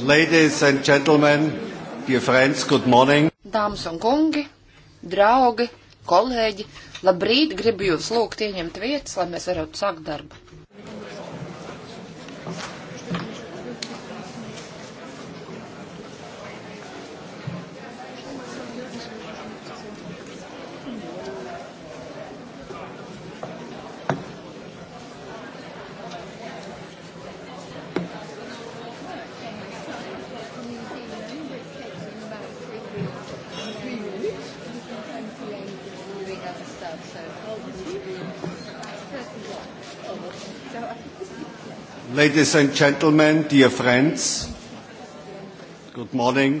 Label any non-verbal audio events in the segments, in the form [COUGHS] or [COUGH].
Ladies and gentlemen, dear friends, good morning. Dāmas un kungi, draugi, kolēģi, labrīt, gribu jūs lūgt ieņemt vietas, lai mēs varētu sākt darbu. Ladies and gentlemen, dear friends, good morning.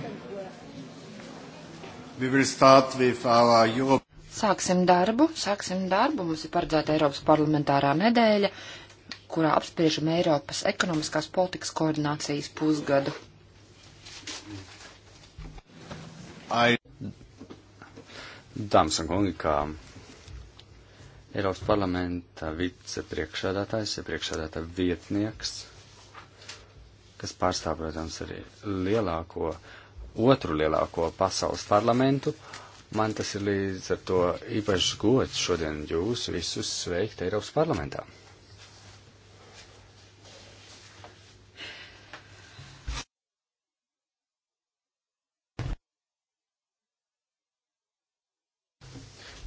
We will start with our Europe. Sāksim darbu, sāksim darbu. Mums ir paredzēta Eiropas parlamentārā nedēļa, kurā apspriežam Eiropas ekonomiskās politikas koordinācijas pusgadu. I... Dāmas un kungi, kā Eiropas parlamenta vicepriekšādātājs ir priekšādātāja vietnieks, kas pārstāv, protams, arī lielāko, otru lielāko pasaules parlamentu. Man tas ir līdz ar to īpašs gods šodien jūs visus sveikt Eiropas parlamentā.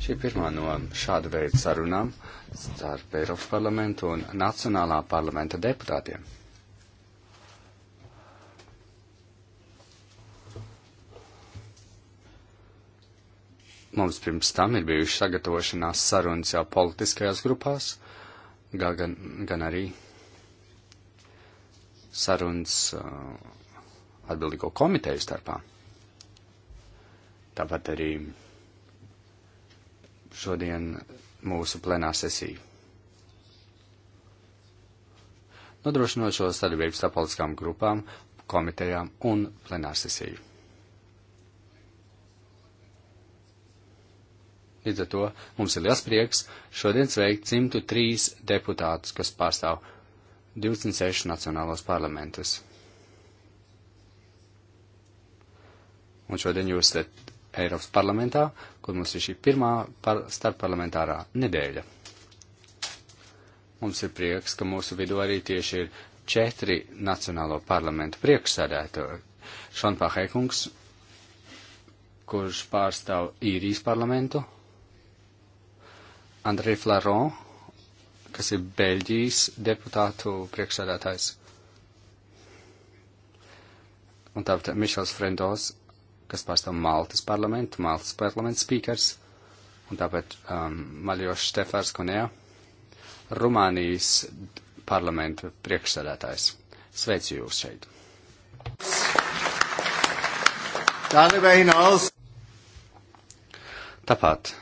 Šī pirmā no šāda veida sarunām starp Eiropas parlamentu un Nacionālā parlamenta deputātiem. Mums pirms tam ir bijuši sagatavošanās sarunas jau politiskajās grupās, gan, gan arī sarunas uh, atbildīgo komiteju starpā. Tāpat arī šodien mūsu plenā sesiju. Nodrošinot šo sadarbību starp politiskām grupām, komitejām un plenārsesiju. Līdz ar to mums ir liels prieks šodien sveikt 103 deputātus, kas pārstāv 26 nacionālos parlamentus. Un šodien jūs esat Eiropas parlamentā, kur mums ir šī pirmā par starpparlamentārā nedēļa. Mums ir prieks, ka mūsu vidū arī tieši ir četri nacionālo parlamentu priekšsēdētāji. Šonpā Hekungs, kurš pārstāv īrijas parlamentu, Andrei Flaron, kas ir Beļģijas deputātu priekšsēdētājs, un tāpat Mišels Frendos, kas pārstāv Maltas parlamentu, Maltas parlamenta spīkers, un tāpēc um, Maļošs Štefārs Kunē, Rumānijas parlamenta priekšsēdētājs. Sveicu jūs šeit! Tāpat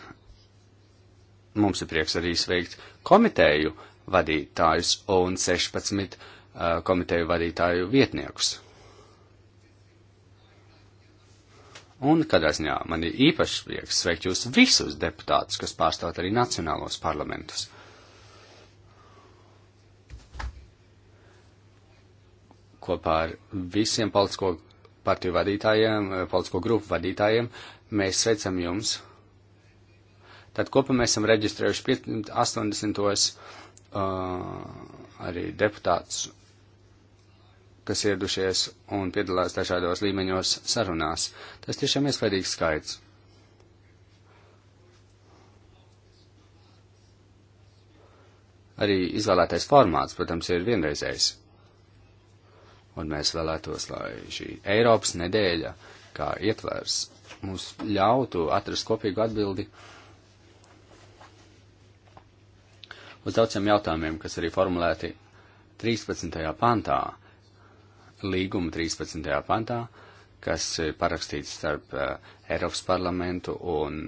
mums ir prieks arī sveikt komiteju vadītājus un 16 uh, komiteju vadītāju vietniekus. Un, kādā ziņā, man ir īpašs prieks sveikt jūs visus deputātus, kas pārstāv arī nacionālos parlamentus. Kopā ar visiem politisko partiju vadītājiem, eh, politisko grupu vadītājiem, mēs sveicam jums. Tad kopā mēs esam reģistrējuši 80. Uh, eh, arī deputātus kas ieradušies un piedalās dažādos līmeņos sarunās. Tas tiešām ir svarīgs skaits. Arī izvēlētais formāts, protams, ir vienreizējs. Un mēs vēlētos, lai šī Eiropas nedēļa, kā ietvers, mums ļautu atrast kopīgu atbildi uz daudziem jautājumiem, kas arī formulēti 13. pantā līguma 13. pantā, kas ir parakstīts starp eh, Eiropas parlamentu un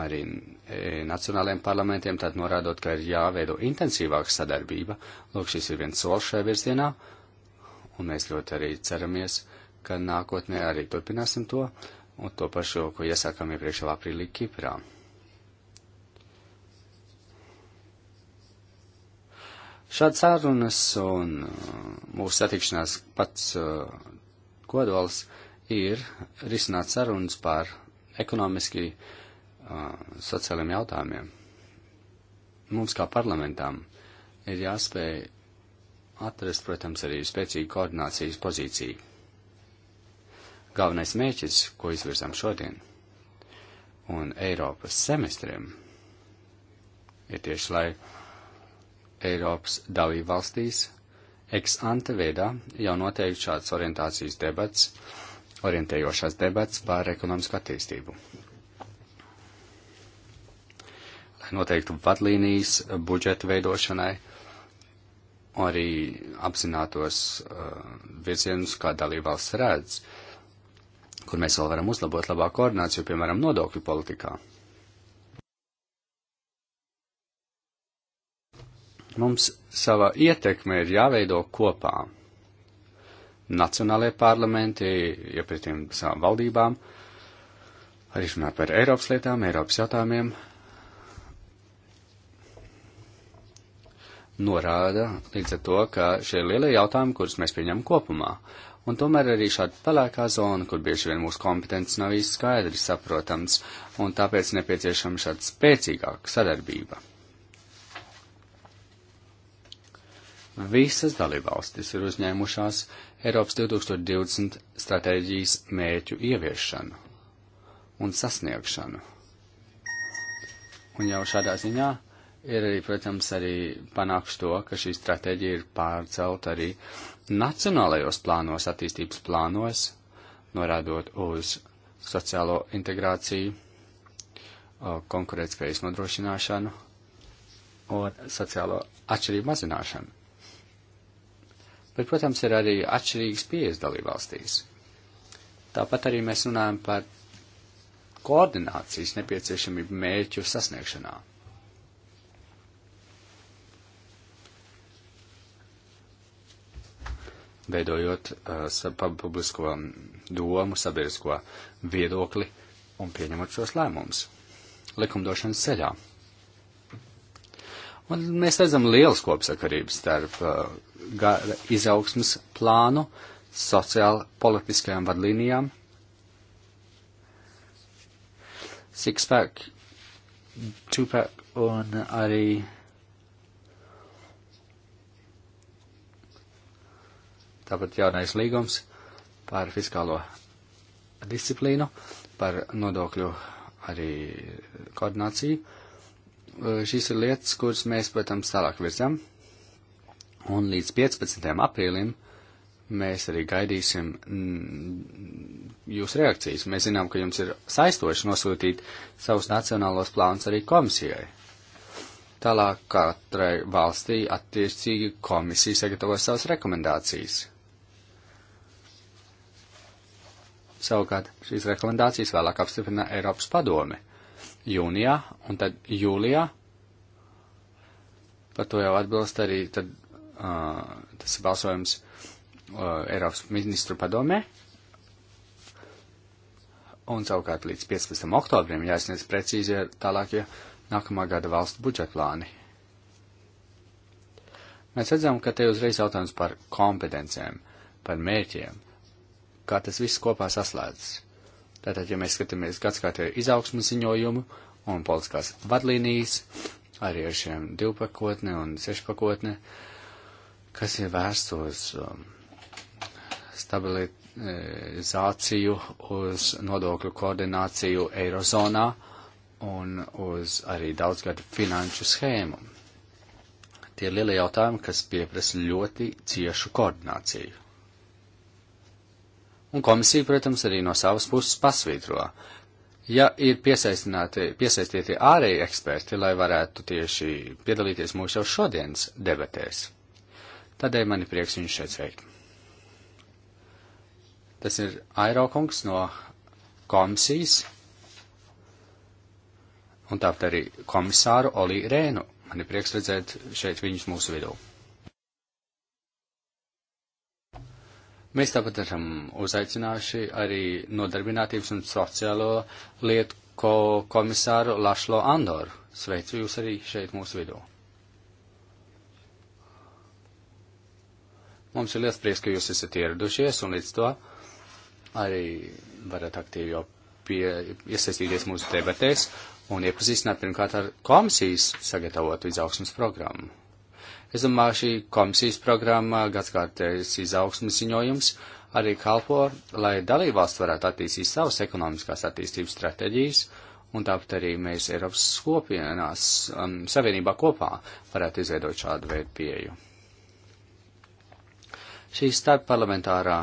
arī eh, nacionālajiem parlamentiem, tad norādot, ka ir jāveido intensīvāka sadarbība. Lūk, šis ir viens solis šajā virzienā, un mēs ļoti arī ceramies, ka nākotnē arī turpināsim to, un to pašu, ko iesākam iepriekš aprīlī Kiprā. Šāds sarunas un uh, mūsu satikšanās pats uh, kodols ir risināt sarunas par ekonomiski uh, sociāliem jautājumiem. Mums kā parlamentām ir jāspēj atrast, protams, arī spēcīgu koordinācijas pozīciju. Galvenais mēķis, ko izvirzām šodien, un Eiropas semestriem, ir tieši, lai Eiropas dalību valstīs ex ante veidā jau noteikti šāds orientācijas debats, orientējošās debats par ekonomisku attīstību. Lai noteiktu vadlīnijas budžeta veidošanai, arī apzinātos uh, virzienus, kā dalībvalsts redz, kur mēs vēl varam uzlabot labāku koordināciju, piemēram, nodokļu politikā. Mums sava ietekme ir jāveido kopā. Nacionālajie parlamenti, ja pie tiem savām valdībām, arī runā par Eiropas lietām, Eiropas jautājumiem, norāda līdz ar to, ka šie lielie jautājumi, kurus mēs pieņemam kopumā, un tomēr arī šāda pelēkā zona, kur bieži vien mūsu kompetences nav īsti skaidri saprotams, un tāpēc nepieciešama šāda spēcīgāka sadarbība. Visas dalībvalstis ir uzņēmušās Eiropas 2020 stratēģijas mēķu ieviešanu un sasniegšanu. Un jau šādā ziņā ir arī, protams, arī panākts to, ka šī stratēģija ir pārcelt arī nacionālajos plānos, attīstības plānos, norādot uz sociālo integrāciju, konkurētspējas nodrošināšanu un sociālo atšķirību mazināšanu bet, protams, ir arī atšķirīgas pieejas dalībvalstīs. Tāpat arī mēs runājam par koordinācijas nepieciešamību mērķu sasniegšanā. Veidojot uh, publisko um, domu, sabiedrisko viedokli un pieņemot šos lēmumus likumdošanas ceļā. Un mēs redzam lielas kopsakarības starp uh, izaugsmas plānu, sociāli politiskajām vadlīnijām. Sixpack, Tupac un arī tāpat jaunais līgums par fiskālo disciplīnu, par nodokļu arī koordināciju. Šīs ir lietas, kuras mēs, protams, tālāk virzam. Un līdz 15. aprīlim mēs arī gaidīsim mm, jūsu reakcijas. Mēs zinām, ka jums ir saistoši nosūtīt savus nacionālos plānus arī komisijai. Tālāk katrai valstī attiecīgi komisija sagatavo savas rekomendācijas. Savukārt šīs rekomendācijas vēlāk apstiprina Eiropas padome jūnijā un tad jūlijā. Par to jau atbilst arī tad tas ir balsojums Eiropas ministru padomē. Un savukārt līdz 15. oktobrim jāsniedz precīzie tālākie nākamā gada valstu budžeta plāni. Mēs redzam, ka te uzreiz jautājums par kompetencēm, par mērķiem, kā tas viss kopā saslēdzas. Tātad, ja mēs skatāmies gads kā tie izaugsmas ziņojumu un politiskās vadlīnijas, arī ar šiem divpakotne un sešpakotne, uh, kas ir vērsts uz um, stabilizāciju, uz nodokļu koordināciju Eirozonā un uz arī daudzgadu finanšu schēmu. Tie ir lielie jautājumi, kas pieprasa ļoti ciešu koordināciju. Un komisija, protams, arī no savas puses pasvītro, ja ir piesaistīti ārēji eksperti, lai varētu tieši piedalīties mūsu jau šodienas debatēs. Tādēļ man ir prieks viņu šeit sveikt. Tas ir Airokungs no komisijas, un tāpat arī komisāru Olī Rēnu. Man ir prieks redzēt šeit viņus mūsu vidū. Mēs tāpat esam uzaicinājuši arī nodarbinātības un sociālo lietu ko komisāru Lašlo Andoru. Sveicu jūs arī šeit mūsu vidū. Mums ir liels prieks, ka jūs esat ieradušies un līdz to arī varat aktīvi jau pie, iesaistīties mūsu debatēs un iepazīstināt pirmkārt ar komisijas sagatavotu izaugsmas programmu. Es domāju, šī komisijas programma, gadskārtējas izaugsmas ziņojums, arī kalpo, lai dalībvalsts varētu attīstīt savas ekonomiskās attīstības stratēģijas, un tāpat arī mēs Eiropas kopienās, um, savienībā kopā varētu izveidot šādu veidu pieju. Šī starpparlamentārā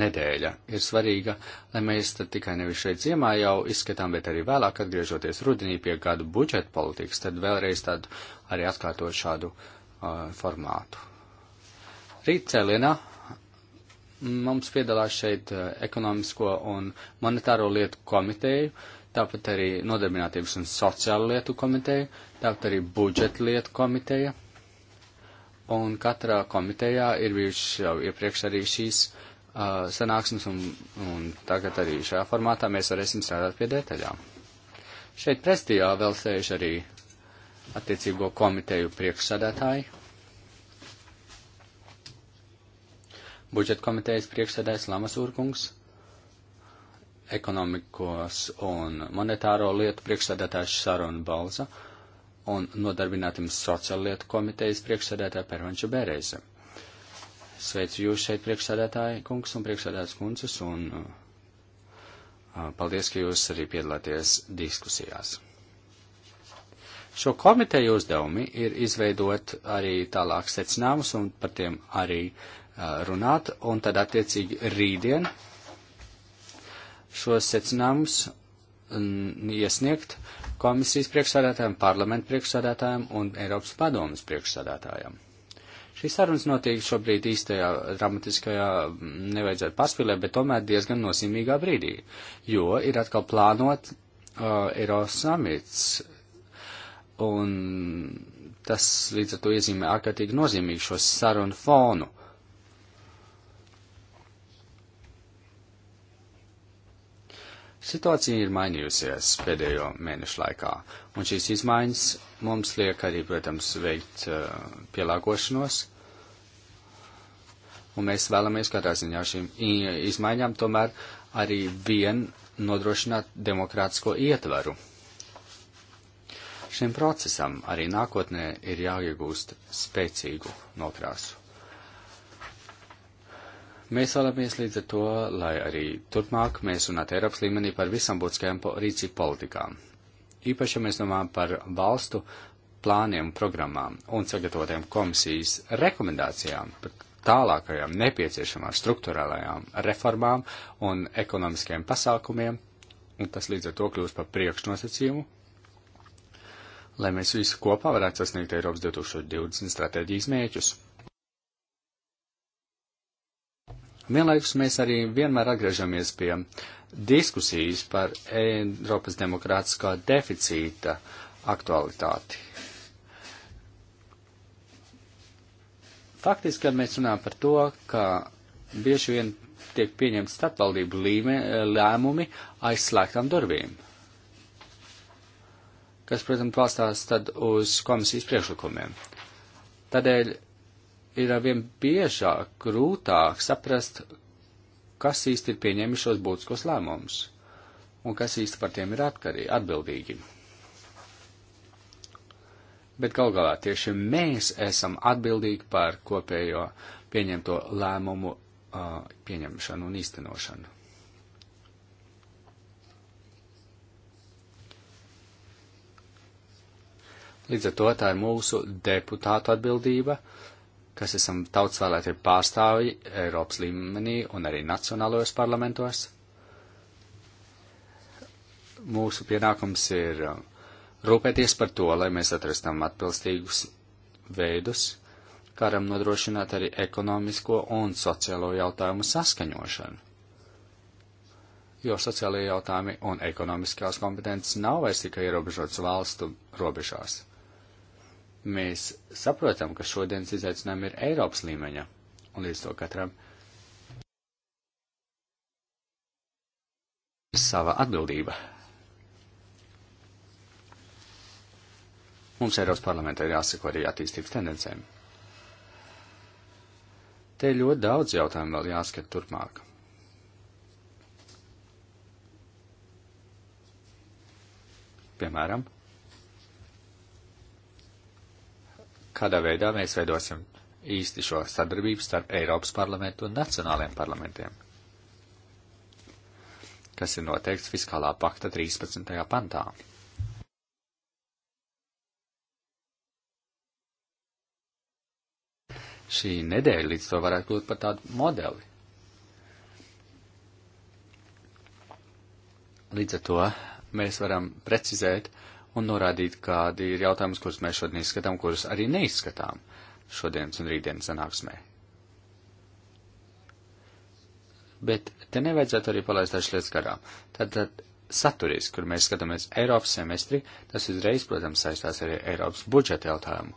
nedēļa ir svarīga, lai mēs tad tikai nevis šeit ziemā jau izskatām, bet arī vēlāk atgriežoties rudenī pie kādu budžeta politikas, tad vēlreiz tādu arī atkārtot šādu uh, formātu. Rīt cēlienā mums piedalās šeit uh, ekonomisko un monetāro lietu komiteju, tāpat arī nodarbinātības un sociālo lietu komiteju, tāpat arī budžeta lietu komiteja un katrā komitejā ir bijušas jau iepriekš arī šīs uh, sanāksmes, un, un tagad arī šajā formātā mēs varēsim strādāt pie detaļām. Šeit prestijā vēl sēž arī attiecīgo komiteju priekšsādātāji. Budžeta komitejas priekšsēdājs Lamas Urkungs, ekonomikos un monetāro lietu priekšsēdētājs Sarona Balza, uh, un nodarbinātības sociāla lietu komitejas priekšsēdētāja Pervanča Bērēze. Sveicu jūs šeit priekšsēdētāji kungs un priekšsēdētājs kundzes un uh, uh, paldies, ka jūs arī piedalāties diskusijās. Šo komiteju uzdevumi ir izveidot arī tālāk secinājumus un par tiem arī uh, runāt, un tad attiecīgi rītdien šos secinājumus mm, iesniegt uh, komisijas priekšsādātājiem, parlamentu priekšsādātājiem un Eiropas padomas priekšsādātājiem. Šīs sarunas notiek šobrīd īstajā dramatiskajā, mm, nevajadzētu paspīlē, bet tomēr diezgan nozīmīgā brīdī, jo ir atkal plānot uh, Eiropas samits, un tas līdz ar to iezīmē ārkārtīgi nozīmīgu šo sarunu fonu. Uh, Situācija ir mainījusies pēdējo mēnešu laikā, un šīs izmaiņas mums liek arī, protams, veikt uh, pielāgošanos, un mēs vēlamies katrā ziņā šīm izmaiņām tomēr arī vien nodrošināt demokrātisko ietvaru. Šim procesam arī nākotnē ir jāiegūst spēcīgu nokrāsu. Mēs vēlamies līdz ar to, lai arī turpmāk mēs runātu Eiropas līmenī par visam būtiskajām rīcību politikām. Īpaši, ja mēs domājam par valstu plāniem, programmām un sagatavotiem komisijas rekomendācijām par tālākajām nepieciešamām struktūrālajām reformām un ekonomiskajiem pasākumiem, un tas līdz ar to kļūst par priekšnosacījumu, lai mēs visi kopā varētu sasniegt Eiropas 2020 stratēģijas mēķus. Vienlaikus mēs arī vienmēr atgriežamies pie diskusijas par Eiropas demokrātiskā deficīta aktualitāti. Faktiski, kad mēs runājam par to, ka bieži vien tiek pieņemts starpvaldību lēmumi aizslēgtām durvīm, kas, protams, balstās tad uz komisijas priekšlikumiem. Tādēļ ir arvien biežāk, grūtāk saprast, kas īsti ir pieņēmis šos būtiskos lēmumus un kas īsti par tiem ir atkarīgi, atbildīgi. Bet gal galā tieši mēs esam atbildīgi par kopējo pieņemto lēmumu uh, pieņemšanu un īstenošanu. Līdz ar to tā ir mūsu deputātu atbildība kas esam tautas vēlētie pārstāvji Eiropas līmenī un arī nacionālajos parlamentos. Mūsu pienākums ir uh, rūpēties par to, lai mēs atrastam atbilstīgus veidus, karam nodrošināt arī ekonomisko un sociālo jautājumu saskaņošanu. Jo sociālajie jautājumi un ekonomiskās kompetences nav vairs tikai ierobežotas valstu robežās. Mēs saprotam, ka šodienas izaicinājumi ir Eiropas līmeņa, un līdz to katram sava atbildība. Mums Eiropas parlamentā ir jāsako arī attīstības tendencēm. Te ir ļoti daudz jautājumu vēl jāskat turpmāk. Piemēram, kādā veidā mēs veidosim īsti šo sadarbību starp Eiropas parlamentu un nacionāliem parlamentiem, kas ir noteikts fiskālā pakta 13. pantā. Šī nedēļa līdz to varētu kļūt par tādu modeli. Līdz ar to mēs varam precizēt uh, un norādīt, kādi ir jautājumi, kurus mēs šodien izskatām, kurus arī neizskatām šodienas un rītdienas sanāksmē. Bet te nevajadzētu arī palaist dažas lietas garām. Tātad saturis, kur mēs skatāmies Eiropas semestri, tas uzreiz, protams, saistās arī Eiropas budžeta jautājumu.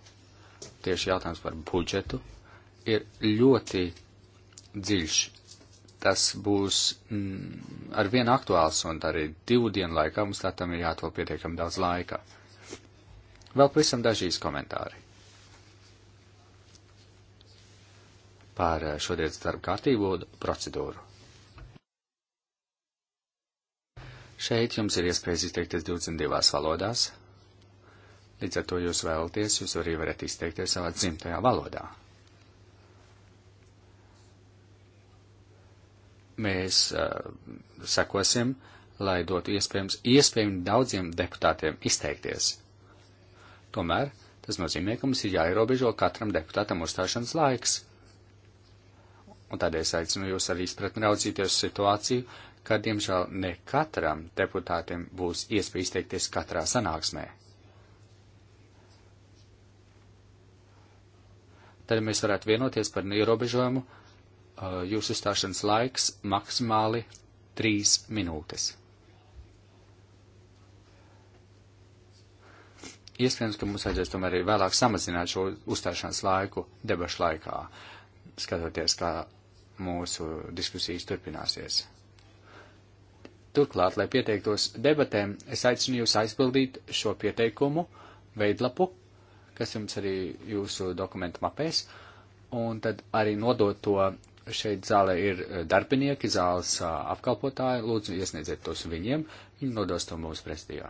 Tieši jautājums par budžetu ir ļoti dziļš tas būs mm, ar vienu aktuāls, un arī divu dienu laikā mums tā tam ir jātol pietiekami daudz laika. Vēl pavisam dažīs komentāri. Par eh, šodienas darba kārtību procedūru. Šeit jums ir iespējas izteikties 22 valodās. Līdz ar to jūs vēlaties, jūs arī varat izteikties savā dzimtajā valodā. mēs uh, sekosim, lai dotu iespējams, iespējami daudziem deputātiem izteikties. Tomēr tas nozīmē, ka mums ir jāierobežo katram deputātam uzstāšanas laiks. Un tādēļ aicinu jūs arī izpratni raudzīties situāciju, ka, diemžēl, ne katram deputātam būs iespēja izteikties katrā sanāksmē. Tad mēs varētu vienoties par ierobežojumu Uh, jūsu uzstāšanas laiks maksimāli trīs minūtes. Iespējams, ka mums vajadzēs tomēr arī vēlāk samazināt šo uzstāšanās laiku debašu laikā, skatoties, kā mūsu diskusijas turpināsies. Turklāt, lai pieteiktos debatēm, es aicinu jūs aizpildīt šo pieteikumu veidlapu, kas jums arī jūsu dokumentu mapēs, un tad arī nodot to šeit zālē ir eh, darbinieki, zāles eh, apkalpotāji, lūdzu iesniedziet tos viņiem, viņi nodos to mūsu prestijā.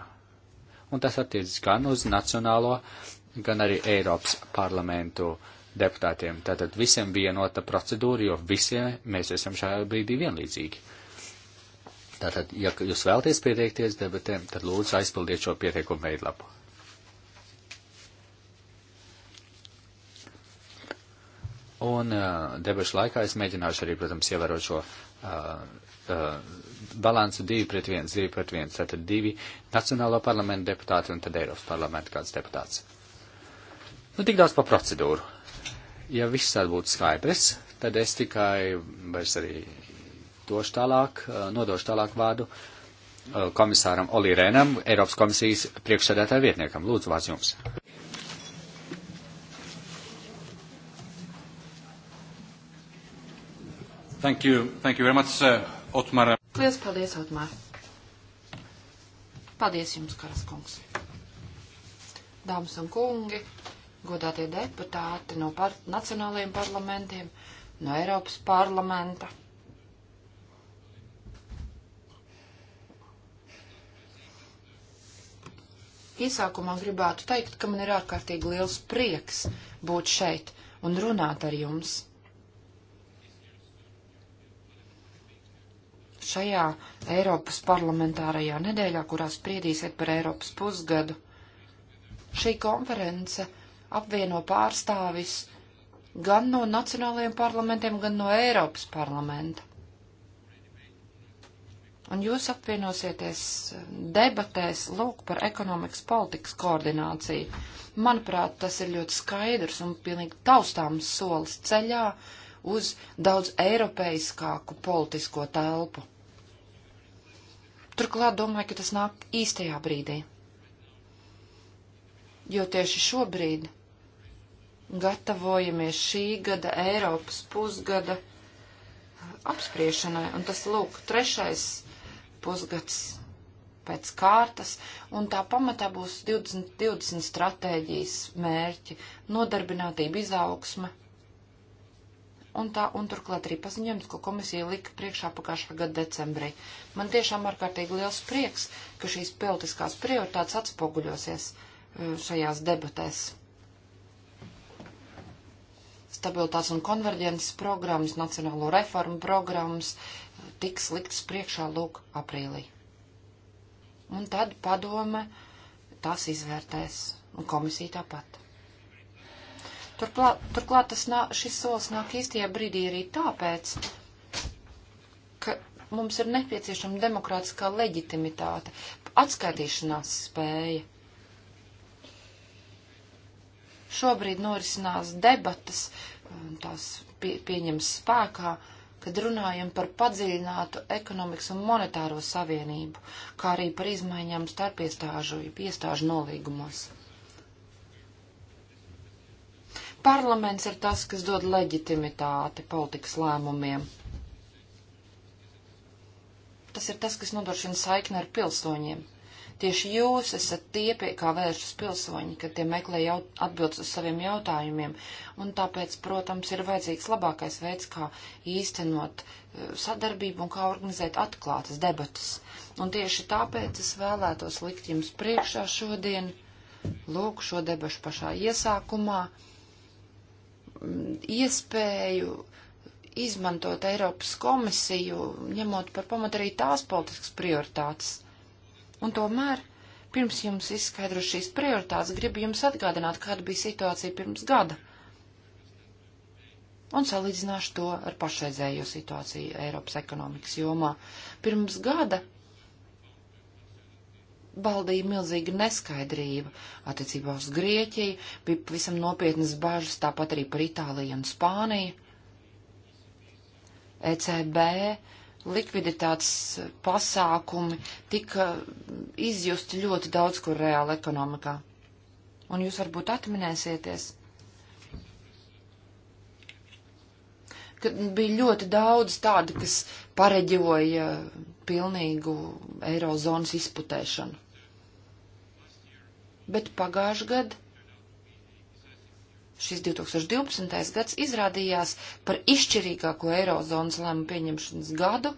Un tas attiecas gan uz nacionālo, gan arī Eiropas parlamentu deputātiem. Tātad visiem vienota procedūra, jo visiem mēs esam šajā brīdī vienlīdzīgi. Tātad, ja jūs vēlaties pieteikties debatēm, tad lūdzu aizpildiet šo pieteikumu veidlapu. Un uh, debašu laikā es mēģināšu arī, protams, ievērot šo uh, uh, balansu divi pret viens, divi pret viens, tātad divi Nacionālo parlamentu deputāti un tad Eiropas parlamentu kāds deputāts. Nu, tik daudz par procedūru. Ja viss tāds būtu skaidrs, tad es tikai vairs arī došu tālāk, uh, nodošu tālāk vārdu uh, komisāram Olī Rēnam, Eiropas komisijas priekšsēdētāja vietniekam. Lūdzu, vārds jums. Thank you. Thank you very much, uh, Otmar. Lielas paldies, Otmar. Paldies jums, Karas kungs. Dāmas un kungi, godātie deputāti no par nacionālajiem parlamentiem, no Eiropas parlamenta. Iesākumā gribētu teikt, ka man ir ārkārtīgi liels prieks būt šeit un runāt ar jums. šajā Eiropas parlamentārajā nedēļā, kurā spriedīsiet par Eiropas pusgadu. Šī konference apvieno pārstāvis gan no nacionālajiem parlamentiem, gan no Eiropas parlamenta. Un jūs apvienosieties debatēs, lūk, par ekonomikas politikas koordināciju. Manuprāt, tas ir ļoti skaidrs un pilnīgi taustāms solis ceļā uz daudz eiropeiskāku politisko telpu. Turklāt domāju, ka tas nāk īstajā brīdī. Jo tieši šobrīd gatavojamies šī gada Eiropas pusgada apspriešanai, un tas lūk trešais pusgads pēc kārtas, un tā pamatā būs 2020 stratēģijas mērķi - nodarbinātība, izaugsme un, tā, un turklāt arī paziņojums, ko komisija lika priekšā pagājušā gada decembrī. Man tiešām ārkārtīgi liels prieks, ka šīs politiskās prioritātes atspoguļosies uh, šajās debatēs. Stabilitātes un konverģences programmas, nacionālo reformu programmas uh, tiks liktas priekšā lūk aprīlī. Un tad padome tās izvērtēs, un komisija tāpat. Turklāt, turklāt tas nā, šis solis nāk īstajā brīdī arī tāpēc, ka mums ir nepieciešama demokrātiskā leģitimitāte, atskaitīšanās spēja. Šobrīd norisinās debatas, tās pie, pieņems spēkā, kad runājam par padziļinātu ekonomikas un monetāro savienību, kā arī par izmaiņām starp iestāžu, iestāžu nolīgumos. Parlaments ir tas, kas dod leģitimitāti politikas lēmumiem. Tas ir tas, kas nodrošina saikni ar pilsoņiem. Tieši jūs esat tie, pie kā vēršas pilsoņi, kad tie meklē jaut, atbildes uz saviem jautājumiem, un tāpēc, protams, ir vajadzīgs labākais veids, kā īstenot eh, sadarbību un kā organizēt atklātas debatas. Un tieši tāpēc es vēlētos likt jums priekšā šodien, lūk, šo debašu pašā iesākumā iespēju izmantot Eiropas komisiju, ņemot par pamatu arī tās politiskas prioritātes. Un tomēr, pirms jums izskaidro šīs prioritātes, gribu jums atgādināt, kāda bija situācija pirms gada. Un salīdzināšu to ar pašreizējo situāciju Eiropas ekonomikas jomā. Pirms gada valdīja milzīga neskaidrība attiecībā uz Grieķiju, bija pavisam nopietnas bažas, tāpat arī par Itāliju un Spāniju. ECB likviditātes pasākumi tika izjusti ļoti daudz kur reāli ekonomikā. Un jūs varbūt atminēsieties, ka bija ļoti daudz tādu, kas pareģoja pilnīgu eirozonas izputēšanu bet pagājuši gadu šis 2012. gads izrādījās par izšķirīgāko Eirozonas lēmu pieņemšanas gadu,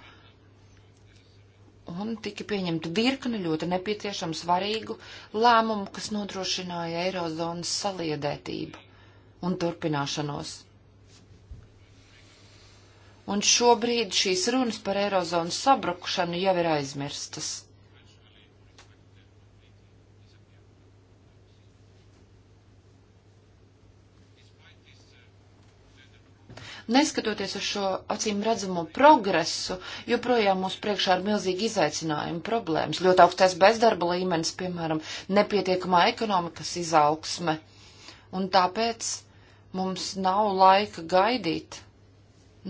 un tika pieņemta virkne ļoti nepieciešamu svarīgu lēmumu, kas nodrošināja Eirozonas saliedētību un turpināšanos. Un šobrīd šīs runas par Eirozonas sabrukšanu jau ir aizmirstas. Neskatoties uz šo acīm redzamo progresu, joprojām mūs priekšā ir milzīgi izaicinājumi, problēmas, ļoti augstais bezdarba līmenis, piemēram, nepietiekamā ekonomikas izaugsme. Un tāpēc mums nav laika gaidīt.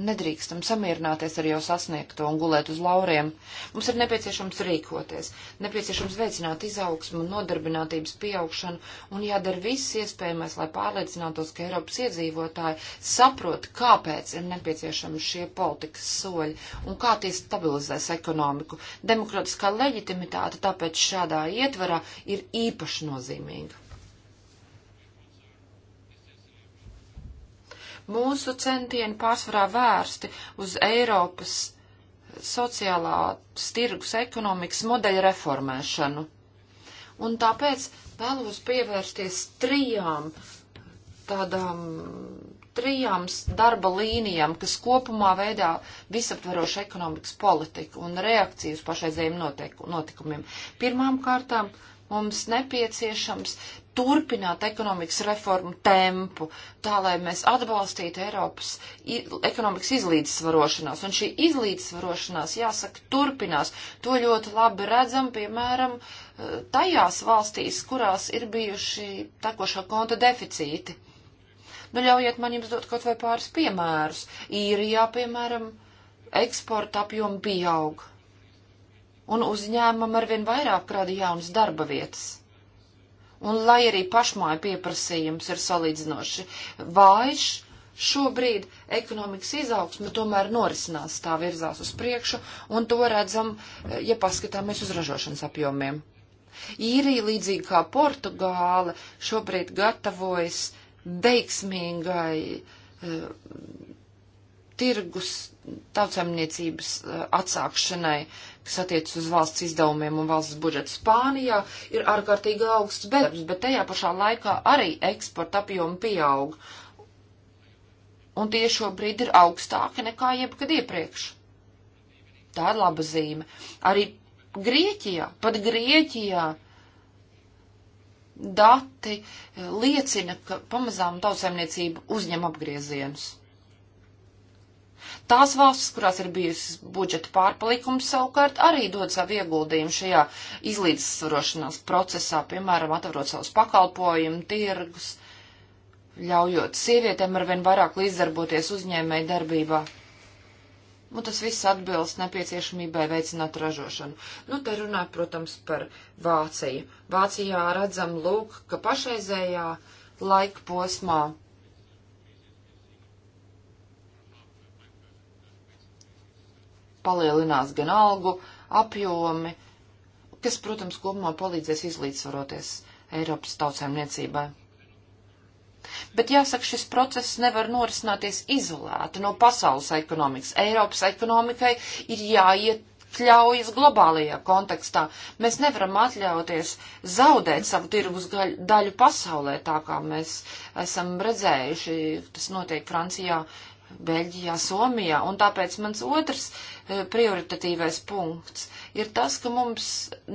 Nedrīkstam samierināties ar jau sasniegto un gulēt uz lauriem. Mums ir nepieciešams rīkoties, nepieciešams veicināt izaugsmu un nodarbinātības pieaugšanu un jādara viss iespējamais, lai pārliecinātos, ka Eiropas iedzīvotāji saprot, kāpēc ir nepieciešami šie politikas soļi un kā tie stabilizēs ekonomiku. Demokratiskā leģitimitāte tāpēc šādā ietvarā ir īpaši nozīmīga. Mūsu centieni pārsvarā vērsti uz Eiropas sociālā tirgus ekonomikas modeļa reformēšanu. Un tāpēc vēlos pievērsties trijām tādām trijām darba līnijām, kas kopumā veidā visaptverošu ekonomikas politiku un reakciju uz pašreizējiem notikumiem. Pirmām kārtām mums nepieciešams turpināt ekonomikas reformu tempu, tā lai mēs atbalstītu Eiropas ekonomikas izlīdzsvarošanās. Un šī izlīdzsvarošanās, jāsaka, turpinās. To ļoti labi redzam, piemēram, eh, tajās valstīs, kurās ir bijuši tekošā konta deficīti. Nu, ļaujiet man jums dot kaut vai pāris piemērus. Īrijā, piemēram, eksporta apjoma pieaug. Un uzņēmumam arvien vairāk rada jaunas darba vietas Un lai arī pašmāju pieprasījums ir salīdzinoši vājš, šobrīd ekonomikas izaugsme tomēr norisinās, tā virzās uz priekšu, un to redzam, ja paskatāmies uz ražošanas apjomiem. Īrija, līdzīgi kā Portugāle, šobrīd gatavojas veiksmīgai uh, tirgus tautsēmniecības uh, atsākšanai, uh, kas attiec uz valsts izdevumiem un valsts budžetu Spānijā, ir ārkārtīgi augsts bezdarbs, bet tajā pašā laikā arī eksporta apjoma pieaug. Un tie šobrīd ir augstāki nekā jebkad iepriekš. Tā ir laba zīme. Arī Grieķijā, pat Grieķijā dati liecina, ka pamazām tautsēmniecība uzņem apgriezienus. Tās valstis, kurās ir bijis budžeta pārpalikums, savukārt arī dod savu ieguldījumu šajā izlīdzsvarošanās procesā, piemēram, atverot savus pakalpojumu, tirgus, ļaujot sievietēm arvien vairāk līdzdarboties uzņēmēju darbībā. Un tas viss atbilst nepieciešamībai veicināt ražošanu. Nu, te runāju, protams, par Vāciju. Vācijā redzam, lūk, ka pašreizējā laika posmā palielinās gan algu apjomi, kas, protams, kopumā palīdzēs izlīdzvaroties Eiropas tautsēmniecībai. Bet jāsaka, šis process nevar norisināties izolēti no pasaules ekonomikas. Eiropas ekonomikai ir jāiet kļaujas globālajā kontekstā. Mēs nevaram atļauties zaudēt savu tirgus daļu pasaulē, tā kā mēs esam redzējuši, tas notiek Francijā Beļģijā, Somijā, un tāpēc mans otrs e, prioritatīvais punkts ir tas, ka mums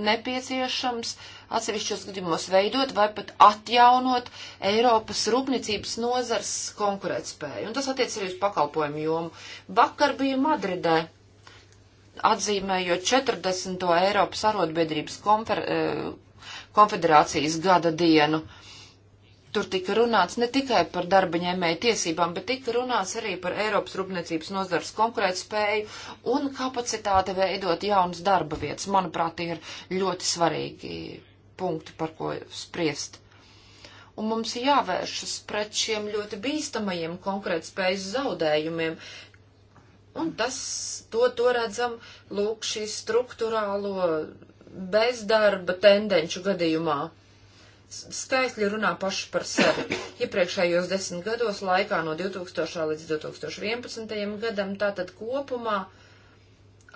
nepieciešams atsevišķos gadījumos veidot vai pat atjaunot Eiropas rūpniecības nozars konkurētspēju. Un tas attiec arī uz pakalpojumu jomu. Vakar bija Madridē, atzīmējot 40. Eiropas arotbiedrības konfer e, konfederācijas gada dienu. Uh, Tur tika runāts ne tikai par darba ņēmēju tiesībām, bet tika runāts arī par Eiropas rūpniecības nozars konkurētspēju un kapacitāti veidot jaunas darba vietas. Manuprāt, tie ir ļoti svarīgi punkti, par ko spriest. Un mums jāvēršas pret šiem ļoti bīstamajiem konkurētspējas zaudējumiem, Un tas, to, to redzam, lūk, šī struktūrālo bezdarba tendenču gadījumā skaitļi runā paši par sevi. Iepriekšējos desmit gados laikā no 2000. līdz 2011. gadam tātad kopumā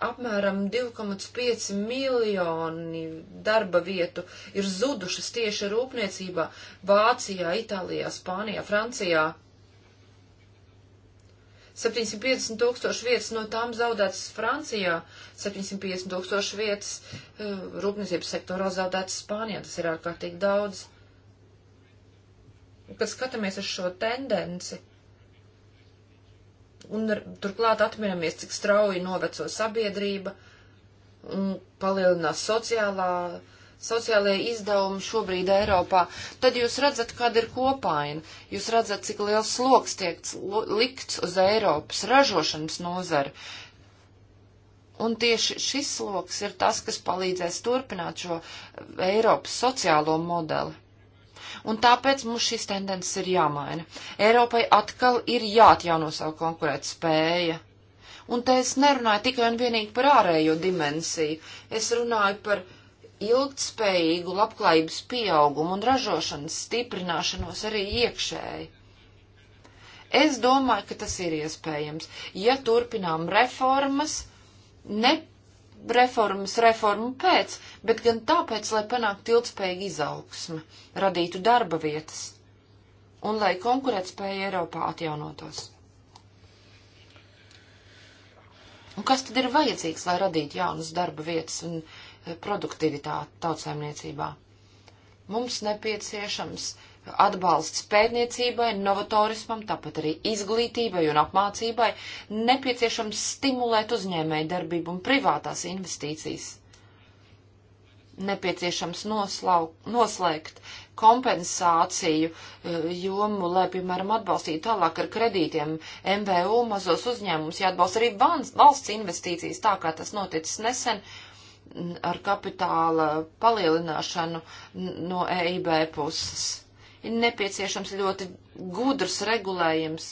apmēram 2,5 miljoni darba vietu ir zudušas tieši rūpniecībā Vācijā, Itālijā, Spānijā, Francijā. 750 tūkstoši vietas no tām zaudētas Francijā, 750 tūkstoši vietas eh, rūpniecības sektorā zaudētas Spānijā. Tas ir ārkārtīgi daudz. Kad skatāmies uz šo tendenci, un ar, turklāt atmiramies, cik strauji noveco sabiedrība, un palielinās sociālā uh, sociālajie izdevumi šobrīd Eiropā, tad jūs redzat, kāda ir kopaina. Jūs redzat, cik liels sloks tiek likts uz Eiropas ražošanas nozari. Un tieši šis sloks ir tas, kas palīdzēs turpināt šo Eiropas sociālo modeli. Un tāpēc mums šīs tendences ir jāmaina. Eiropai atkal ir jāatjauno savu konkurētspēju. Un te es nerunāju tikai un vienīgi par ārējo dimensiju. Es runāju par uh, ilgtspējīgu labklājības pieaugumu un ražošanas stiprināšanos arī iekšēji. Es domāju, ka tas ir iespējams, ja turpinām reformas, ne reformas reformu pēc, bet gan tāpēc, lai panāktu ilgspējīgu izaugsmi, radītu darba vietas un lai konkurētspēja Eiropā atjaunotos. Un kas tad ir vajadzīgs, lai radītu jaunas darba vietas un produktivitāti tautsēmniecībā. Mums nepieciešams atbalsts pētniecībai, novatorismam, tāpat arī izglītībai un apmācībai, nepieciešams stimulēt uzņēmēju darbību un privātās investīcijas. Nepieciešams noslauk, noslēgt kompensāciju eh, jomu, lai, piemēram, atbalstītu tālāk ar kredītiem MVU mazos uzņēmumus, jāatbalsta arī valsts investīcijas, tā kā tas noticis nesen ar kapitāla palielināšanu no EIB puses. Ir nepieciešams ļoti gudrs regulējums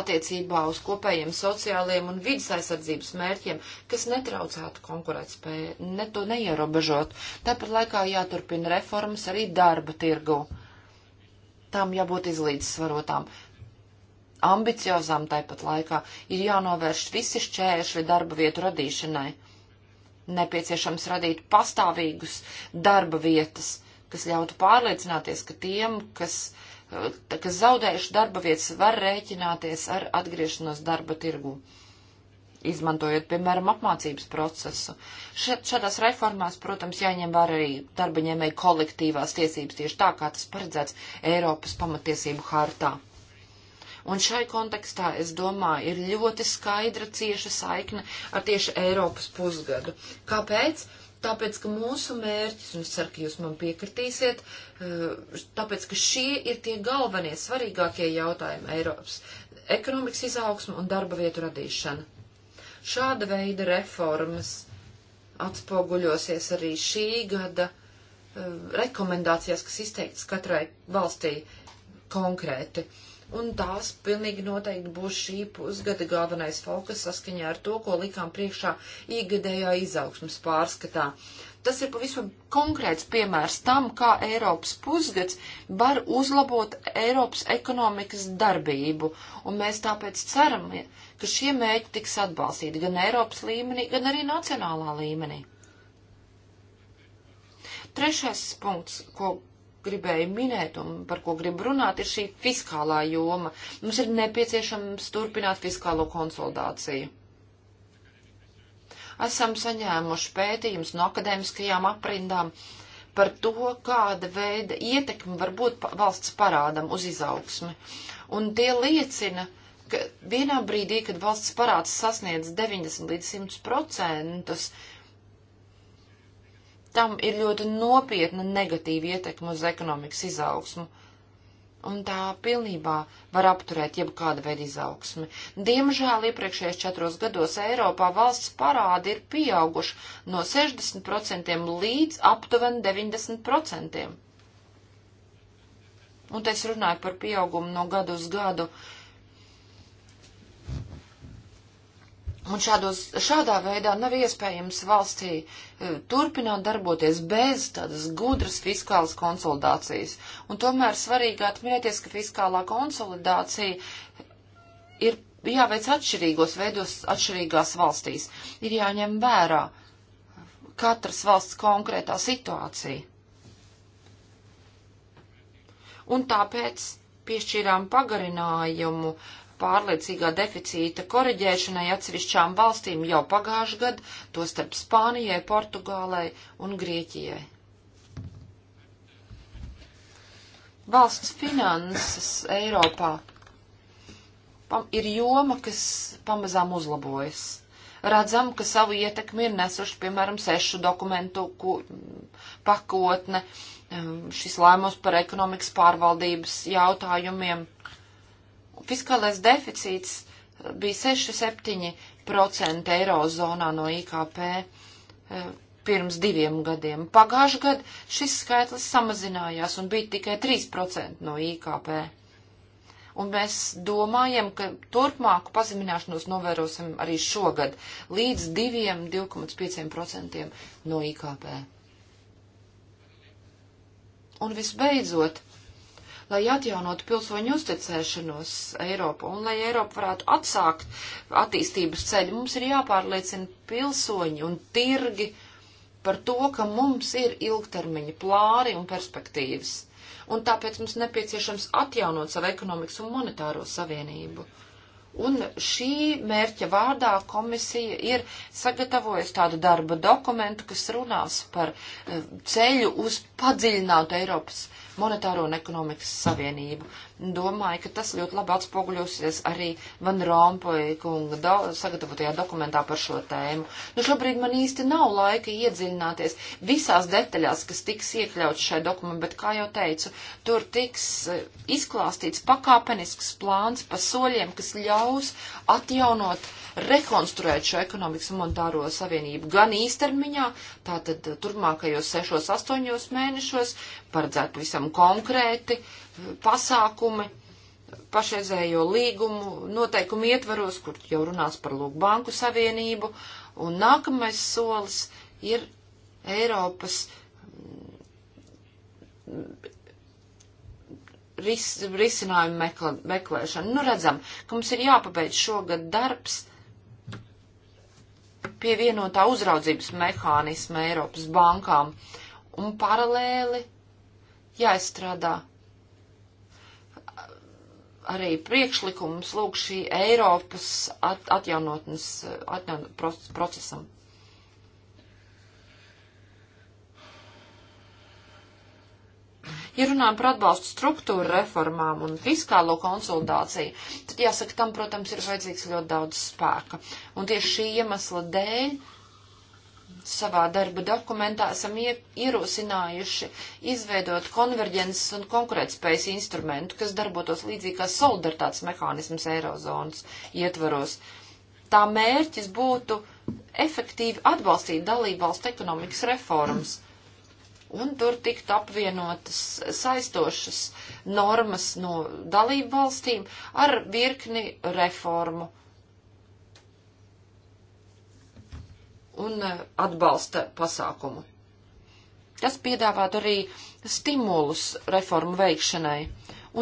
attiecībā uz kopējiem sociāliem un vidas aizsardzības mērķiem, kas netraucētu konkurētspēju, ne to neierobežot. Tāpat laikā jāturpina reformas arī darba tirgu. Tām jābūt izlīdzsvarotām ambiciozām tāpat laikā ir jānovērš visi šķēršļi darba vietu radīšanai. Nepieciešams radīt pastāvīgus darba vietas, kas ļautu pārliecināties, ka tiem, kas, eh, kas zaudējuši darba vietas, var rēķināties ar atgriešanos darba tirgu izmantojot, piemēram, apmācības procesu. Šed, šādās reformās, protams, jāņem vērā arī darba ņēmēja kolektīvās tiesības, tieši tā, kā tas paredzēts Eiropas pamatiesību hartā. Un šai kontekstā, es domāju, ir ļoti skaidra cieša saikne ar tieši Eiropas pusgadu. Kāpēc? Tāpēc, ka mūsu mērķis, un es ceru, ka jūs man piekritīsiet, eh, tāpēc, ka šie ir tie galvenie, svarīgākie jautājumi Eiropas - ekonomikas izaugsma un darba vietu radīšana. Šāda veida reformas atspoguļosies arī šī gada eh, rekomendācijās, kas izteikts katrai valstī konkrēti. Uh, un tās pilnīgi noteikti būs šī pusgada galvenais fokus saskaņā ar to, ko likām priekšā īgadējā izaugsmas pārskatā. Tas ir pavisam konkrēts piemērs tam, kā Eiropas pusgads var uzlabot Eiropas ekonomikas darbību, un mēs tāpēc ceram, ka šie mēķi tiks atbalstīti gan Eiropas līmenī, gan arī nacionālā līmenī. Trešais punkts, ko gribēju minēt un par ko gribu runāt, ir šī fiskālā joma. Mums ir nepieciešams turpināt fiskālo konsolidāciju. Esam saņēmuši pētījumus no akadēmiskajām aprindām par to, kāda veida ietekme var būt valsts parādam uz izaugsmi. Un tie liecina, ka vienā brīdī, kad valsts parāds sasniedz 90 līdz 100 procentus, tam ir ļoti nopietna negatīva ietekma uz ekonomikas izaugsmu. Un tā pilnībā var apturēt jebkāda veida izaugsmi. Diemžēl iepriekšējos četros gados Eiropā valsts parādi ir pieauguši no 60% līdz aptuveni 90%. Un te es runāju par pieaugumu no gadu uz gadu. Uh, Un šādos, šādā veidā nav iespējams valstī e, turpināt darboties bez tādas gudras fiskālas konsolidācijas. Un tomēr svarīgi atminēties, ka fiskālā konsolidācija ir jāveic atšķirīgos veidos atšķirīgās valstīs. Ir jāņem vērā katras valsts konkrētā situācija. Un tāpēc piešķīrām pagarinājumu uh, pārliecīgā deficīta koriģēšanai atsevišķām valstīm jau pagājuši gadu, to starp Spānijai, Portugālei un Grieķijai. Valsts finanses Eiropā ir joma, kas pamazām uzlabojas. Redzam, ka savu ietekmi ir nesuši, piemēram, sešu dokumentu pakotne, um, šis lēmums par ekonomikas pārvaldības jautājumiem fiskālais deficīts eh, bija 6,7% eirozonā no IKP eh, pirms diviem gadiem. Pagājušajā gadā šis skaitlis samazinājās un bija tikai 3% no IKP. Un mēs domājam, ka turpmāku pazemināšanos novērosim arī šogad līdz 2,5% no IKP. Un visbeidzot, lai atjaunotu pilsoņu uzticēšanos Eiropu un lai Eiropa varētu atsākt attīstības ceļu. Mums ir jāpārliecina pilsoņi un tirgi par to, ka mums ir ilgtermiņa plāri un perspektīvas. Un tāpēc mums nepieciešams atjaunot savu ekonomikas un monetāro savienību. Un šī mērķa vārdā komisija ir sagatavojusi tādu darba dokumentu, kas runās par eh, ceļu uz padziļinātu Eiropas monetāro un ekonomikas savienību. Domāju, ka tas ļoti labi atspoguļosies arī Van Rompuy kunga do, sagatavotajā dokumentā par šo tēmu. Nu, šobrīd man īsti nav laika iedziļināties visās detaļās, kas tiks iekļauts šai dokumentam, bet, kā jau teicu, tur tiks eh, izklāstīts pakāpenisks plāns pa soļiem, kas ļaus atjaunot, rekonstruēt šo ekonomikas un monetāro savienību gan īstermiņā, tātad turpmākajos sešos, astoņos mēnešos, paredzēti pavisam konkrēti eh, pasākumi pašreizējo līgumu noteikumu ietvaros, kur jau runās par Lūkbanku savienību, un nākamais solis ir Eiropas mm, ris, risinājumu mekla, meklēšana. Nu, redzam, ka mums ir jāpabeidz šogad darbs pie vienotā uzraudzības mehānisma Eiropas bankām, un paralēli jāizstrādā arī priekšlikums lūk šī Eiropas at atjaunotnes atjaunot procesam. Ja runājam par atbalstu struktūra reformām un fiskālo konsultāciju, tad jāsaka, tam, protams, ir vajadzīgs ļoti daudz spēka. Un tieši šī iemesla dēļ savā darba dokumentā esam ierosinājuši izveidot konverģences un konkurētspējas instrumentu, kas darbotos līdzīgi kā solidaritātes mehānisms Eirozonas ietvaros. Tā mērķis būtu efektīvi atbalstīt dalību valstu ekonomikas reformas. Un tur tiktu apvienotas saistošas normas no dalību valstīm ar virkni reformu un e, atbalsta pasākumu. Tas piedāvātu arī stimulus reformu veikšanai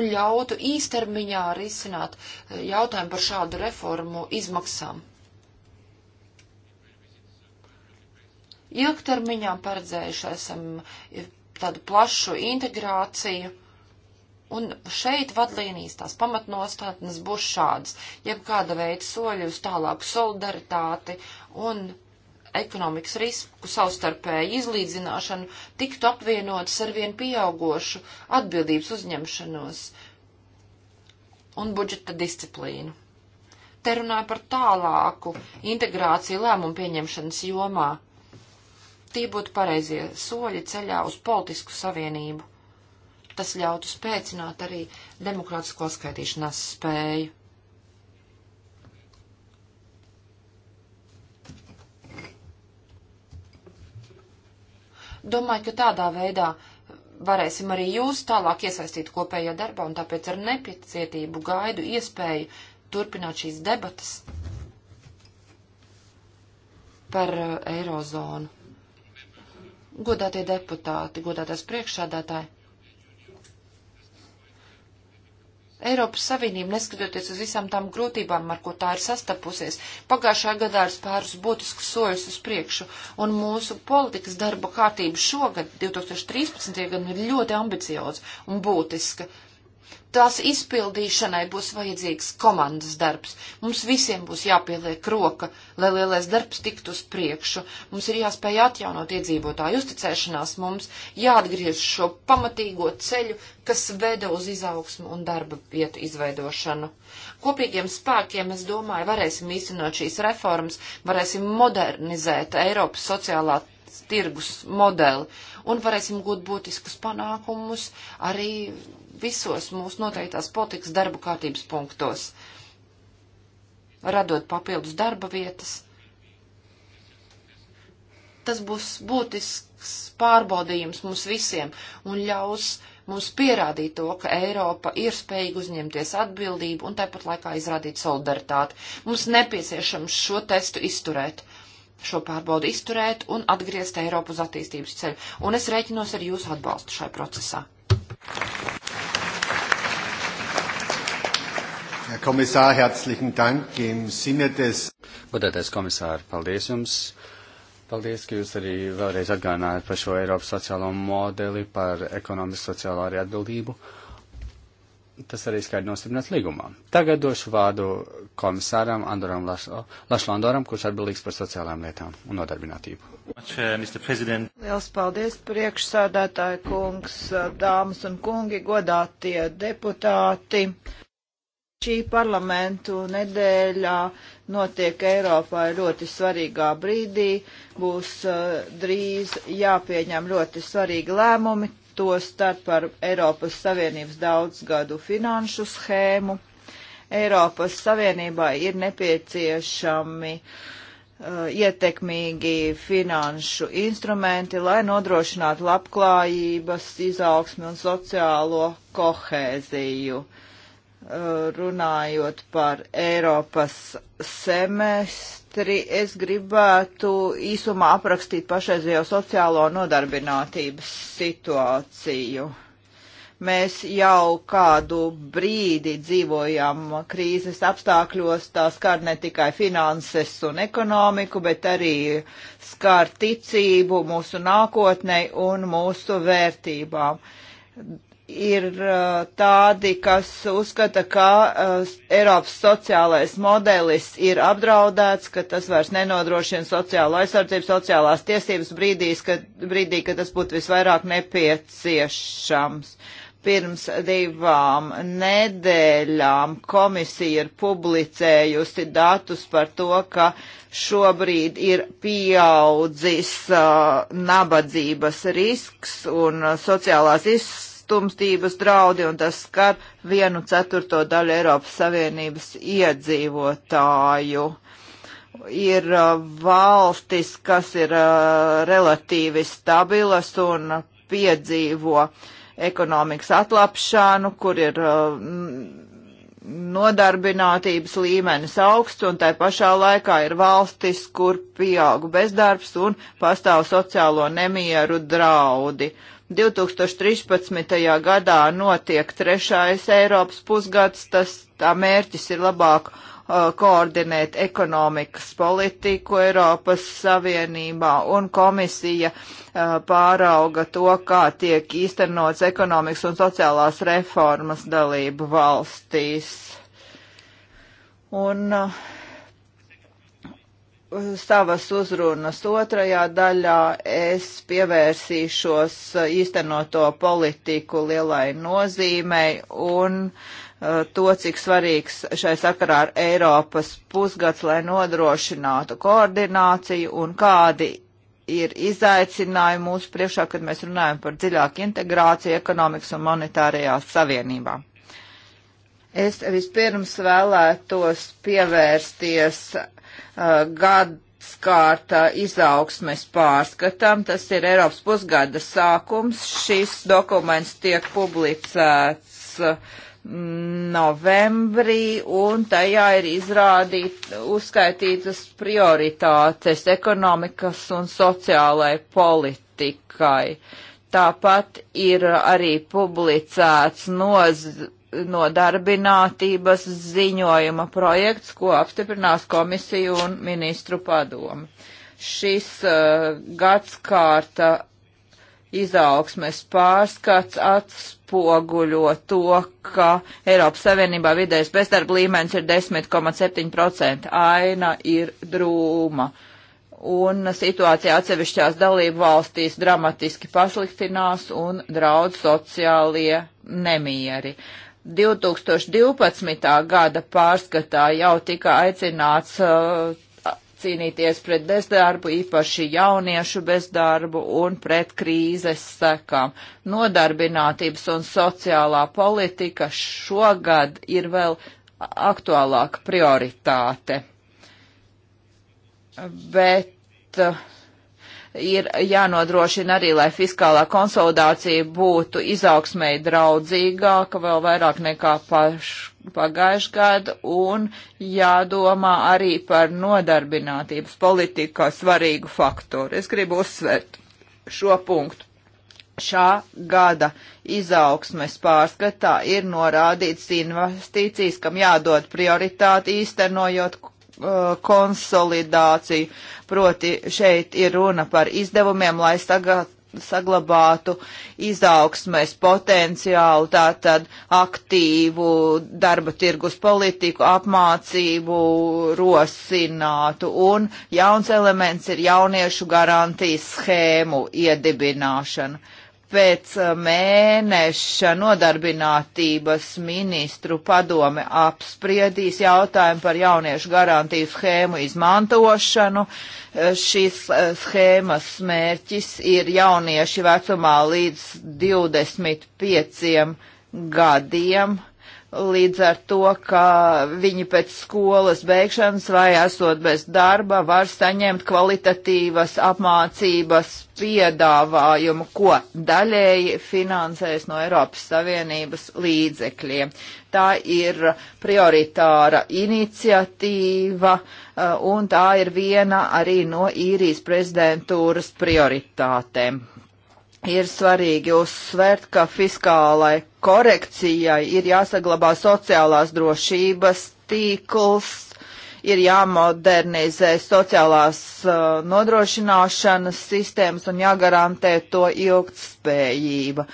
un ļautu īstermiņā arī izsināt e, jautājumu par šādu reformu izmaksām. Ilgtermiņā paredzējuši esam e, tādu plašu integrāciju, un šeit vadlīnijas tās pamatnostādnes būs šādas, jeb kāda veida soļi uz tālāku solidaritāti un ekonomikas risku savstarpēju izlīdzināšanu tiktu apvienotas ar vien pieaugošu atbildības uzņemšanos un budžeta disciplīnu. Te runāja par tālāku integrāciju lēmumu pieņemšanas jomā. Tie būtu pareizie soļi ceļā uz politisku savienību. Tas ļautu spēcināt arī demokrātisko skaitīšanās spēju. Domāju, ka tādā veidā varēsim arī jūs tālāk iesaistīt kopējā darbā, un tāpēc ar nepacietību gaidu iespēju turpināt šīs debatas par eh, Eirozonu. Godātie deputāti, godātās priekšsādātāji, Eiropas Savienība, neskatoties uz visām tām grūtībām, ar ko tā ir sastapusies, pagājušā gadā ir spērus būtiskus soļus uz priekšu, un mūsu politikas darba kārtība šogad, 2013. gadam, ir ļoti ambicioza un būtiska tās izpildīšanai būs vajadzīgs komandas darbs. Mums visiem būs jāpieliek roka, lai lielais darbs tiktu uz priekšu. Mums ir jāspēj atjaunot iedzīvotāju uzticēšanās, mums jāatgriež šo pamatīgo ceļu, kas veda uz izaugsmu un darba vietu izveidošanu. Kopīgiem spēkiem, es domāju, varēsim īstenot šīs reformas, varēsim modernizēt Eiropas sociālā tirgus modeli un varēsim gūt būtiskus panākumus arī visos mūsu noteiktās politikas darba kārtības punktos, radot papildus darba vietas. Tas būs būtisks pārbaudījums mums visiem un ļaus mums pierādīt to, ka Eiropa ir spējīga uzņemties atbildību un tāpat laikā izrādīt solidaritāti. Mums nepieciešams šo testu izturēt, šo pārbaudu izturēt un atgriezt Eiropu uz attīstības ceļu. Un es rēķinos ar jūsu atbalstu šai procesā. Thank you. Kommissār, herzlichen Dank im Sinne des. Godātais komisār, paldies jums. Paldies, ka jūs arī vēlreiz atgādinājāt par šo Eiropas sociālo modeli, par ekonomisku sociālo arī atbildību. Tas arī skaidri nostiprināts līgumā. Tagad došu vārdu komisāram Andoram Lašlo, Lašlandoram, kurš atbildīgs par sociālām lietām un nodarbinātību. Liels paldies, priekšsādātāji kungs, dāmas un kungi, godātie deputāti. Šī parlamentu nedēļā notiek Eiropā ļoti svarīgā brīdī. Būs uh, drīz jāpieņem ļoti starīgi lēmumi, to starp par Eiropas Savienības daudzgadu finanšu schēmu. Eiropas Savienībā ir nepieciešami uh, ietekmīgi finanšu instrumenti, lai nodrošinātu labklājības, izaugsmi un sociālo kohēziju runājot par Eiropas semestri, es gribētu īsumā aprakstīt pašreizējo sociālo nodarbinātības situāciju. Mēs jau kādu brīdi dzīvojam krīzes apstākļos, tā skar ne tikai finanses un ekonomiku, bet arī skar ticību mūsu nākotnei un mūsu vērtībām ir uh, tādi, kas uzskata, ka uh, Eiropas sociālais modelis ir apdraudēts, ka tas vairs nenodrošina sociālo aizsardzību, sociālās tiesības brīdīs, kad, brīdī, kad tas būtu visvairāk nepieciešams. Pirms divām nedēļām komisija ir publicējusi datus par to, ka šobrīd ir pieaudzis uh, nabadzības risks un uh, sociālās izsardzība izstumstības draudi, un tas skar vienu ceturto daļu Eiropas Savienības iedzīvotāju. Ir uh, valstis, kas ir uh, relatīvi stabilas un piedzīvo ekonomikas atlapšanu, kur ir uh, nodarbinātības līmenis augsts, un tai pašā laikā ir valstis, kur pieaug bezdarbs un pastāv sociālo nemieru draudi. 2013. gadā notiek trešais Eiropas pusgads, tas tā mērķis ir labāk uh, koordinēt ekonomikas politiku Eiropas Savienībā un komisija uh, pārauga to, kā tiek īstenots ekonomikas un sociālās reformas dalību valstīs. Un uh, savas uzrunas otrajā daļā es pievērsīšos īstenoto politiku lielai nozīmei un uh, to, cik svarīgs šai sakarā ar Eiropas pusgads, lai nodrošinātu koordināciju un kādi ir izaicinājumi mūsu priekšā, kad mēs runājam par dziļāku integrāciju ekonomikas un monetārajā savienībā. Es vispirms vēlētos pievērsties gads kārta izaugsmes pārskatam. Tas ir Eiropas pusgada sākums. Šis dokuments tiek publicēts mm, novembrī, un tajā ir izrādīt, uzskaitītas prioritātes ekonomikas un sociālai politikai. Tāpat ir arī publicēts noz nodarbinātības ziņojuma projekts, ko apstiprinās komisiju un ministru padomu. Šis uh, gadskārta izaugsmes pārskats atspoguļo to, ka Eiropas Savienībā vidējais bezdarba līmenis ir 10,7%. Aina ir drūma. Un situācija atsevišķās dalību valstīs dramatiski pasliktinās un draudz sociālie nemieri. Uh, 2012. gada pārskatā jau tika aicināts uh, cīnīties pret bezdarbu, īpaši jauniešu bezdarbu un pret krīzes sekām. Nodarbinātības un sociālā politika šogad ir vēl aktuālāka prioritāte. Bet uh, ir jānodrošina arī, lai fiskālā konsolidācija būtu izaugsmēji draudzīgāka vēl vairāk nekā paš, pagājuši gadu un jādomā arī par nodarbinātības politikā svarīgu faktoru. Es gribu uzsvērt šo punktu. Šā gada izaugsmes pārskatā ir norādīts investīcijas, kam jādod prioritāti īstenojot Uh, konsolidāciju. Proti šeit ir runa par izdevumiem, lai sagāt, saglabātu izaugsmēs potenciālu, tātad aktīvu darba tirgus politiku, apmācību rosinātu. Un jauns elements ir jauniešu garantijas schēmu iedibināšana pēc eh, mēneša nodarbinātības ministru padome apspriedīs jautājumu par jauniešu garantiju schēmu izmantošanu. Eh, Šīs eh, schēmas mērķis ir jaunieši vecumā līdz 25 gadiem līdz ar to, ka viņi pēc skolas beigšanas vai esot bez darba var saņemt kvalitatīvas apmācības piedāvājumu, ko daļēji finansēs no Eiropas Savienības līdzekļiem. Tā ir prioritāra iniciatīva eh, un tā ir viena arī no īrijas prezidentūras prioritātēm ir svarīgi uzsvērt, ka fiskālai korekcijai ir jāsaglabā sociālās drošības tīkls, ir jāmodernizē sociālās uh, nodrošināšanas sistēmas un jāgarantē to ilgtspējība.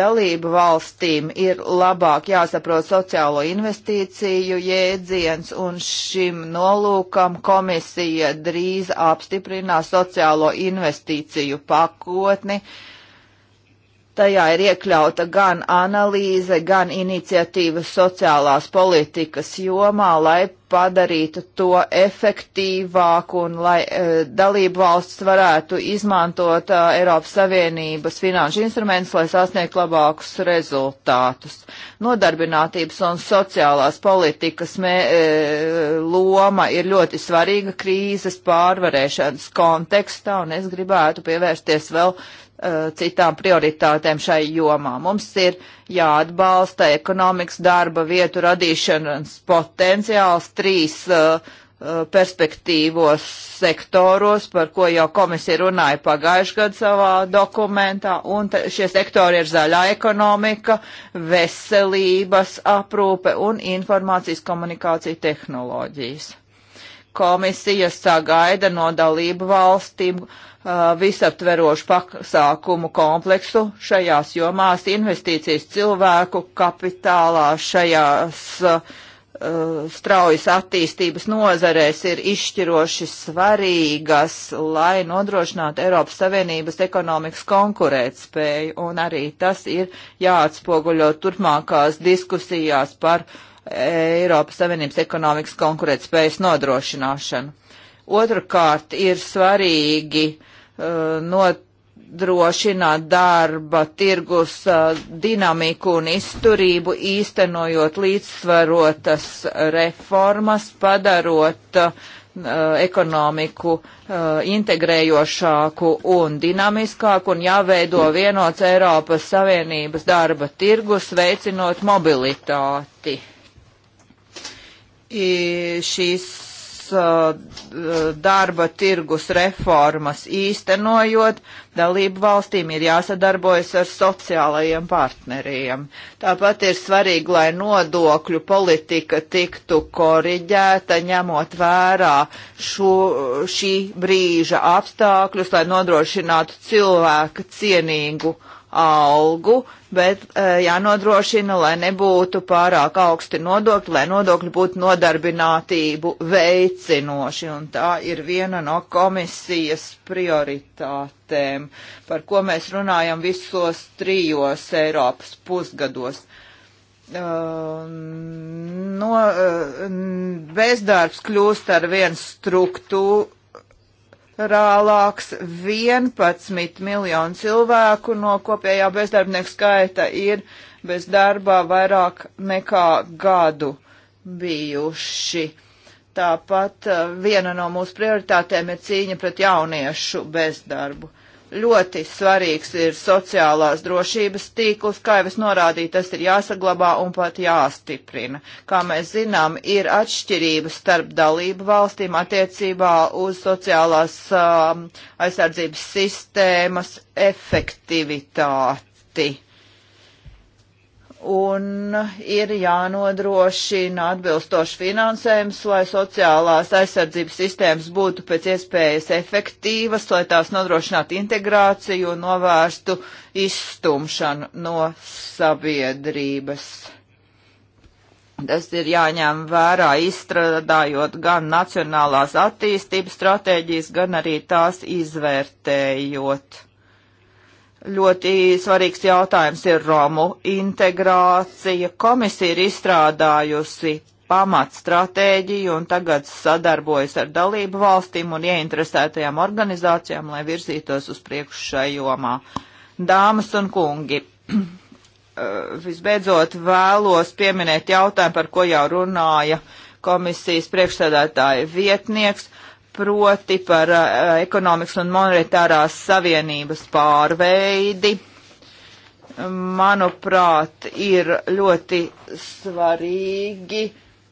Dalība valstīm ir labāk jāsaprot sociālo investīciju jēdziens un šim nolūkam komisija drīz apstiprinās sociālo investīciju pakotni, uh, Tajā ir iekļauta gan analīze, gan iniciatīva sociālās politikas jomā, lai padarītu to efektīvāku un lai e, dalību valsts varētu izmantot e, Eiropas Savienības finanšu instrumentus, lai sasniegtu labākus rezultātus. Nodarbinātības un sociālās politikas mē, e, loma ir ļoti svarīga krīzes pārvarēšanas kontekstā, un es gribētu pievērsties vēl Eh, citām prioritātēm šai jomā. Mums ir jāatbalsta ekonomikas darba vietu radīšanas potenciāls trīs uh, perspektīvos sektoros, par ko jau komisija runāja pagājušajā gadā savā dokumentā, un šie sektori ir zaļā ekonomika, veselības aprūpe un informācijas komunikācija tehnoloģijas komisija sagaida no dalību valstīm uh, visaptverošu pasākumu kompleksu šajās jomās, investīcijas cilvēku kapitālā šajās uh, straujas attīstības nozarēs ir izšķiroši svarīgas, lai nodrošinātu Eiropas Savienības ekonomikas konkurētspēju, un arī tas ir jāatspoguļo turpmākās diskusijās par uh, Eiropas Savienības ekonomikas konkurētspējas nodrošināšanu. Otrakārt ir svarīgi uh, nodrošināt darba tirgus uh, dinamiku un izturību, īstenojot līdzsvarotas reformas, padarot uh, ekonomiku uh, integrējošāku un dinamiskāku un jāveido vienots Eiropas Savienības darba tirgus, veicinot mobilitāti šīs uh, darba tirgus reformas īstenojot, dalību valstīm ir jāsadarbojas ar sociālajiem partneriem. Tāpat ir svarīgi, lai nodokļu politika tiktu koriģēta, ņemot vērā šo, šī brīža apstākļus, lai nodrošinātu cilvēka cienīgu algu, bet e, jānodrošina, lai nebūtu pārāk augsti nodokļi, lai nodokļi būtu nodarbinātību veicinoši. Un tā ir viena no komisijas prioritātēm, par ko mēs runājam visos trijos Eiropas pusgados. E, no, e, bezdarbs kļūst ar vien struktūru rālāks 11 miljonu cilvēku no kopējā bezdarbnieku skaita ir bez darbā vairāk nekā gadu bijuši. Tāpat eh, viena no mūsu prioritātēm ir cīņa pret jauniešu bezdarbu. Ļoti svarīgs ir sociālās drošības tīkls, kā jau es norādīju, tas ir jāsaglabā un pat jāstiprina. Kā mēs zinām, ir atšķirības starp dalību valstīm attiecībā uz sociālās um, aizsardzības sistēmas efektivitāti un ir jānodrošina atbilstoši finansējums, lai sociālās aizsardzības sistēmas būtu pēc iespējas efektīvas, lai tās nodrošinātu integrāciju un novērstu izstumšanu no sabiedrības. Tas ir jāņem vērā izstrādājot gan nacionālās attīstības stratēģijas, gan arī tās izvērtējot ļoti svarīgs jautājums ir Romu integrācija. Komisija ir izstrādājusi pamatstratēģiju un tagad sadarbojas ar dalību valstīm un ieinteresētajām organizācijām, lai virzītos uz priekšu šai jomā. Dāmas un kungi, [CLEARS THROAT] eh, visbeidzot vēlos pieminēt jautājumu, par ko jau runāja komisijas priekšsēdētāja vietnieks proti par uh, ekonomikas un monetārās savienības pārveidi, manuprāt, ir ļoti svarīgi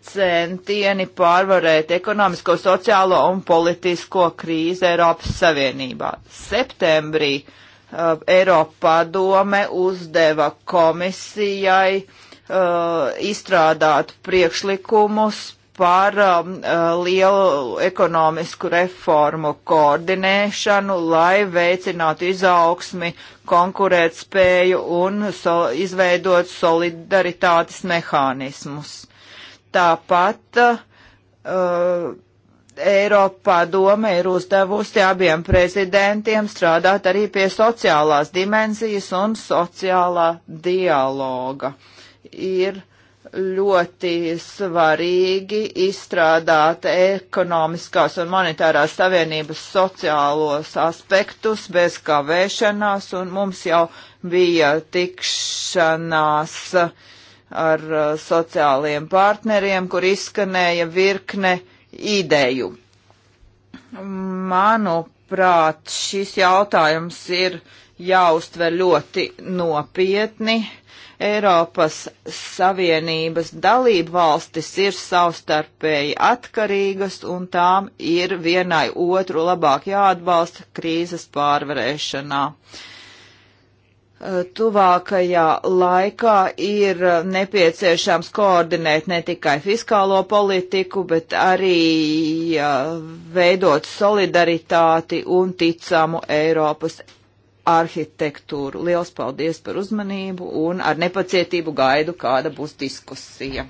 centieni pārvarēt ekonomisko, sociālo un politisko krīzi Eiropas Savienībā. Septembrī uh, eh, Eiropa padome uzdeva komisijai uh, izstrādāt priekšlikumus par um, uh, lielu ekonomisku reformu koordinēšanu, lai veicinātu izaugsmi, konkurētspēju un so, izveidot solidaritātes mehānismus. Tāpat uh, Eiropā doma ir uzdevusi abiem prezidentiem strādāt arī pie sociālās dimensijas un sociālā dialoga. Ir uh, ļoti svarīgi izstrādāt ekonomiskās un monetārās savienības sociālos aspektus bez kavēšanās, un mums jau bija tikšanās ar uh, sociāliem partneriem, kur izskanēja virkne ideju. Manuprāt, šis jautājums ir uh, jāuztver ļoti nopietni. Eiropas Savienības dalību valstis ir savstarpēji atkarīgas un tām ir vienai otru labāk jāatbalsta krīzes pārvarēšanā. E, tuvākajā laikā ir nepieciešams koordinēt ne tikai fiskālo politiku, bet arī e, veidot solidaritāti un ticamu Eiropas arhitektūru. Liels paldies par uzmanību un ar nepacietību gaidu, kāda būs diskusija.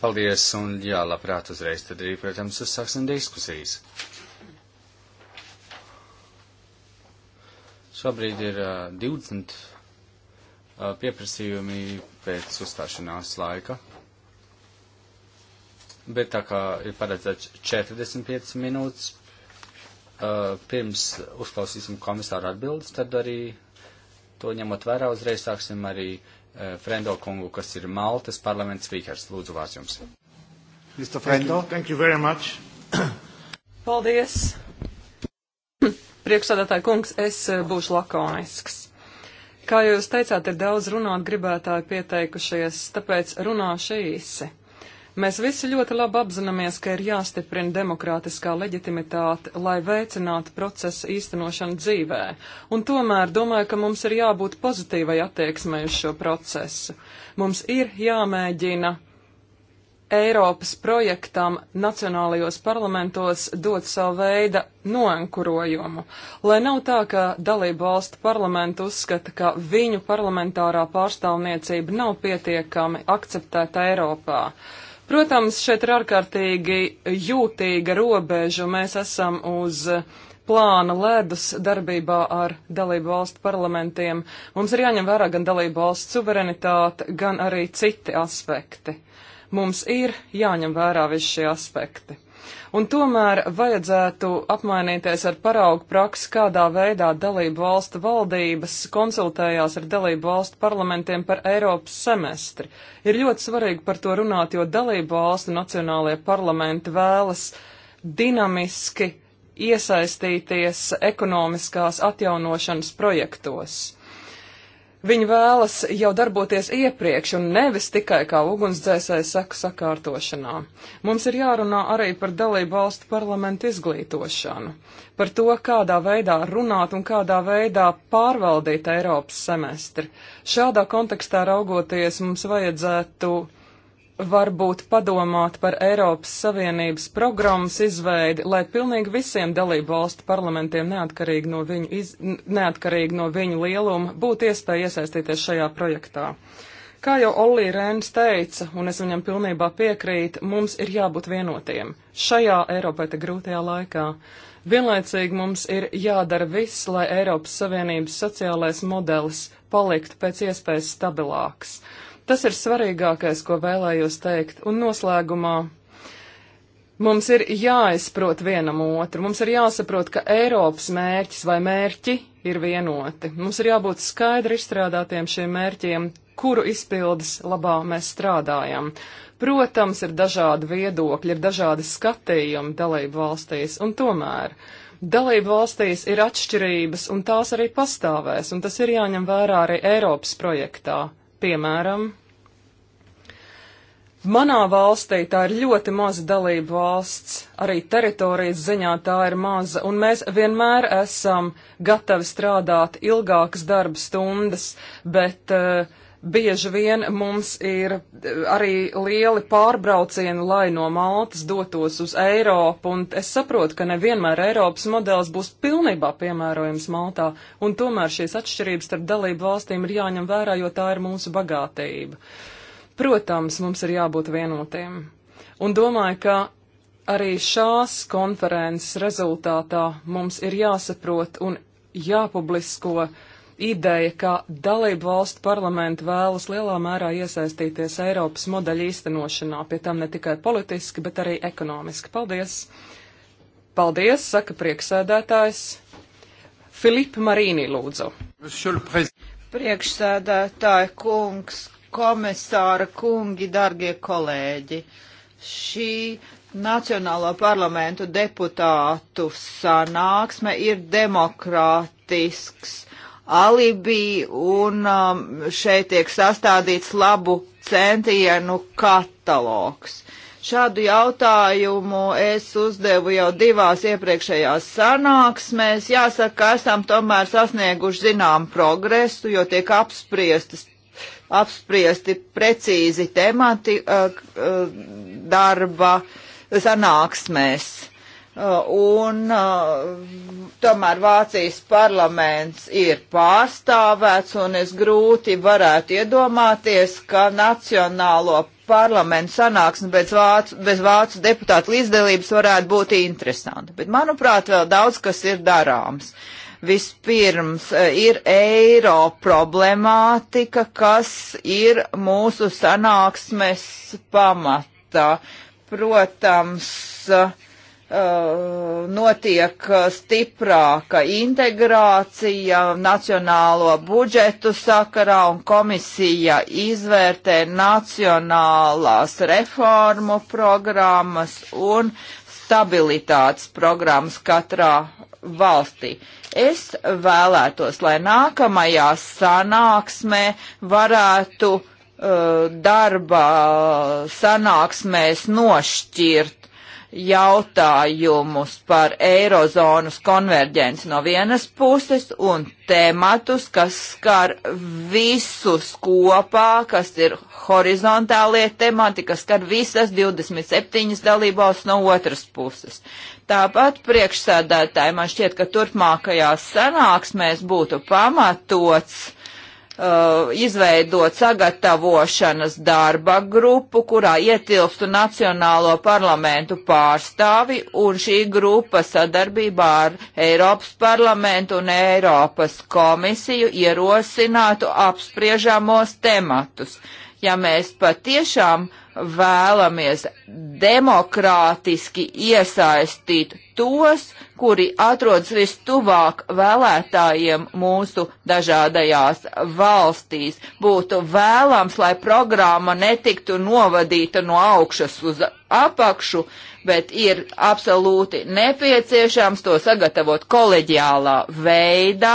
Paldies un jā, labprāt uzreiz tad arī, protams, uzsāksim diskusijas. Šobrīd ir uh, 20 uh, pieprasījumi pēc uzstāšanās laika bet tā kā ir paredzēts 45 minūtes uh, pirms uzklausīsim komisāru atbildes, tad arī to ņemot vērā uzreiz sāksim arī uh, Frendo kungu, kas ir Maltas parlaments spīkers. Lūdzu, vārds jums. Mr. Frendo, thank you very much. [COUGHS] Paldies. [COUGHS] Priekšsādātāji kungs, es eh, būšu lakonisks. Kā jūs teicāt, ir daudz runāt gribētāju pieteikušies, tāpēc runāšu īsi. Mēs visi ļoti labi apzināmies, ka ir jāstiprina demokrātiskā leģitimitāte, lai veicinātu procesa īstenošanu dzīvē, un tomēr domāju, ka mums ir jābūt pozitīvai attieksmei uz šo procesu. Mums ir jāmēģina Eiropas projektam nacionālajos parlamentos dot savu veidu noenkurojumu, lai nav tā, ka dalību valstu parlamentu uzskata, ka viņu parlamentārā pārstāvniecība nav pietiekami akceptēta Eiropā. Protams, šeit ir ārkārtīgi jūtīga robeža. Mēs esam uz plāna ledus darbībā ar dalību valstu parlamentiem. Mums ir jāņem vērā gan dalību valsts suverenitāte, gan arī citi aspekti. Mums ir jāņem vērā visi šie aspekti. Un tomēr vajadzētu apmainīties ar paraugu praksi, kādā veidā dalību valstu valdības konsultējās ar dalību valstu parlamentiem par Eiropas semestri. Ir ļoti svarīgi par to runāt, jo dalību valstu nacionālajie parlamenti vēlas dinamiski iesaistīties ekonomiskās atjaunošanas projektos. Viņi vēlas jau darboties iepriekš un nevis tikai kā ugunsdzēsēji seku sakārtošanā. Mums ir jārunā arī par dalību valstu parlamentu izglītošanu, par to, kādā veidā runāt un kādā veidā pārvaldīt Eiropas semestri. Šādā kontekstā raugoties mums vajadzētu varbūt padomāt par Eiropas Savienības programmas izveidi, lai pilnīgi visiem dalību valstu parlamentiem, neatkarīgi no viņu, iz, neatkarīgi no viņu lieluma, būtu iespēja iesaistīties šajā projektā. Kā jau Ollī Rēns teica, un es viņam pilnībā piekrītu, mums ir jābūt vienotiem šajā Eiropai te grūtajā laikā. Vienlaicīgi mums ir jādara viss, lai Eiropas Savienības sociālais modelis paliktu pēc iespējas stabilāks. Tas ir svarīgākais, ko vēlējos teikt. Un noslēgumā mums ir jāizprot vienam otru. Mums ir jāsaprot, ka Eiropas mērķis vai mērķi ir vienoti. Mums ir jābūt skaidri izstrādātiem šiem mērķiem, kuru izpildes labā mēs strādājam. Protams, ir dažādi viedokļi, ir dažādi skatījumi dalību valstīs, un tomēr dalību valstīs ir atšķirības, un tās arī pastāvēs, un tas ir jāņem vērā arī Eiropas projektā. Piemēram, manā valstī tā ir ļoti maza dalība valsts, arī teritorijas ziņā tā ir maza, un mēs vienmēr esam gatavi strādāt ilgākas darba stundas, bet uh, Bieži vien mums ir eh, arī lieli pārbraucieni, lai no Maltas dotos uz Eiropu, un es saprotu, ka nevienmēr Eiropas modelis būs pilnībā piemērojams Maltā, un tomēr šīs atšķirības starp dalību valstīm ir jāņem vērā, jo tā ir mūsu bagātība. Protams, mums ir jābūt vienotiem. Un domāju, ka arī šās konferences rezultātā mums ir jāsaprot un jāpublisko ideja, ka dalību valstu parlamenti vēlas lielā mērā iesaistīties Eiropas modeļa īstenošanā, pie tam ne tikai politiski, bet arī ekonomiski. Paldies! Paldies, saka prieksēdētājs. Filipa Marīni lūdzu. Priekšsēdētāja kungs, komisāra kungi, dargie kolēģi. Šī Nacionālo parlamentu deputātu sanāksme ir demokrātisks alibi un um, šeit tiek sastādīts labu centienu katalogs. Šādu jautājumu es uzdevu jau divās iepriekšējās sanāksmēs. Jāsaka, esam tomēr sasnieguši zinām progresu, jo tiek apspriestas, apspriesti precīzi temati uh, uh darba sanāksmēs. Uh, un uh, tomēr Vācijas parlaments ir pārstāvēts, un es grūti varētu iedomāties, ka Nacionālo parlamentu sanāksme bez vācu, bez vācu deputātu līdzdalības varētu būt interesanta. Bet, manuprāt, vēl daudz kas ir darāms. Vispirms uh, ir eiro problemātika, kas ir mūsu sanāksmes pamatā. Protams, uh, Uh, notiek uh, stiprāka integrācija nacionālo budžetu sakarā un komisija izvērtē nacionālās reformu programmas un stabilitātes programmas katrā valstī. Es vēlētos, lai nākamajā sanāksmē varētu uh, darba sanāksmēs nošķirt jautājumus par eirozonas konverģenci no vienas puses un tematus, kas skar visus kopā, kas ir horizontālie temati, kas skar visas 27 dalībās no otras puses. Tāpat priekšsēdētāji man šķiet, ka turpmākajās sanāksmēs būtu pamatots uh, izveidot sagatavošanas darba grupu, kurā ietilpstu Nacionālo parlamentu pārstāvi, un šī grupa sadarbībā ar Eiropas parlamentu un Eiropas komisiju ierosinātu apspriežamos tematus. Ja mēs patiešām vēlamies demokrātiski iesaistīt tos, kuri atrodas vistuvāk vēlētājiem mūsu dažādajās valstīs. Būtu vēlams, lai programma netiktu novadīta no augšas uz apakšu, bet ir absolūti nepieciešams to sagatavot koleģiālā veidā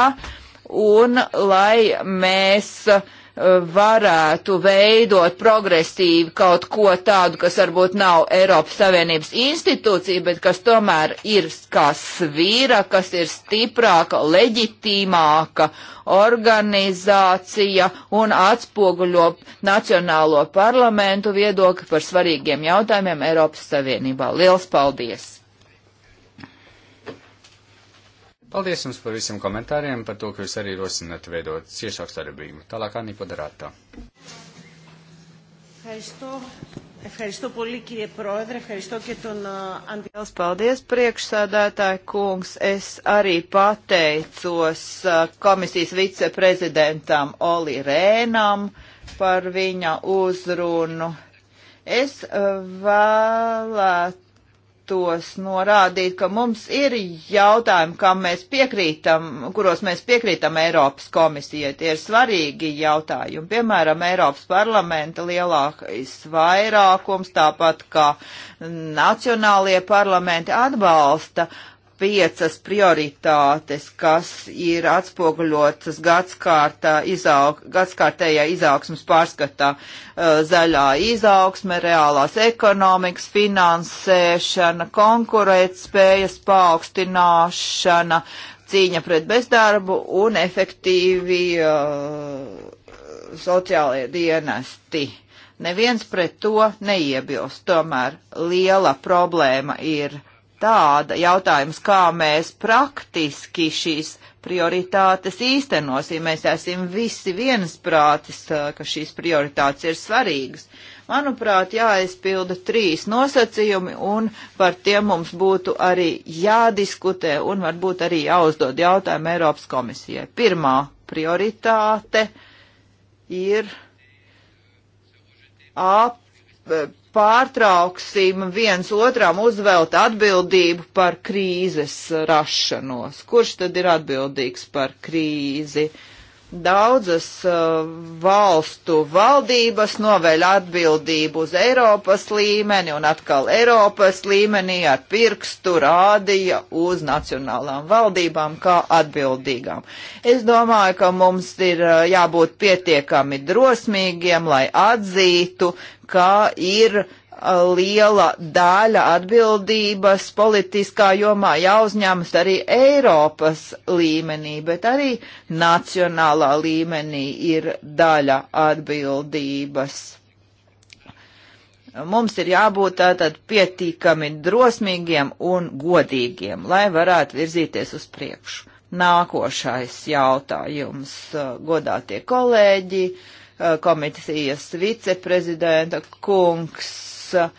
un lai mēs uh, varētu veidot progresīvi kaut ko tādu, kas varbūt nav Eiropas Savienības institūcija, bet kas tomēr ir kā svīra, kas ir stiprāka, leģitīmāka organizācija un atspoguļo Nacionālo parlamentu viedokli par svarīgiem jautājumiem Eiropas Savienībā. Liels paldies! Paldies jums par visiem komentāriem, par to, ka jūs arī rosināt veidot ciešāku sadarbību. Tālāk, Anī, padarāt tā. Ευχαριστώ. Ευχαριστώ πολύ κύριε Πρόεδρε, ευχαριστώ και τον Αντιέλς. Paldies, priekšsādātāji kungs. Es arī pateicos komisijas viceprezidentam Oli Rēnam par viņa uzrunu. Es vēlētu vēlētos norādīt, ka mums ir jautājumi, kam mēs piekrītam, kuros mēs piekrītam Eiropas komisijai. Tie ir svarīgi jautājumi. Piemēram, Eiropas parlamenta lielākais vairākums, tāpat kā nacionālie parlamenti atbalsta uh, piecas prioritātes, kas ir atspoguļotas gadskārtā izaug, gadskārtējā izaugsmas pārskatā uh, - zaļā izaugsme, reālās ekonomikas, finansēšana, konkurētspējas paaugstināšana, cīņa pret bezdarbu un efektīvi uh, sociālie dienesti. Neviens pret to neiebilst, tomēr liela problēma ir tāda jautājums, kā mēs praktiski šīs prioritātes īstenosim. Mēs esam visi viensprātis, ka šīs prioritātes ir svarīgas. Manuprāt, jāizpilda trīs nosacījumi, un par tiem mums būtu arī jādiskutē, un varbūt arī jāuzdod jautājumu Eiropas komisijai. Pirmā prioritāte ir ap pārtrauksim viens otram uzvelt atbildību par krīzes rašanos. Kurš tad ir atbildīgs par krīzi? Uh, Daudzas uh, valstu valdības novēļ atbildību uz Eiropas līmeni un atkal Eiropas līmenī ar pirkstu rādīja uz nacionālām valdībām kā atbildīgām. Es domāju, ka mums ir uh, jābūt pietiekami drosmīgiem, lai atzītu, ka ir uh, liela daļa atbildības politiskā jomā jāuzņemas arī Eiropas līmenī, bet arī nacionālā līmenī ir daļa atbildības. Mums ir jābūt tātad pietiekami drosmīgiem un godīgiem, lai varētu virzīties uz priekšu. Nākošais jautājums, godātie kolēģi, komisijas viceprezidenta kungs Uh,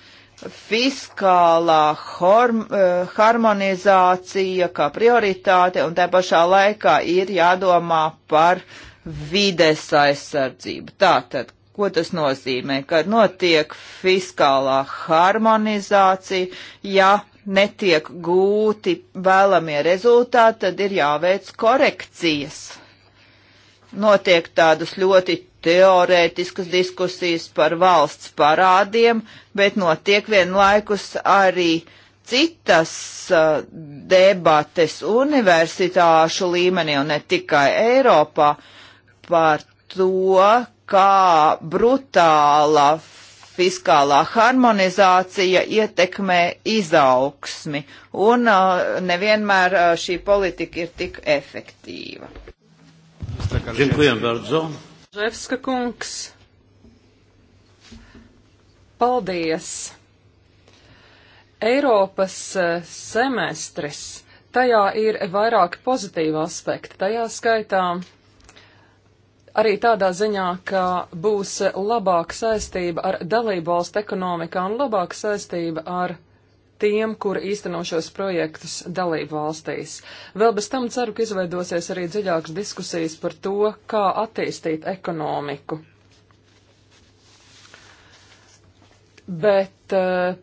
fiskālā horm, uh, harmonizācija kā prioritāte, un tā pašā laikā ir jādomā par vides aizsardzību. Tātad, ko tas nozīmē, kad notiek fiskālā harmonizācija, ja netiek gūti vēlamie rezultāti, tad ir jāveic korekcijas. Notiek tādas ļoti teorētiskas diskusijas par valsts parādiem, bet notiek vienlaikus arī citas uh, debates universitāšu līmenī un ne tikai Eiropā par to, kā brutāla fiskālā harmonizācija ietekmē izaugsmi, un uh, nevienmēr uh, šī politika ir tik efektīva. Dziękuję bardzo. Ževska kungs. Paldies! Eiropas eh, semestris. Tajā ir vairāk pozitīvu aspektu. Tajā skaitā arī tādā ziņā, ka būs labāka saistība ar dalību valstu ekonomikā un labāka saistība ar tiem, kuri īsteno šos projektus dalību valstīs. Vēl bez tam ceru, ka izveidosies arī dziļākas diskusijas par to, kā attīstīt ekonomiku. Bet uh,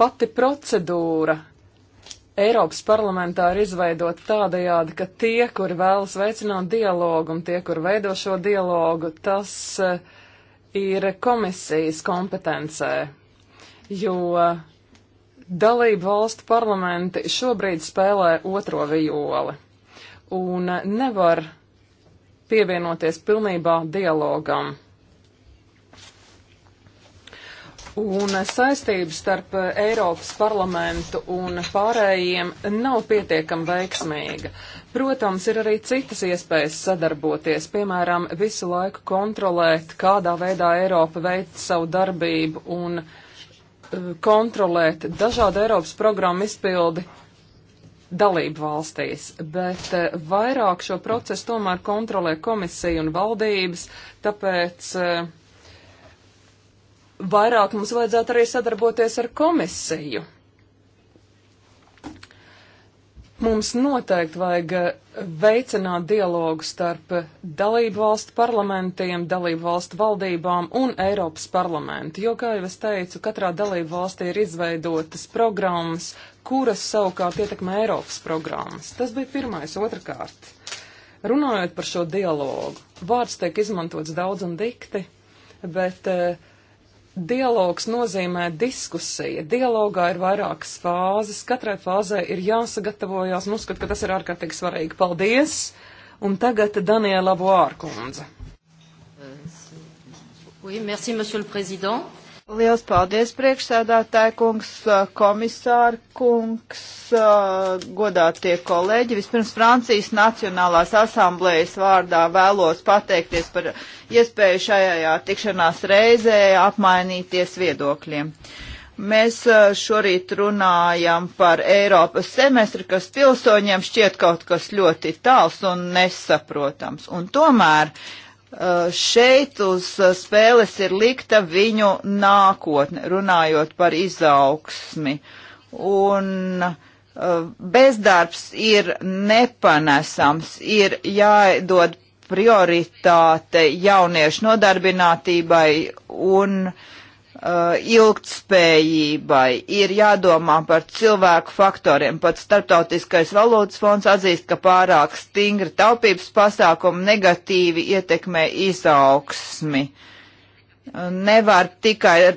pati procedūra Eiropas parlamentā ir izveidota tādajādi, ka tie, kuri vēlas veicināt dialogu un tie, kuri veido šo dialogu, tas uh, ir komisijas kompetencē. Jo uh, Dalību valstu parlamenti šobrīd spēlē otro violi un nevar pievienoties pilnībā dialogam. Un saistības starp Eiropas parlamentu un pārējiem nav pietiekami veiksmīga. Protams, ir arī citas iespējas sadarboties, piemēram, visu laiku kontrolēt, kādā veidā Eiropa veic savu darbību un uh, Uh, kontrolēt dažādu Eiropas programmu izpildi dalību valstīs, bet uh, vairāk šo procesu tomēr kontrolē komisija un valdības, tāpēc uh, vairāk mums vajadzētu arī sadarboties ar komisiju. Mums noteikti vajag eh, veicināt dialogu starp dalību valstu parlamentiem, dalību valstu valdībām un Eiropas parlamentu, jo, kā jau es teicu, katrā dalību valstī ir izveidotas programmas, kuras savukārt ietekmē Eiropas programmas. Tas bija pirmais. Otrakārt, runājot par šo dialogu, vārds tiek izmantots daudz un dikti, bet uh, Dialogs nozīmē diskusija. Dialogā ir vairākas fāzes. Katrai fāzē ir jāsagatavojās. Un uzskat, ka tas ir ārkārtīgi svarīgi. Paldies! Un tagad Daniela Vārkundze. Oui, merci, monsieur le président. Liels paldies, priekšsēdātāja kungs, komisāra kungs, godātie kolēģi. Vispirms Francijas Nacionālās asamblējas vārdā vēlos pateikties par iespēju šajā tikšanās reizē apmainīties viedokļiem. Mēs šorīt runājam par Eiropas semestri, kas pilsoņiem šķiet kaut kas ļoti tāls un nesaprotams. Un tomēr uh, Eh, šeit uz eh, spēles ir likta viņu nākotne, runājot par izaugsmi. Un eh, bezdarbs ir nepanesams, ir jādod prioritāte jauniešu nodarbinātībai un uh, Uh, ilgtspējībai, ir jādomā par cilvēku faktoriem. Pat Startautiskais valūtas fonds atzīst, ka pārāk stingri taupības pasākumi negatīvi ietekmē izaugsmi. Uh, Nevar tikai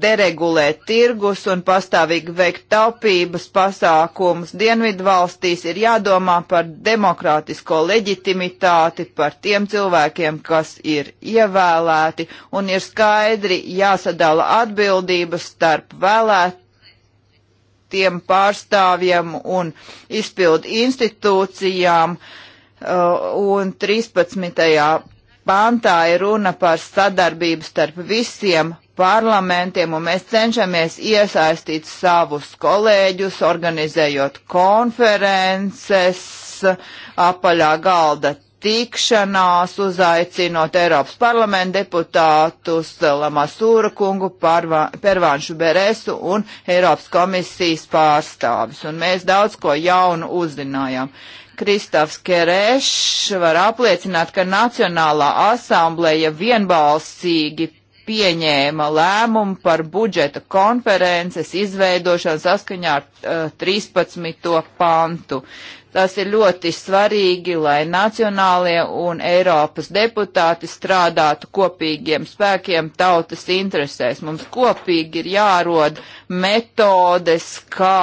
deregulēt tirgus un pastāvīgi veikt taupības pasākumus. Dienvidu valstīs ir jādomā par demokrātisko leģitimitāti, par tiem cilvēkiem, kas ir ievēlēti, un ir skaidri jāsadala atbildības starp vēlētiem pārstāvjiem un izpildu institūcijām. Uh, un 13 pantā ir runa par sadarbību starp visiem parlamentiem, un mēs cenšamies iesaistīt savus kolēģus, organizējot konferences, apaļā galda tikšanās, uzaicinot Eiropas parlamenta deputātus Lamasūra kungu, Pervānšu Beresu un Eiropas komisijas pārstāvis. Un mēs daudz ko jaunu uzzinājām. Uh, Kristofs Kerešs var apliecināt, ka Nacionālā asambleja vienbalsīgi pieņēma lēmumu par budžeta konferences izveidošanu saskaņā ar uh, 13. pantu. Tas ir ļoti svarīgi, lai nacionālie un Eiropas deputāti strādātu kopīgiem spēkiem tautas interesēs. Mums kopīgi ir jārod metodes, kā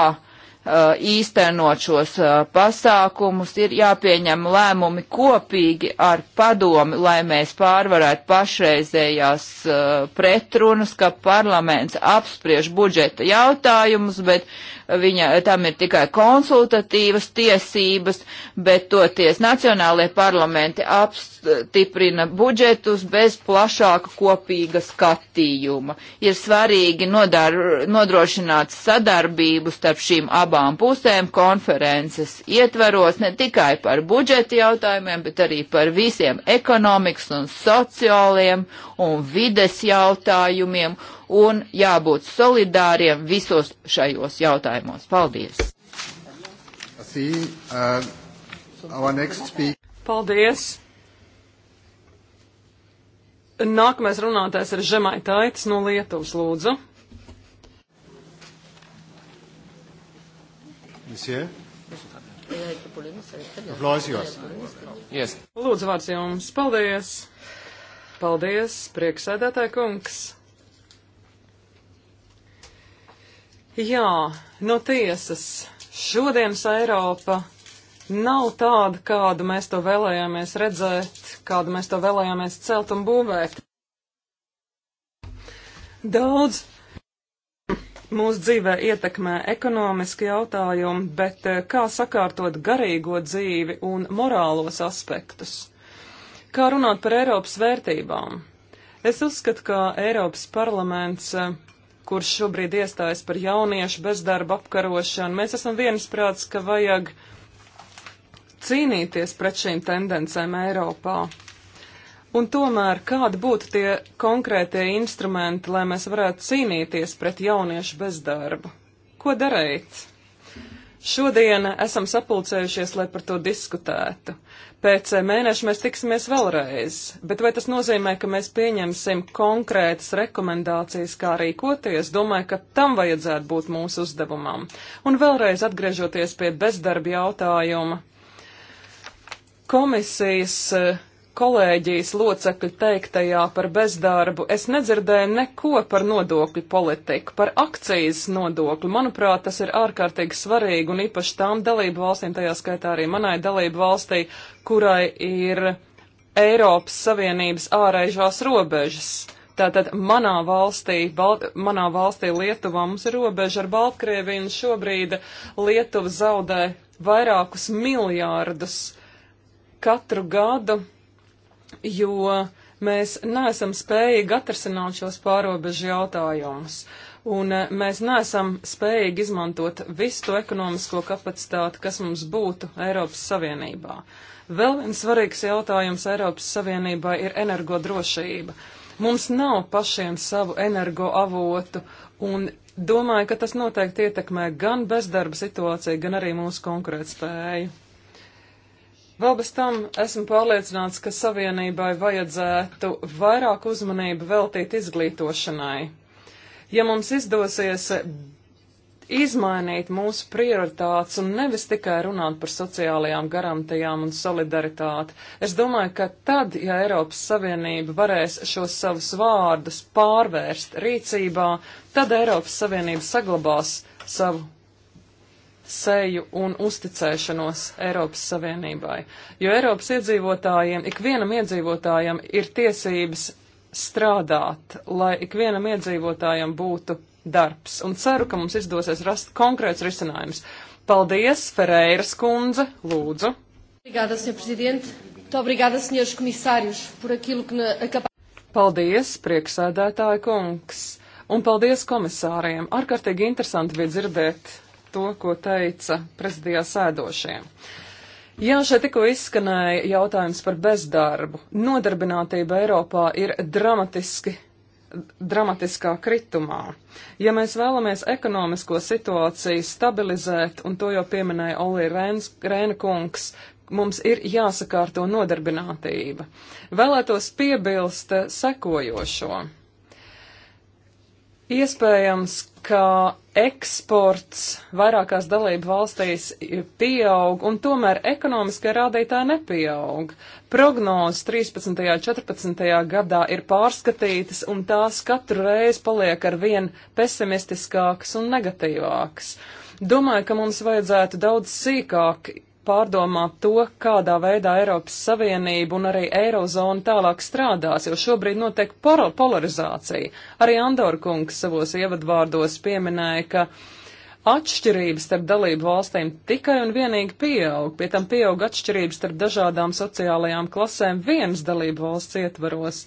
Uh, īstenot šos uh, pasākumus, ir jāpieņem lēmumi kopīgi ar padomi, lai mēs pārvarētu pašreizējās uh, pretrunas, ka parlaments apspriež budžeta jautājumus, bet viņa, tam ir tikai konsultatīvas tiesības, bet toties nacionālajie parlamenti apstiprina budžetus bez plašāka kopīga skatījuma. Ir svarīgi nodar, nodrošināt sadarbību starp šīm abām pusēm konferences ietveros ne tikai par budžeti jautājumiem, bet arī par visiem ekonomikas un sociāliem un vides jautājumiem un jābūt solidāriem visos šajos jautājumos. Paldies! Uh, Paldies! Nākamais runātājs ir Žemai Taitis no Lietuvas, lūdzu. Monsieur? Lūdzu, vārds jums. Paldies! Paldies, prieksēdētāja kungs! Jā, no tiesas. Šodienas Eiropa nav tāda, kādu mēs to vēlējāmies redzēt, kādu mēs to vēlējāmies celt un būvēt. Daudz mūsu dzīvē ietekmē ekonomiski jautājumi, bet eh, kā sakārtot garīgo dzīvi un morālos aspektus? Kā runāt par Eiropas vērtībām? Es uzskatu, ka Eiropas parlaments eh, kurš šobrīd iestājas par jauniešu bezdarba apkarošanu. Mēs esam viensprāts, ka vajag cīnīties pret šīm tendencēm Eiropā. Un tomēr, kādi būtu tie konkrētie instrumenti, lai mēs varētu cīnīties pret jauniešu bezdarbu? Ko darīt? Šodien esam sapulcējušies, lai par to diskutētu. Pēc mēneša mēs tiksimies vēlreiz, bet vai tas nozīmē, ka mēs pieņemsim konkrētas rekomendācijas, kā rīkoties? Domāju, ka tam vajadzētu būt mūsu uzdevumam. Un vēlreiz atgriežoties pie bezdarba jautājuma, komisijas eh, kolēģijas locekļu teiktajā par bezdarbu, es nedzirdēju neko par nodokļu politiku, par akcijas nodokli. Manuprāt, tas ir ārkārtīgi svarīgi un īpaši tām dalību valstīm, tajā skaitā arī manai dalību valstī, kurai ir Eiropas Savienības ārēžās robežas. Tātad manā valstī, Balt, manā valstī Lietuvā mums ir robeža ar Baltkrieviju un šobrīd Lietuva zaudē vairākus miljārdus katru gadu jo mēs neesam spējīgi atrasināt šos pārobežu jautājumus. Un eh, mēs neesam spējīgi izmantot visu to ekonomisko kapacitāti, kas mums būtu Eiropas Savienībā. Vēl viens svarīgs jautājums Eiropas Savienībā ir energodrošība. Mums nav pašiem savu energoavotu, un domāju, ka tas noteikti ietekmē gan bezdarba situāciju, gan arī mūsu konkurētspēju. Vēl bez tam esmu pārliecināts, ka savienībai vajadzētu vairāk uzmanību veltīt izglītošanai. Ja mums izdosies izmainīt mūsu prioritātes un nevis tikai runāt par sociālajām garantijām un solidaritāti, es domāju, ka tad, ja Eiropas Savienība varēs šos savus vārdus pārvērst rīcībā, tad Eiropas Savienība saglabās savu seju un uzticēšanos Eiropas Savienībai. Jo Eiropas iedzīvotājiem, ikvienam iedzīvotājam ir tiesības strādāt, lai ikvienam iedzīvotājam būtu darbs. Un ceru, ka mums izdosies rast konkrēts risinājums. Paldies, Ferreiras kundze, lūdzu. Obrigada, senhor presidente. Muito obrigada, senhores comissários, por aquilo que acabamos. Paldies, prieksēdētāja kungs. Un paldies komisāriem. Ārkārtīgi interesanti bija dzirdēt to, ko teica prezidijā sēdošie. Jā, šeit tikko izskanēja jautājums par bezdarbu. Nodarbinātība Eiropā ir dramatiski dramatiskā kritumā. Ja mēs vēlamies ekonomisko situāciju stabilizēt, un to jau pieminēja Olī Rēna kungs, mums ir jāsakārto nodarbinātība. Vēlētos piebilst sekojošo. Iespējams, ka eksports vairākās dalību valstīs pieaug, un tomēr ekonomiskie rādītāji nepieaug. Prognozes 13. un 14. gadā ir pārskatītas, un tās katru reizi paliek ar vien pesimistiskākas un negatīvākas. Domāju, ka mums vajadzētu daudz sīkāk pārdomāt to, kādā veidā Eiropas Savienība un arī Eirozona tālāk strādās, jo šobrīd notiek polarizācija. Arī Andorkungs savos ievadvārdos pieminēja, ka atšķirības starp dalību valstīm tikai un vienīgi pieaug, pie tam pieaug atšķirības starp dažādām sociālajām klasēm vienas dalību valsts ietvaros,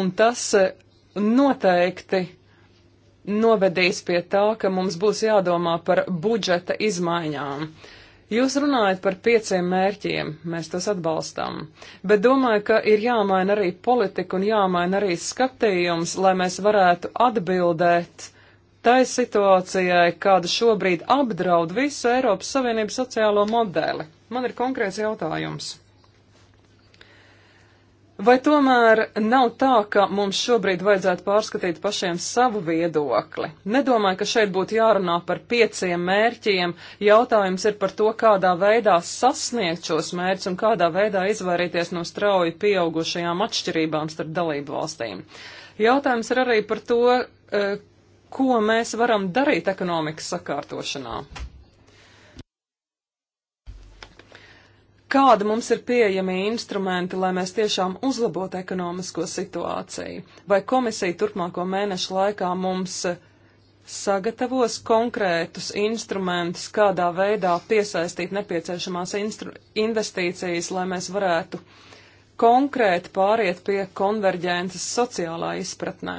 un tas e, noteikti novedīs pie tā, ka mums būs jādomā par budžeta izmaiņām. Jūs runājat par pieciem mērķiem, mēs tos atbalstām, bet domāju, ka ir jāmaina arī politika un jāmaina arī skatījums, lai mēs varētu atbildēt tai situācijai, kāda šobrīd apdraud visu Eiropas Savienības sociālo modeli. Man ir konkrēts jautājums. Vai tomēr nav tā, ka mums šobrīd vajadzētu pārskatīt pašiem savu viedokli? Nedomāju, ka šeit būtu jārunā par pieciem mērķiem. Jautājums ir par to, kādā veidā sasniegt šos mērķus un kādā veidā izvairīties no strauji pieaugušajām atšķirībām starp dalību valstīm. Jautājums ir arī par to, eh, ko mēs varam darīt ekonomikas sakārtošanā. kāda mums ir pieejami instrumenti, lai mēs tiešām uzlabotu ekonomisko situāciju? Vai komisija turpmāko mēnešu laikā mums sagatavos konkrētus instrumentus, kādā veidā piesaistīt nepieciešamās investīcijas, lai mēs varētu konkrēti pāriet pie konverģences sociālā izpratnē?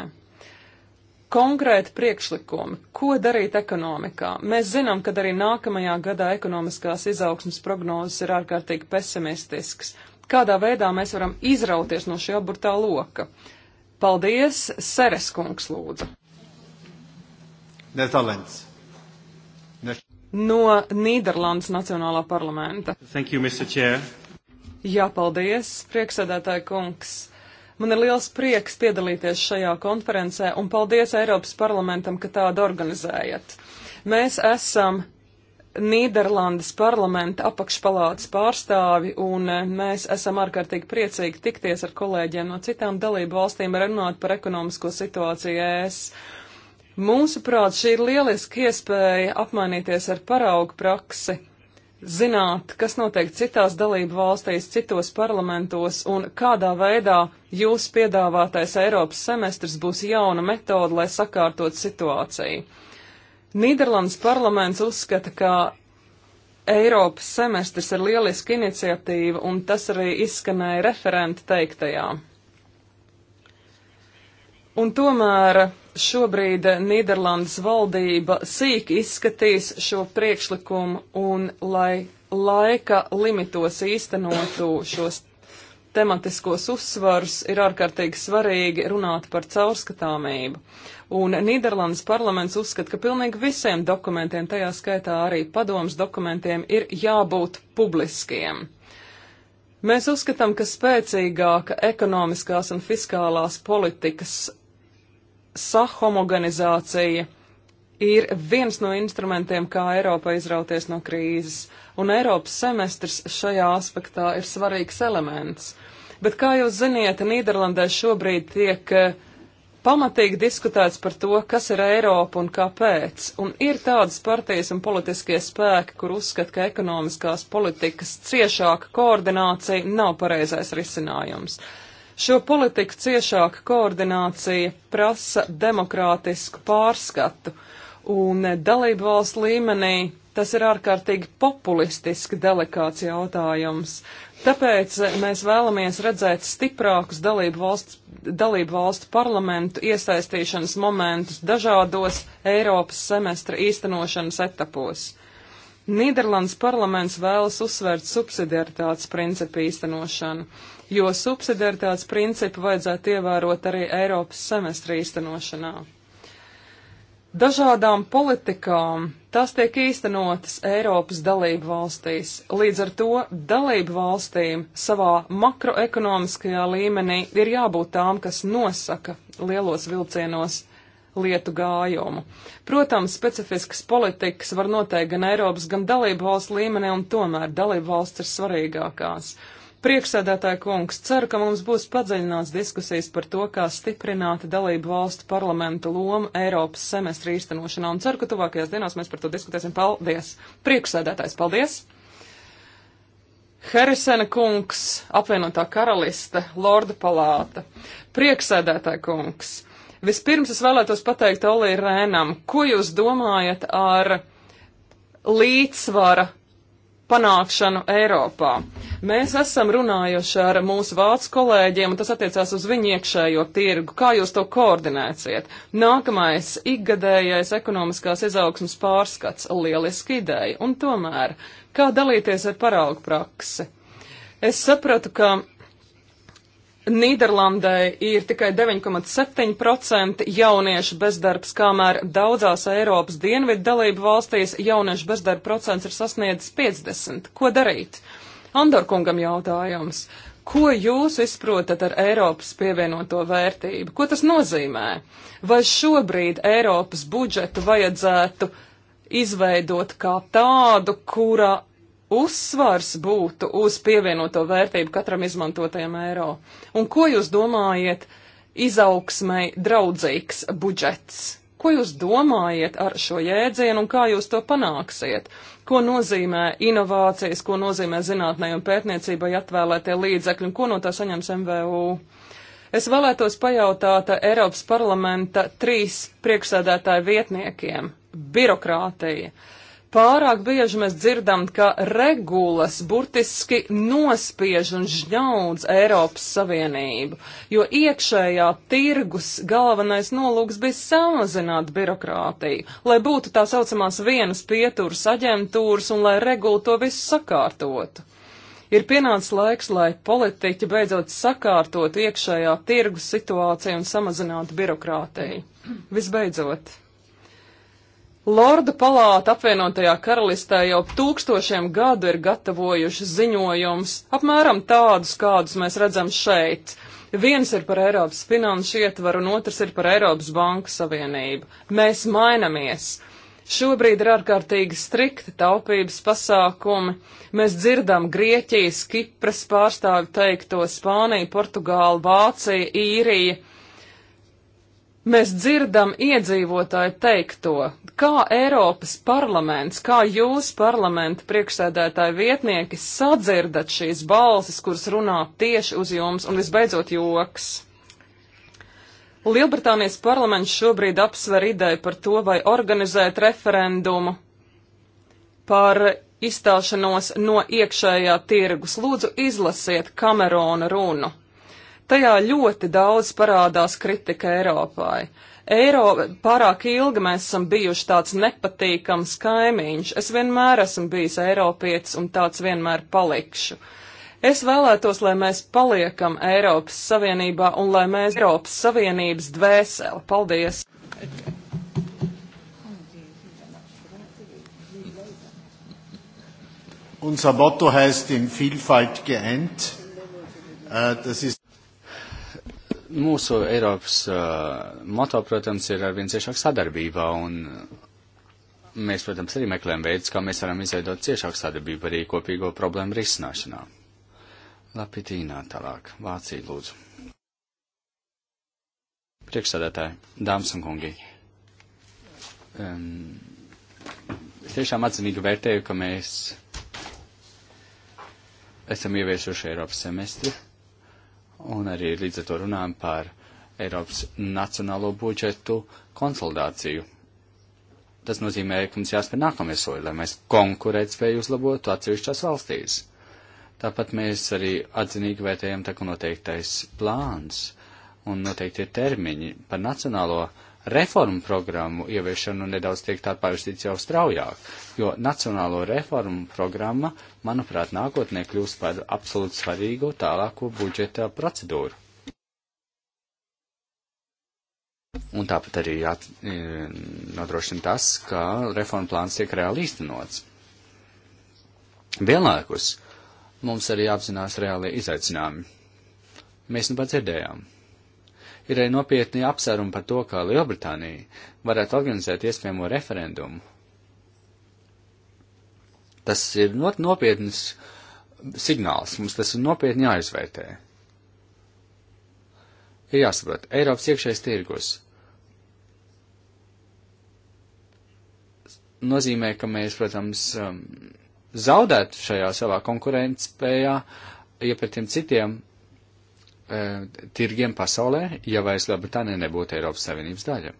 konkrēti priekšlikumi, ko darīt ekonomikā. Mēs zinām, ka arī nākamajā gadā ekonomiskās izaugsmas prognozes ir ārkārtīgi pesimistisks. Kādā veidā mēs varam izrauties no šī aburtā loka? Paldies, Seres kungs lūdzu. Netherlands. Ne no Nīderlandes Nacionālā parlamenta. Thank you, Mr. Chair. Jā, paldies, prieksēdētāja kungs. Man ir liels prieks piedalīties šajā konferencē un paldies Eiropas parlamentam, ka tādu organizējat. Mēs esam Nīderlandes parlamenta apakšpalātas pārstāvi, un eh, mēs esam ārkārtīgi priecīgi tikties ar kolēģiem no citām dalību valstīm runāt par ekonomisko situāciju ES. Mūsuprāt, šī ir lieliska iespēja apmainīties ar paraugu praksi zināt, kas notiek citās dalību valstīs, citos parlamentos un kādā veidā jūs piedāvātais Eiropas semestrs būs jauna metode, lai sakārtot situāciju. Nīderlandes parlaments uzskata, ka Eiropas semestrs ir lieliska iniciatīva, un tas arī izskanēja referenta teiktajā. Un tomēr Šobrīd Nīderlandes valdība sīk izskatīs šo priekšlikumu un, lai laika limitos īstenotu šos tematiskos uzsvars, ir ārkārtīgi svarīgi runāt par caurskatāmību. Un Nīderlandes parlaments uzskata, ka pilnīgi visiem dokumentiem, tajā skaitā arī padomas dokumentiem, ir jābūt publiskiem. Mēs uzskatām, ka spēcīgāka ekonomiskās un fiskālās politikas sahomogenizācija ir viens no instrumentiem, kā Eiropa izrauties no krīzes, un Eiropas semestrs šajā aspektā ir svarīgs elements. Bet, kā jūs ziniet, Nīderlandē šobrīd tiek eh, pamatīgi diskutēts par to, kas ir Eiropa un kāpēc, un ir tādas partijas un politiskie spēki, kur uzskat, ka ekonomiskās politikas ciešāka koordinācija nav pareizais risinājums. Šo politiku ciešāka koordinācija prasa demokrātisku pārskatu, un dalību valsts līmenī tas ir ārkārtīgi populistiski delikāts jautājums. Tāpēc mēs vēlamies redzēt stiprākus dalību valstu, dalību valstu parlamentu iesaistīšanas momentus dažādos Eiropas semestra īstenošanas etapos. Nīderlandes parlaments vēlas uzsvērt subsidiaritātes principu īstenošanu, jo subsidiaritātes principu vajadzētu ievērot arī Eiropas semestra īstenošanā. Dažādām politikām tās tiek īstenotas Eiropas dalību valstīs, līdz ar to dalību valstīm savā makroekonomiskajā līmenī ir jābūt tām, kas nosaka lielos vilcienos lietu gājumu. Protams, specifiskas politikas var noteikt gan Eiropas, gan dalību valsts līmenī, un tomēr dalību valsts ir svarīgākās. Priekšsēdētāja kungs, ceru, ka mums būs padziļināts diskusijas par to, kā stiprināt dalību valstu parlamenta lomu Eiropas semestra īstenošanā, un ceru, ka tuvākajās dienās mēs par to diskutēsim. Paldies! Priekšsēdētājs, paldies! Herisena kungs, apvienotā karaliste, Lorda palāta, prieksēdētāja kungs. Vispirms es vēlētos pateikt Olī Rēnam, ko jūs domājat ar līdzsvara panākšanu Eiropā. Mēs esam runājuši ar mūsu vācu kolēģiem, un tas attiecās uz viņu iekšējo tirgu. Kā jūs to koordinēsiet? Nākamais ikgadējais ekonomiskās izaugsmas pārskats - lieliski ideja. Un tomēr, kā dalīties ar paraugu praksi? Es sapratu, ka Nīderlandē ir tikai 9,7% jauniešu bezdarbs, kamēr daudzās Eiropas dienvidu dalību valstīs jauniešu bezdarba procents ir sasniedzis 50. Ko darīt? Andorkungam jautājums. Ko jūs izprotat ar Eiropas pievienoto vērtību? Ko tas nozīmē? Vai šobrīd Eiropas budžetu vajadzētu izveidot kā tādu, kura uzsvars būtu uz pievienoto vērtību katram izmantotajam eiro? Un ko jūs domājat izaugsmai draudzīgs budžets? Ko jūs domājat ar šo jēdzienu un kā jūs to panāksiet? Ko nozīmē inovācijas, ko nozīmē zinātnē un pētniecībai atvēlētie līdzekļi un ko no tā saņems MVU? Es vēlētos pajautāt Eiropas parlamenta trīs priekšsēdētāju vietniekiem - birokrātija. Uh, Pārāk bieži mēs dzirdam, ka regulas burtiski nospiež un žņaudz Eiropas Savienību, jo iekšējā tirgus galvenais nolūks bija samazināt birokrātiju, lai būtu tā saucamās vienas pieturas aģentūras un lai regula to visu sakārtotu. Ir pienācis laiks, lai politiķi beidzot sakārtotu iekšējā tirgus situāciju un samazinātu birokrātiju. Visbeidzot! Lordu palāta apvienotajā karalistē jau tūkstošiem gadu ir gatavojuši ziņojums, apmēram tādus, kādus mēs redzam šeit. Viens ir par Eiropas finanšu ietvaru, un otrs ir par Eiropas banku savienību. Mēs mainamies. Šobrīd ir ārkārtīgi strikti taupības pasākumi. Mēs dzirdam Grieķijas, Kipras pārstāvi teikto, Spānija, Portugāla, Vācija, Īrija. Mēs dzirdam iedzīvotāju teikto, kā Eiropas parlaments, kā jūs parlamenta priekšsēdētāji vietnieki sadzirdat šīs balsis, kuras runā tieši uz jums, un visbeidzot joks. Lielbritānijas parlaments šobrīd apsver ideju par to, vai organizēt referendumu par izstāšanos no iekšējā tirgus. Lūdzu, izlasiet Kamerona runu. Tajā ļoti daudz parādās kritika Eiropai. Eiropa pārāk ilgi mēs esam bijuši tāds nepatīkams kaimiņš. Es vienmēr esmu bijis Eiropietis un tāds vienmēr palikšu. Es vēlētos, lai mēs paliekam Eiropas Savienībā un lai mēs Eiropas Savienības dvēseli. Paldies! Unser Motto heißt in Vielfalt geeint. Äh, das ist mūsu Eiropas uh, moto, protams, ir ar vien ciešāk sadarbībā, un mēs, protams, arī meklējam veidus, kā mēs varam izveidot ciešāku sadarbību arī kopīgo problēmu risināšanā. Lapitīnā tālāk, Vācija lūdzu. Priekšsādātāji, dāmas un kungi, um, es tiešām atzinīgi vērtēju, ka mēs esam ieviesuši Eiropas semestri un arī līdz ar to runājam par Eiropas nacionālo budžetu konsolidāciju. Tas nozīmē, ka mums jāspēr nākamie soļi, lai mēs konkurētspēju uzlabotu atsevišķās valstīs. Tāpat mēs arī atzinīgi vērtējam tā, ka noteiktais plāns un noteikti termiņi par nacionālo budžetu reformu programmu ieviešanu nedaudz tiek pārvērstīts jau straujāk, jo nacionālo reformu programma, manuprāt, nākotnē kļūs par absolūti svarīgu tālāko budžeta procedūru. Un tāpat arī jā, e, nodrošina tas, ka reformu plāns tiek reāli īstenots. Vienlaikus mums arī jāapzinās reālie izaicinājumi. Mēs nu pat dzirdējām ir arī nopietni apsvērumi par to, kā Lielbritānija varētu organizēt iespējamo referendumu. Tas ir ļoti nopietns signāls, mums tas ir nopietni jāizvērtē. Ir jāsaprot, Eiropas iekšējais tirgus nozīmē, ka mēs, protams, um, zaudētu šajā savā konkurētspējā, ja pret tiem citiem Eh, tirgiem pasaulē, ja vairs Lielbritānija nebūtu Eiropas Savienības daļa.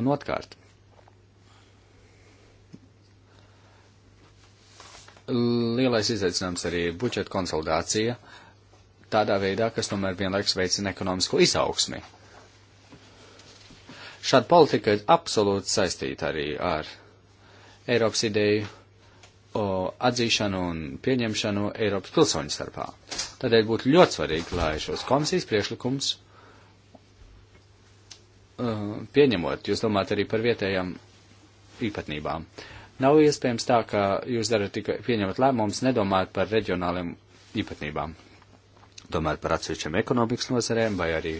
Un otrkārt, lielais izaicinājums arī budžeta konsolidācija tādā veidā, kas tomēr vienlaikus veicina ekonomisko izaugsmi. Šāda politika ir absolūti saistīta arī ar Eiropas ideju o, atzīšanu un pieņemšanu Eiropas pilsoņu starpā. Tādēļ būtu ļoti svarīgi, lai šos komisijas priešlikums uh, pieņemot, jūs domājat arī par vietējām īpatnībām. Nav iespējams tā, ka jūs darat tikai pieņemat lēmumus, nedomājat par reģionāliem īpatnībām. Domājat par atsevišķiem ekonomikas nozarēm vai arī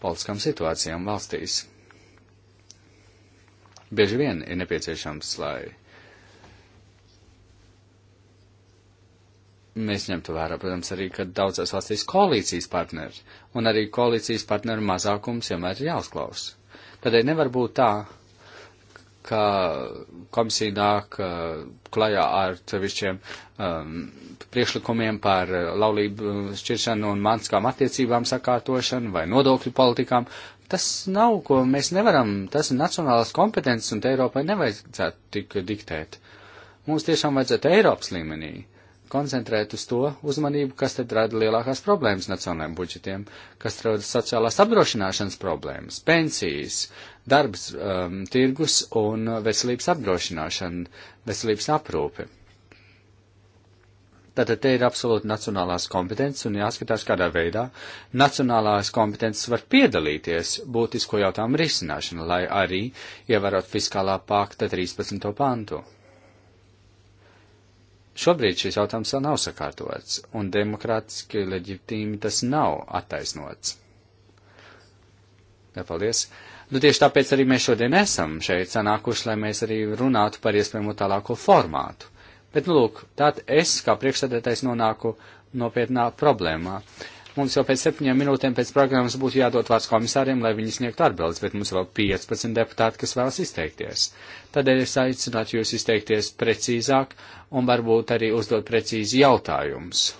politiskām situācijām valstīs. Bieži vien ir nepieciešams, lai uh, mēs ņemtu vērā, protams, arī, ka daudzās valstīs koalīcijas partneri un arī koalīcijas partneru mazākums vienmēr ir jāuzklaus. Tādēļ nevar būt tā, ka komisija nāk uh, klajā ar sevišķiem um, priekšlikumiem par uh, laulību šķiršanu un manskām attiecībām sakārtošanu vai nodokļu politikām. Tas nav, ko mēs nevaram, tas ir nacionālās kompetences un Eiropai nevajadzētu tik diktēt. Mums tiešām vajadzētu Eiropas līmenī uh, koncentrēt uz to uzmanību, kas tad rada lielākās problēmas nacionālajiem budžetiem, kas rada sociālās apdrošināšanas problēmas, pensijas, darbs, um, tirgus un veselības apdrošināšana, veselības aprūpe. Tātad te ir absolūti nacionālās kompetences un jāskatās, kādā veidā nacionālās kompetences var piedalīties būtisko jautājumu risināšanu, lai arī ievērot fiskālā pakta 13. pantu. Šobrīd šis jautājums vēl nav sakārtots, un demokrātiski leģitīmi tas nav attaisnots. Jā, paldies. Nu, tieši tāpēc arī mēs šodien esam šeit sanākuši, lai mēs arī runātu par iespējamo tālāko formātu. Bet, nu, lūk, tātad es kā priekšsēdētais nonāku nopietnā problēmā. Uh, Mums jau pēc septiņām minūtēm pēc programmas būtu jādod vārds komisāriem, lai viņi sniegtu atbildes, bet mums vēl 15 deputāti, kas vēlas izteikties. Tādēļ es aicinātu jūs izteikties precīzāk un varbūt arī uzdot precīzi jautājumus.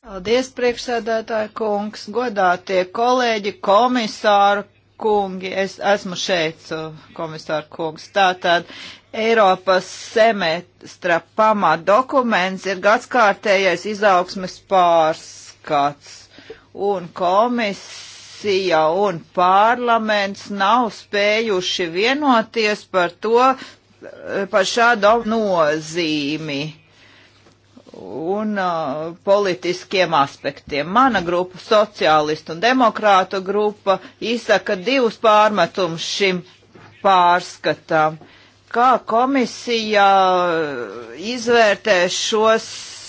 Paldies, priekšsēdētāji kungs, godātie kolēģi, komisāru kungi, es esmu šeit, uh, komisāra kungs. Tātad Eiropas semestra pamatdokuments ir gadskārtējais izaugsmes pārskats, un komisija un parlaments nav spējuši vienoties par to, par šādu nozīmi un uh, politiskiem aspektiem. Mana grupa, sociālistu un demokrātu grupa, izsaka divus pārmetumus šim pārskatam kā komisija izvērtē šos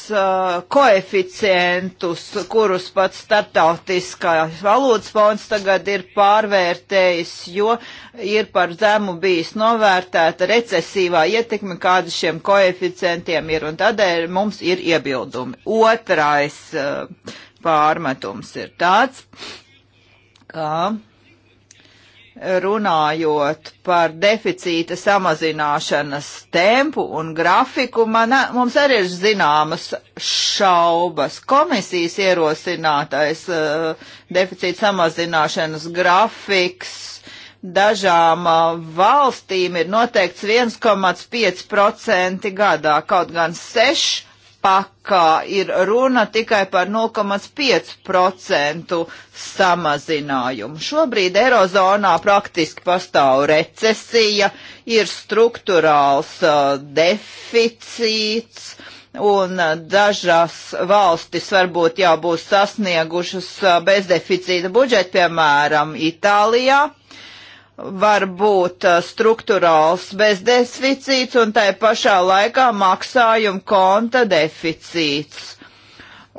uh, koeficientus, kurus pats starptautiskās valūtas fonds tagad ir pārvērtējis, jo ir par zemu bijis novērtēta recesīvā ietekme, kāda šiem koeficientiem ir, un tādēļ mums ir iebildumi. Otrais uh, pārmetums ir tāds, ka runājot par deficīta samazināšanas tempu un grafiku, man, mums arī ir zināmas šaubas. Komisijas ierosinātais uh, deficīta samazināšanas grafiks dažām uh, valstīm ir noteikts 1,5% gadā, kaut gan 6 pakā ir runa tikai par 0,5% samazinājumu. Šobrīd Eirozonā praktiski pastāv recesija, ir struktūrāls uh, deficīts, un dažas valstis varbūt jau būs sasniegušas uh, bezdeficīta budžetu, piemēram, Itālijā var būt uh, struktūrāls bezdeficīts un tai pašā laikā maksājuma konta deficīts.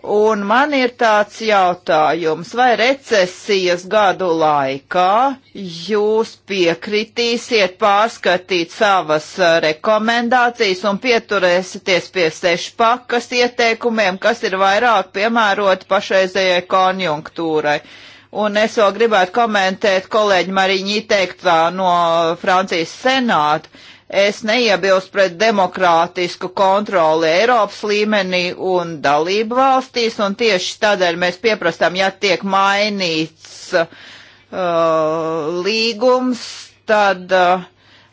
Un man ir tāds jautājums, vai recesijas gadu laikā jūs piekritīsiet pārskatīt savas uh, rekomendācijas un pieturēsieties pie sešpakas ieteikumiem, kas ir vairāk piemēroti pašreizējai konjunktūrai? Uh, Un es vēl gribētu komentēt kolēģi Mariņu teiktā no Francijas senāta. Es neiebilstu pret demokrātisku kontroli Eiropas līmenī un dalību valstīs, un tieši tādēļ mēs pieprasām, ja tiek mainīts uh, līgums, tad uh,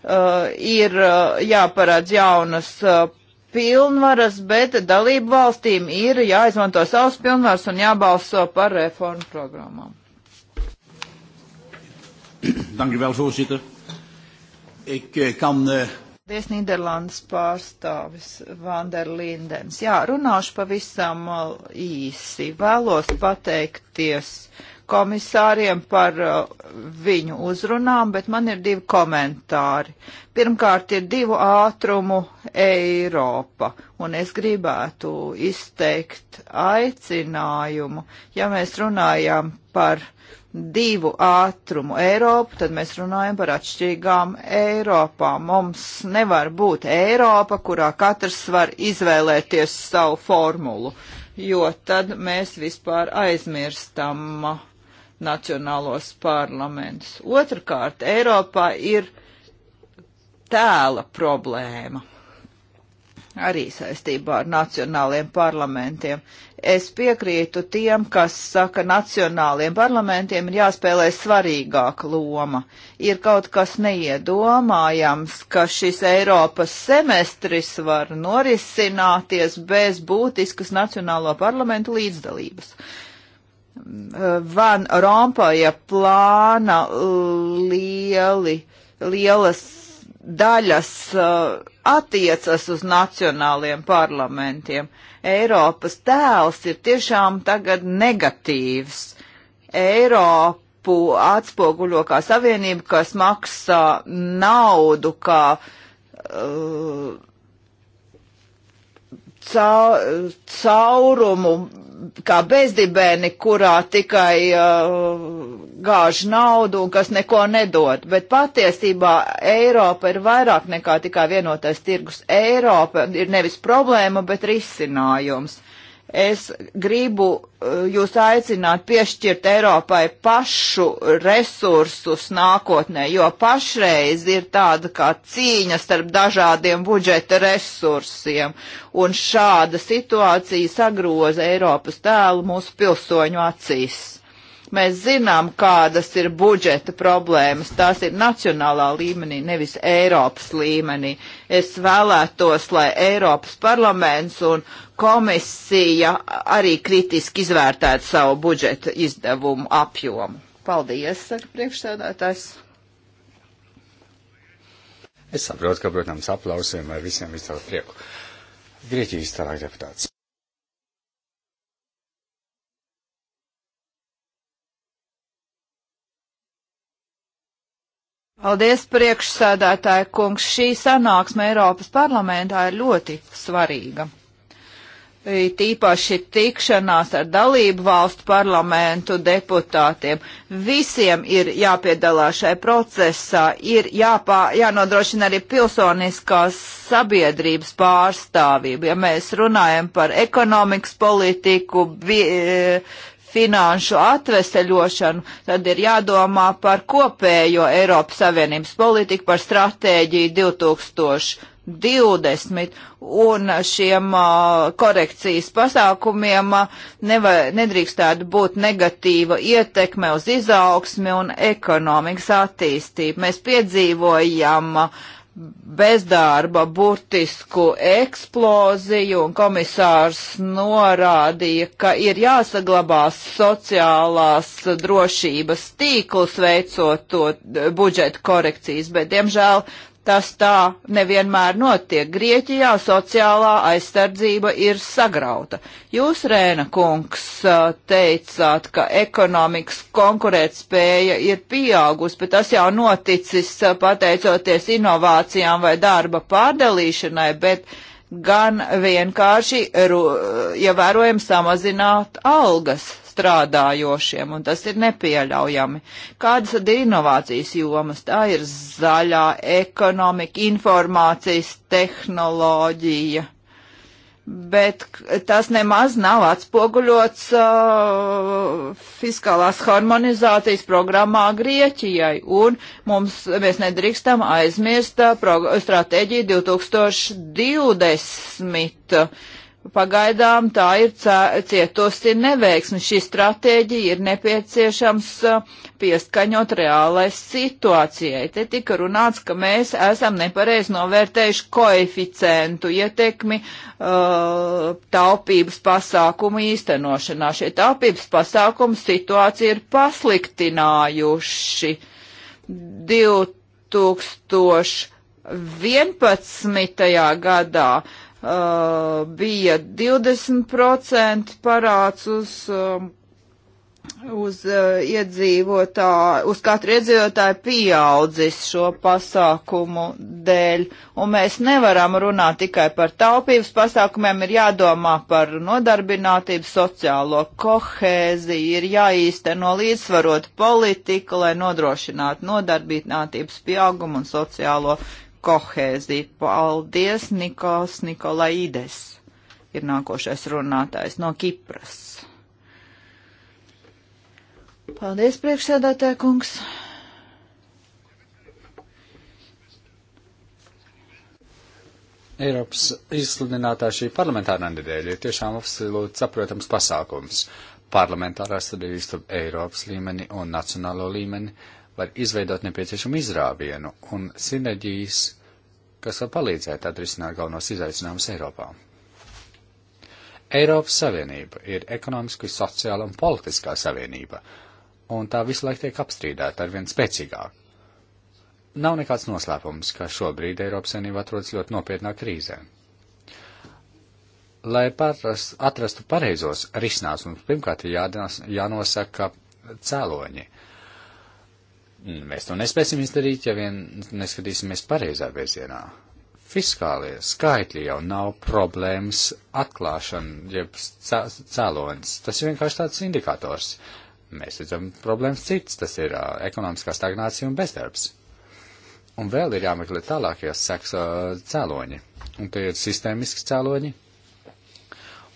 uh ir uh, jāparādz jaunas uh, pilnvaras, bet dalību valstīm ir jāizmanto savas pilnvaras un jābalso par reformu programmām. [CLEARS THROAT] Dank u wel, voorzitter. Ik uh, kan. Uh... Paldies, Nīderlandes pārstāvis Vanderlindens. Jā, runāšu pavisam eh, īsi. Vēlos pateikties komisāriem par uh, viņu uzrunām, bet man ir divi komentāri. Pirmkārt, ir divu ātrumu Eiropa, un es gribētu izteikt aicinājumu, ja mēs runājam par uh, divu ātrumu Eiropu, tad mēs runājam par atšķirīgām Eiropām. Mums nevar būt Eiropa, kurā katrs var izvēlēties savu formulu, jo tad mēs vispār aizmirstam nacionālos parlamentus. Otrakārt, Eiropā ir tēla problēma arī saistībā ar nacionāliem parlamentiem. Es piekrītu tiem, kas saka, nacionāliem parlamentiem ir jāspēlē svarīgāka loma. Ir kaut kas neiedomājams, ka šis Eiropas semestris var norisināties bez būtiskas nacionālo parlamentu līdzdalības. Van Rompaja plāna lieli, lielas daļas uh, attiecas uz nacionāliem parlamentiem. Eiropas tēls ir tiešām tagad negatīvs. Eiropu atspoguļo kā savienību, kas maksā naudu, kā uh, caurumu kā bezdibēni, kurā tikai uh, gāž naudu un kas neko nedod. Bet patiesībā Eiropa ir vairāk nekā tikai vienotais tirgus. Eiropa ir nevis problēma, bet risinājums. Es gribu eh, jūs aicināt piešķirt Eiropai pašu resursus nākotnē, jo pašreiz ir tāda kā cīņa starp dažādiem budžeta resursiem, un šāda situācija sagroza Eiropas tēlu mūsu pilsoņu acīs. Mēs zinām, kādas ir budžeta problēmas. Tās ir nacionālā līmenī, nevis Eiropas līmenī. Es vēlētos, lai Eiropas parlaments un komisija arī kritiski izvērtētu savu budžeta izdevumu apjomu. Paldies, saka priekšsēdētājs. Es saprotu, ka, protams, aplausiem ar visiem visu prieku. Grieķijas tālāk deputāts. Paldies, priekšsēdētāja kungs. Šī sanāksme Eiropas parlamentā ir ļoti svarīga. Tīpaši tikšanās ar dalību valstu parlamentu deputātiem. Visiem ir jāpiedalās šai procesā, ir jāpā, jānodrošina arī pilsoniskās sabiedrības pārstāvība. Ja mēs runājam par ekonomikas politiku, bi, finanšu atveseļošanu, tad ir jādomā par kopējo Eiropas Savienības politiku, par stratēģiju 2020 un šiem uh, korekcijas pasākumiem uh, neva, nedrīkstētu būt negatīva ietekme uz izaugsmi un ekonomikas attīstību. Mēs piedzīvojam uh, bezdarba burtisku eksploziju, un komisārs norādīja, ka ir jāsaglabās sociālās drošības tīklus veicot to budžeta korekcijas, bet, diemžēl, Tas tā nevienmēr notiek. Grieķijā sociālā aizsardzība ir sagrauta. Jūs, Rēna kungs, teicāt, ka ekonomikas konkurētspēja ir pieaugusi, bet tas jau noticis pateicoties inovācijām vai darba pārdalīšanai, bet gan vienkārši ievērojami ja samazināt algas strādājošiem, un tas ir nepieļaujami. Kādas tad ir inovācijas jomas? Tā ir zaļā ekonomika, informācijas tehnoloģija bet tas nemaz nav atspoguļots uh, fiskālās harmonizācijas programmā Grieķijai, un mums, mēs nedrīkstam aizmirst uh, stratēģiju 2020 pagaidām tā ir cietusi neveiksmi. Šī stratēģija ir nepieciešams uh, pieskaņot reālai situācijai. Te tika runāts, ka mēs esam nepareiz novērtējuši koeficientu ietekmi uh, taupības pasākumu īstenošanā. Šie taupības pasākumu situācija ir pasliktinājuši 2011. gadā uh, bija 20% parāds uz, um, uz uh, iedzīvotāju, uz katru iedzīvotāju pieaudzis šo pasākumu dēļ. Un mēs nevaram runāt tikai par taupības pasākumiem, ir jādomā par nodarbinātību, sociālo kohēziju, ir jāīsteno līdzsvarot politiku, lai nodrošinātu nodarbinātības pieaugumu un sociālo kohēziju kohēziju. Paldies, Nikos Nikolaides ir nākošais runātājs no Kipras. Paldies, priekšsēdētāja kungs. Eiropas izsludinātā šī parlamentārā nedēļa ir tiešām absolūti saprotams pasākums. Parlamentārā sadarbības starp Eiropas līmeni un nacionālo līmeni var izveidot nepieciešamu izrāvienu un sinerģijas, kas var palīdzēt atrisināt galvenos izaicinājumus Eiropā. Eiropas Savienība ir ekonomiski, sociāla un politiskā savienība, un tā visu laiku tiek apstrīdēta ar vien spēcīgāk. Nav nekāds noslēpums, ka šobrīd Eiropas Savienība atrodas ļoti nopietnā krīzē. Lai pārras, atrastu pareizos risinājums, mums pirmkārt ir jānosaka cēloņi, Mēs to nespēsim izdarīt, ja vien neskatīsimies pareizā virzienā. Fiskālie skaitļi jau nav problēmas atklāšana, jeb cēlonis. Tas ir vienkārši tāds indikators. Mēs redzam problēmas cits, tas ir uh, ekonomiskā stagnācija un bezdarbs. Un vēl ir jāmeklē tālākie seks uh, cēloņi. Un tie ir sistēmiski cēloņi.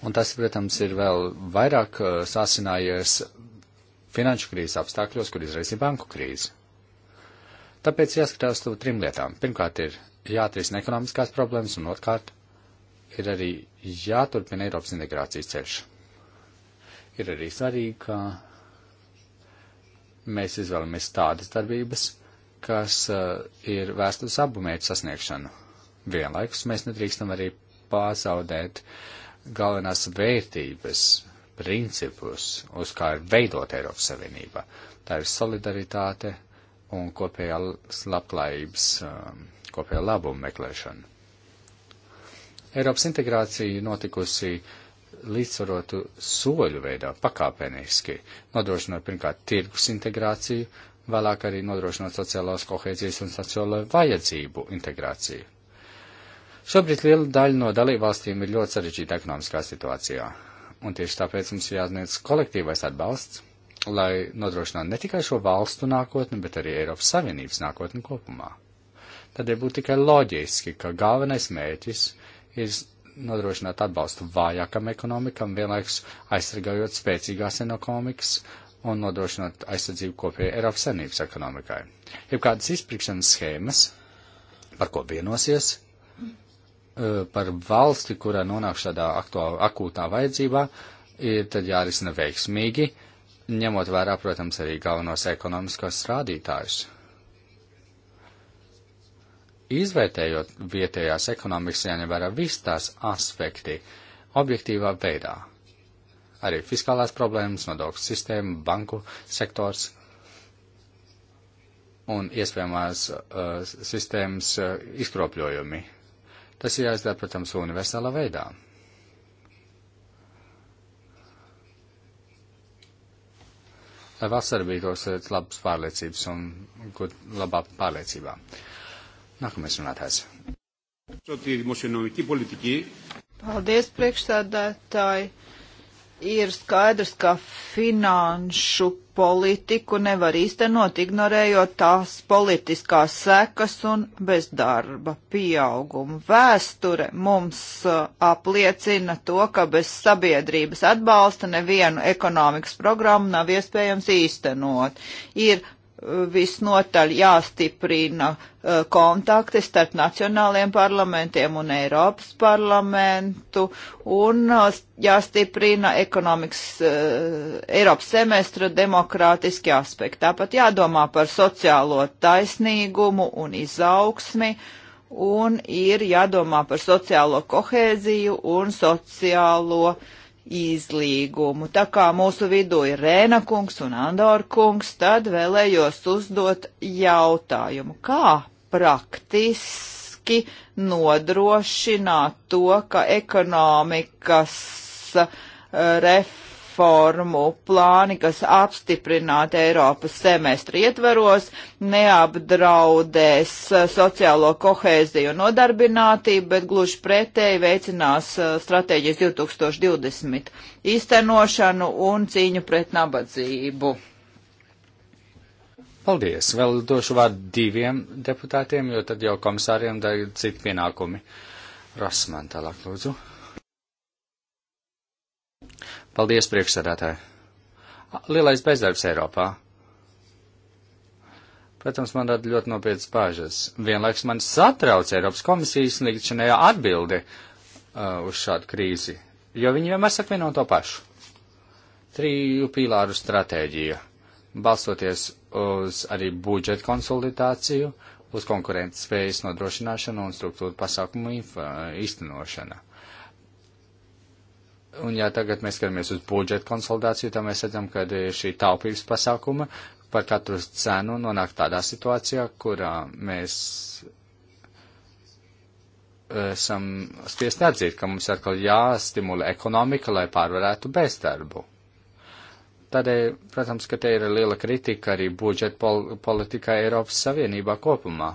Un tas, protams, ir vēl vairāk uh, sāsinājies finanšu krīzes apstākļos, kur izraisīja banku krīzi. Tāpēc jāskatās to trim lietām. Pirmkārt, ir jāatrisina ekonomiskās problēmas, un otrkārt, ir arī jāturpina Eiropas integrācijas ceļš. Ir arī svarīgi, ka mēs izvēlamies tādas darbības, kas uh, ir vērst uz abu mērķu sasniegšanu. Vienlaikus mēs nedrīkstam arī pazaudēt galvenās vērtības, principus, uz kā ir veidot Eiropas Savienība. Tā ir solidaritāte un kopējā labklājības, um, kopējā labuma meklēšana. Eiropas integrācija notikusi līdzsvarotu soļu veidā, pakāpeniski, nodrošinot pirmkārt tirgus integrāciju, vēlāk arī nodrošinot sociālās kohēzijas un sociālo vajadzību integrāciju. Šobrīd liela daļa no dalībvalstīm ir ļoti sarežģīta ekonomiskā situācijā, Un tieši tāpēc mums ir jāsniedz kolektīvais atbalsts, lai nodrošinātu ne tikai šo valstu nākotni, bet arī Eiropas Savienības nākotni kopumā. Tādēļ būtu tikai loģiski, ka galvenais mērķis ir nodrošināt atbalstu vājākam ekonomikam, vienlaikus aizsargājot spēcīgās ekonomikas un nodrošinot aizsardzību kopējai Eiropas Savienības ekonomikai. Ja kādas izpirkšanas schēmas, par ko vienosies, Eh, par valsti, kurā nonāk šādā aktuāla, akūtā vajadzībā, ir tad jārisina veiksmīgi, ņemot vērā, protams, arī galvenos ekonomiskos rādītājus. Izvērtējot vietējās ekonomikas jāņem vērā viss tās aspekti objektīvā veidā. Arī fiskālās problēmas, nodokļu sistēma, banku sektors, un iespējamās uh, sistēmas uh, izkropļojumi. Tas ir jāizdara, protams, universālā veidā. Lai valsts arī tos labas pārliecības un gūt labā pārliecībā. Nākamais runātājs. Paldies, priekšstādātāji ir skaidrs, ka finanšu politiku nevar īstenot, ignorējot tās politiskās sekas un bezdarba pieaugumu. Vēsture mums uh, apliecina to, ka bez sabiedrības atbalsta nevienu ekonomikas programmu nav iespējams īstenot. Ir visnotaļ jāstiprina eh, kontakti starp nacionāliem parlamentiem un Eiropas parlamentu un eh, jāstiprina ekonomikas eh, Eiropas semestra demokrātiski aspekti. Tāpat jādomā par sociālo taisnīgumu un izaugsmi un ir jādomā par sociālo kohēziju un sociālo uh, izlīgumu. Tā kā mūsu vidū ir Rēna kungs un Andor kungs, tad vēlējos uzdot jautājumu, kā praktiski nodrošināt to, ka ekonomikas eh, ref reformu plāni, kas apstiprināti Eiropas semestri ietveros, neapdraudēs uh, sociālo kohēziju un nodarbinātību, bet gluži pretēji veicinās uh, stratēģijas 2020 īstenošanu un cīņu pret nabadzību. Paldies! Vēl došu vārdu diviem deputātiem, jo tad jau komisāriem dara citi pienākumi. Rasman tālāk, lūdzu. Paldies, priekšsēdētāji. Lielais bezdarbs Eiropā. Protams, man rada ļoti nopietnas bāžas. Vienlaiks man satrauc Eiropas komisijas līdzšanējā atbildi uh, uz šādu krīzi, jo viņi vienmēr saka vienu un to pašu. Triju pīlāru stratēģija, balstoties uz arī budžeta konsolidāciju, uz konkurences spējas nodrošināšanu un struktūru pasākumu īstenošanu. Un ja tagad mēs skatāmies uz budžeta konsolidāciju, tad mēs redzam, ka šī taupības pasākuma par katru cenu nonāk tādā situācijā, kurā mēs e, esam spiesti atzīt, ka mums atkal jāstimulē ekonomika, lai pārvarētu bezdarbu. Tādēļ, protams, ka te ir liela kritika arī budžeta pol politikā Eiropas Savienībā kopumā,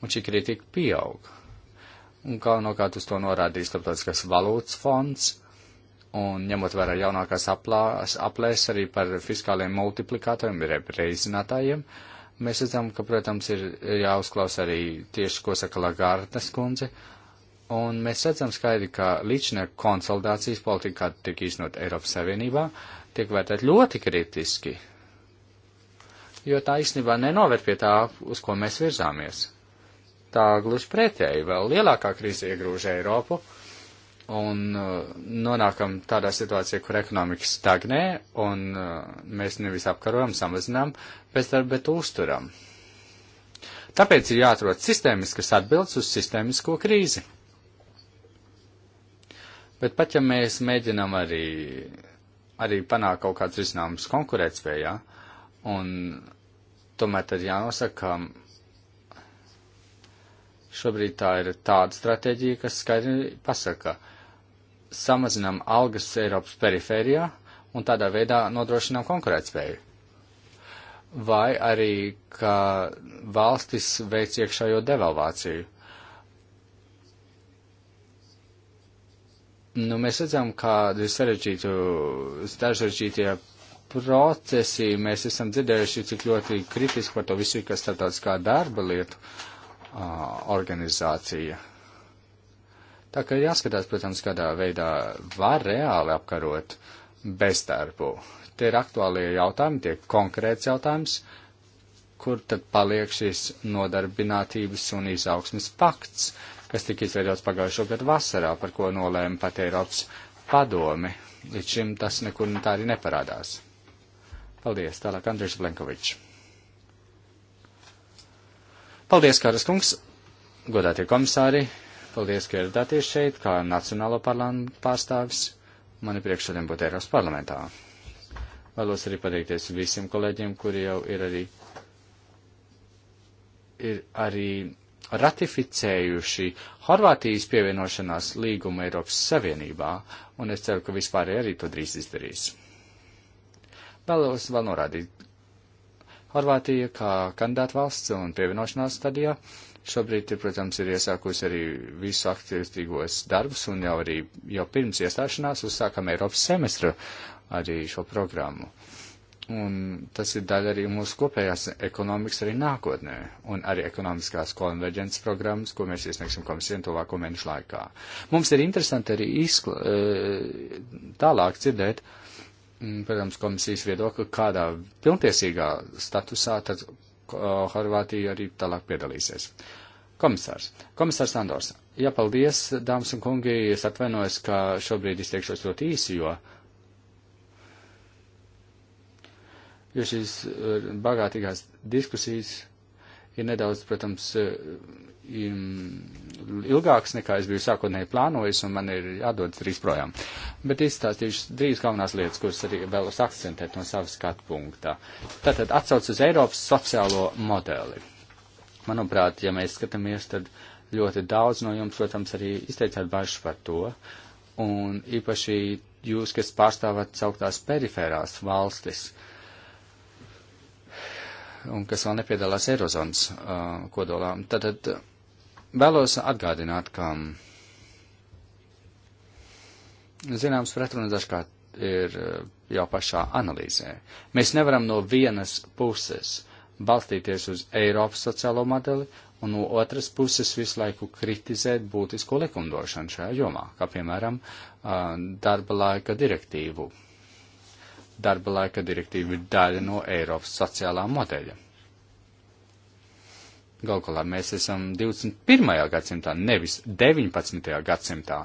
un šī kritika pieaug. Un galvenokārt uz to norādīja Starptautiskais valūtas fonds Un ņemot vērā jaunākās aplās, aplēs arī par fiskāliem multiplikatoriem, reizinātājiem, mēs redzam, ka, protams, ir jāuzklaus arī tieši, ko saka Lagardes kundze. Un mēs redzam skaidri, ka līdšanā konsolidācijas politika, kāda tiek īstenot Eiropas Savienībā, tiek vērtēt ļoti kritiski. Jo tā īstenībā nenoved pie tā, uz ko mēs virzāmies. Tā gluži pretēji vēl lielākā krīze iegrūž Eiropu. Uh, Un uh, nonākam tādā situācijā, kur ekonomika stagnē, un uh, mēs nevis apkarojam, samazinām bezdarbu, bet uzturam. Tāpēc ir jāatrod sistēmiskas atbildes uz sistēmisko krīzi. Bet pat ja mēs mēģinām arī, arī panākt kaut kāds risinājums konkurētspējā, un tomēr tad jānosaka, ka šobrīd tā ir tāda stratēģija, kas skaidri pasaka, samazinām algas Eiropas perifērijā un tādā veidā nodrošinām konkurētspēju. Vai arī, ka valstis veic iekšējo devalvāciju. Nu, mēs redzam, ka sarežģītie procesi, mēs esam dzirdējuši, cik ļoti kritiski par to visu ir, kas starptautiskā darba lietu uh, organizācija. Uh, Tā kā ir jāskatās, protams, kādā veidā var reāli apkarot bezdarbu. Tie ir aktuālie jautājumi, tie ir konkrēts jautājums, kur tad paliek šis nodarbinātības un izaugsmes pakts, kas tika izveidots pagājušo gadu vasarā, par ko nolēma pat Eiropas padome. Līdz šim tas nekur tā arī neparādās. Paldies, tālāk Andrius Blenkovičs. Paldies, Kāras kungs, godātie komisāri, Paldies, ka ieradāties šeit kā Nacionālo parlamentu pārstāvis. Man ir prieks šodien būt Eiropas parlamentā. Vēlos arī pateikties visiem kolēģiem, kuri jau ir arī, ir arī ratificējuši Horvātijas pievienošanās līgumu Eiropas Savienībā, un es ceru, ka vispār arī to drīz izdarīs. Vēlos vēl norādīt. Horvātija kā kandidāta valsts un pievienošanās stadijā. Uh, Šobrīd, ir, protams, ir iesākusi arī visu aktivitīgos darbus, un jau arī jau pirms iestāšanās uzsākam Eiropas semestra arī šo programmu. Un tas ir daļa arī mūsu kopējās ekonomikas arī nākotnē, un arī ekonomiskās konverģences programmas, ko mēs iesniegsim komisijai tuvāko mēnešu laikā. Mums ir interesanti arī izkla, eh, tālāk dzirdēt, mm, protams, komisijas viedokli, kādā pilntiesīgā statusā tad Horvātija arī tālāk piedalīsies. Komisārs. Komisārs Andors. Jā, paldies, dāmas un kungi. Es atvainojos, ka šobrīd izteikšos ļoti īsi, jo, jo šīs bagātīgās diskusijas ir nedaudz, protams, ilgāks nekā es biju sākotnēji plānojis, un man ir jādodas drīz projām. Bet izstāstīšu drīz galvenās lietas, kuras arī vēlos akcentēt no savas skatu punktā. Tātad atsauc uz Eiropas sociālo modeli. Manuprāt, ja mēs skatāmies, tad ļoti daudz no jums, protams, arī izteicāt bažas par to, un īpaši jūs, kas pārstāvat sauktās perifērās valstis, un kas vēl nepiedalās Eirozonas uh, kodolām. Tātad, uh, Vēlos atgādināt, ka zināms pretrunas dažkārt ir eh, jau pašā analīzē. Mēs nevaram no vienas puses balstīties uz Eiropas sociālo modeli un no otras puses visu laiku kritizēt būtisko likumdošanu šajā jomā, kā piemēram eh, darba laika direktīvu. Darba laika direktīva ir daļa no Eiropas sociālā modeļa. Galu galā mēs esam 21. gadsimtā, nevis 19. gadsimtā.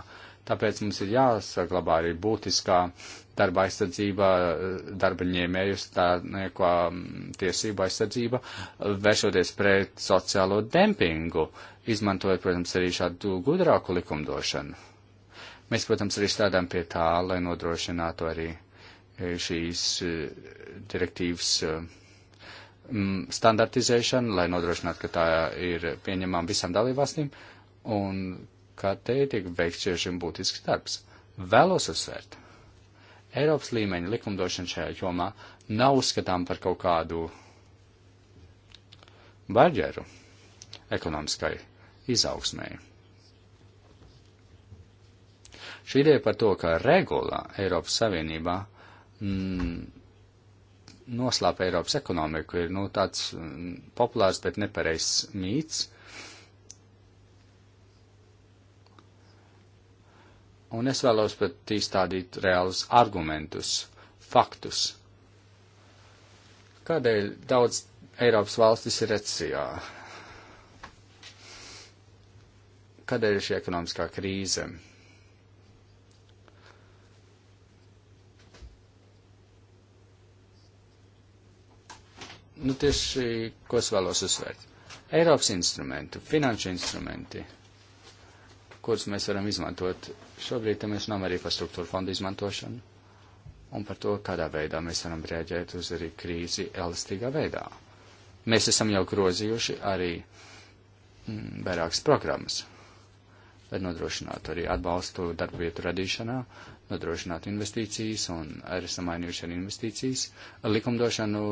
Tāpēc mums ir jāsaglabā arī būtiskā darba aizsardzība, darba ņēmējus, tā neko um, tiesība aizsardzība, vēršoties pret sociālo dempingu, izmantojot, protams, arī šādu gudrāku likumdošanu. Mēs, protams, arī strādājam pie tā, lai nodrošinātu arī eh, šīs eh, direktīvas eh, Mm, standartizēšanu, lai nodrošinātu, ka tā ir pieņemama visām dalībvalstīm, un ka te tiek veikts šiem būtisks darbs. Vēlos uzsvērt, Eiropas līmeņa likumdošana šajā jomā nav uzskatām par kaut kādu barjeru ekonomiskai izaugsmēji. Šī ideja par to, ka regulā Eiropas Savienībā mm, noslēpa Eiropas ekonomiku, ir nu, tāds mm, populārs, bet nepareizs mīts. Un es vēlos pat izstādīt reālus argumentus, faktus. Kādēļ daudz Eiropas valstis ir recesijā? Kādēļ ir šī ekonomiskā krīze? Nu, tieši, ko es vēlos uzsvērt. Eiropas instrumenti, finanšu instrumenti, kurus mēs varam izmantot. Šobrīd te mēs runājam arī par struktūra fondu izmantošanu un par to, kādā veidā mēs varam rēģēt uz arī krīzi elastīgā veidā. Mēs esam jau grozījuši arī mm, vairākas programmas, lai nodrošinātu arī atbalstu darba vietu radīšanā, nodrošinātu investīcijas un arī samainījuši arī investīcijas, likumdošanu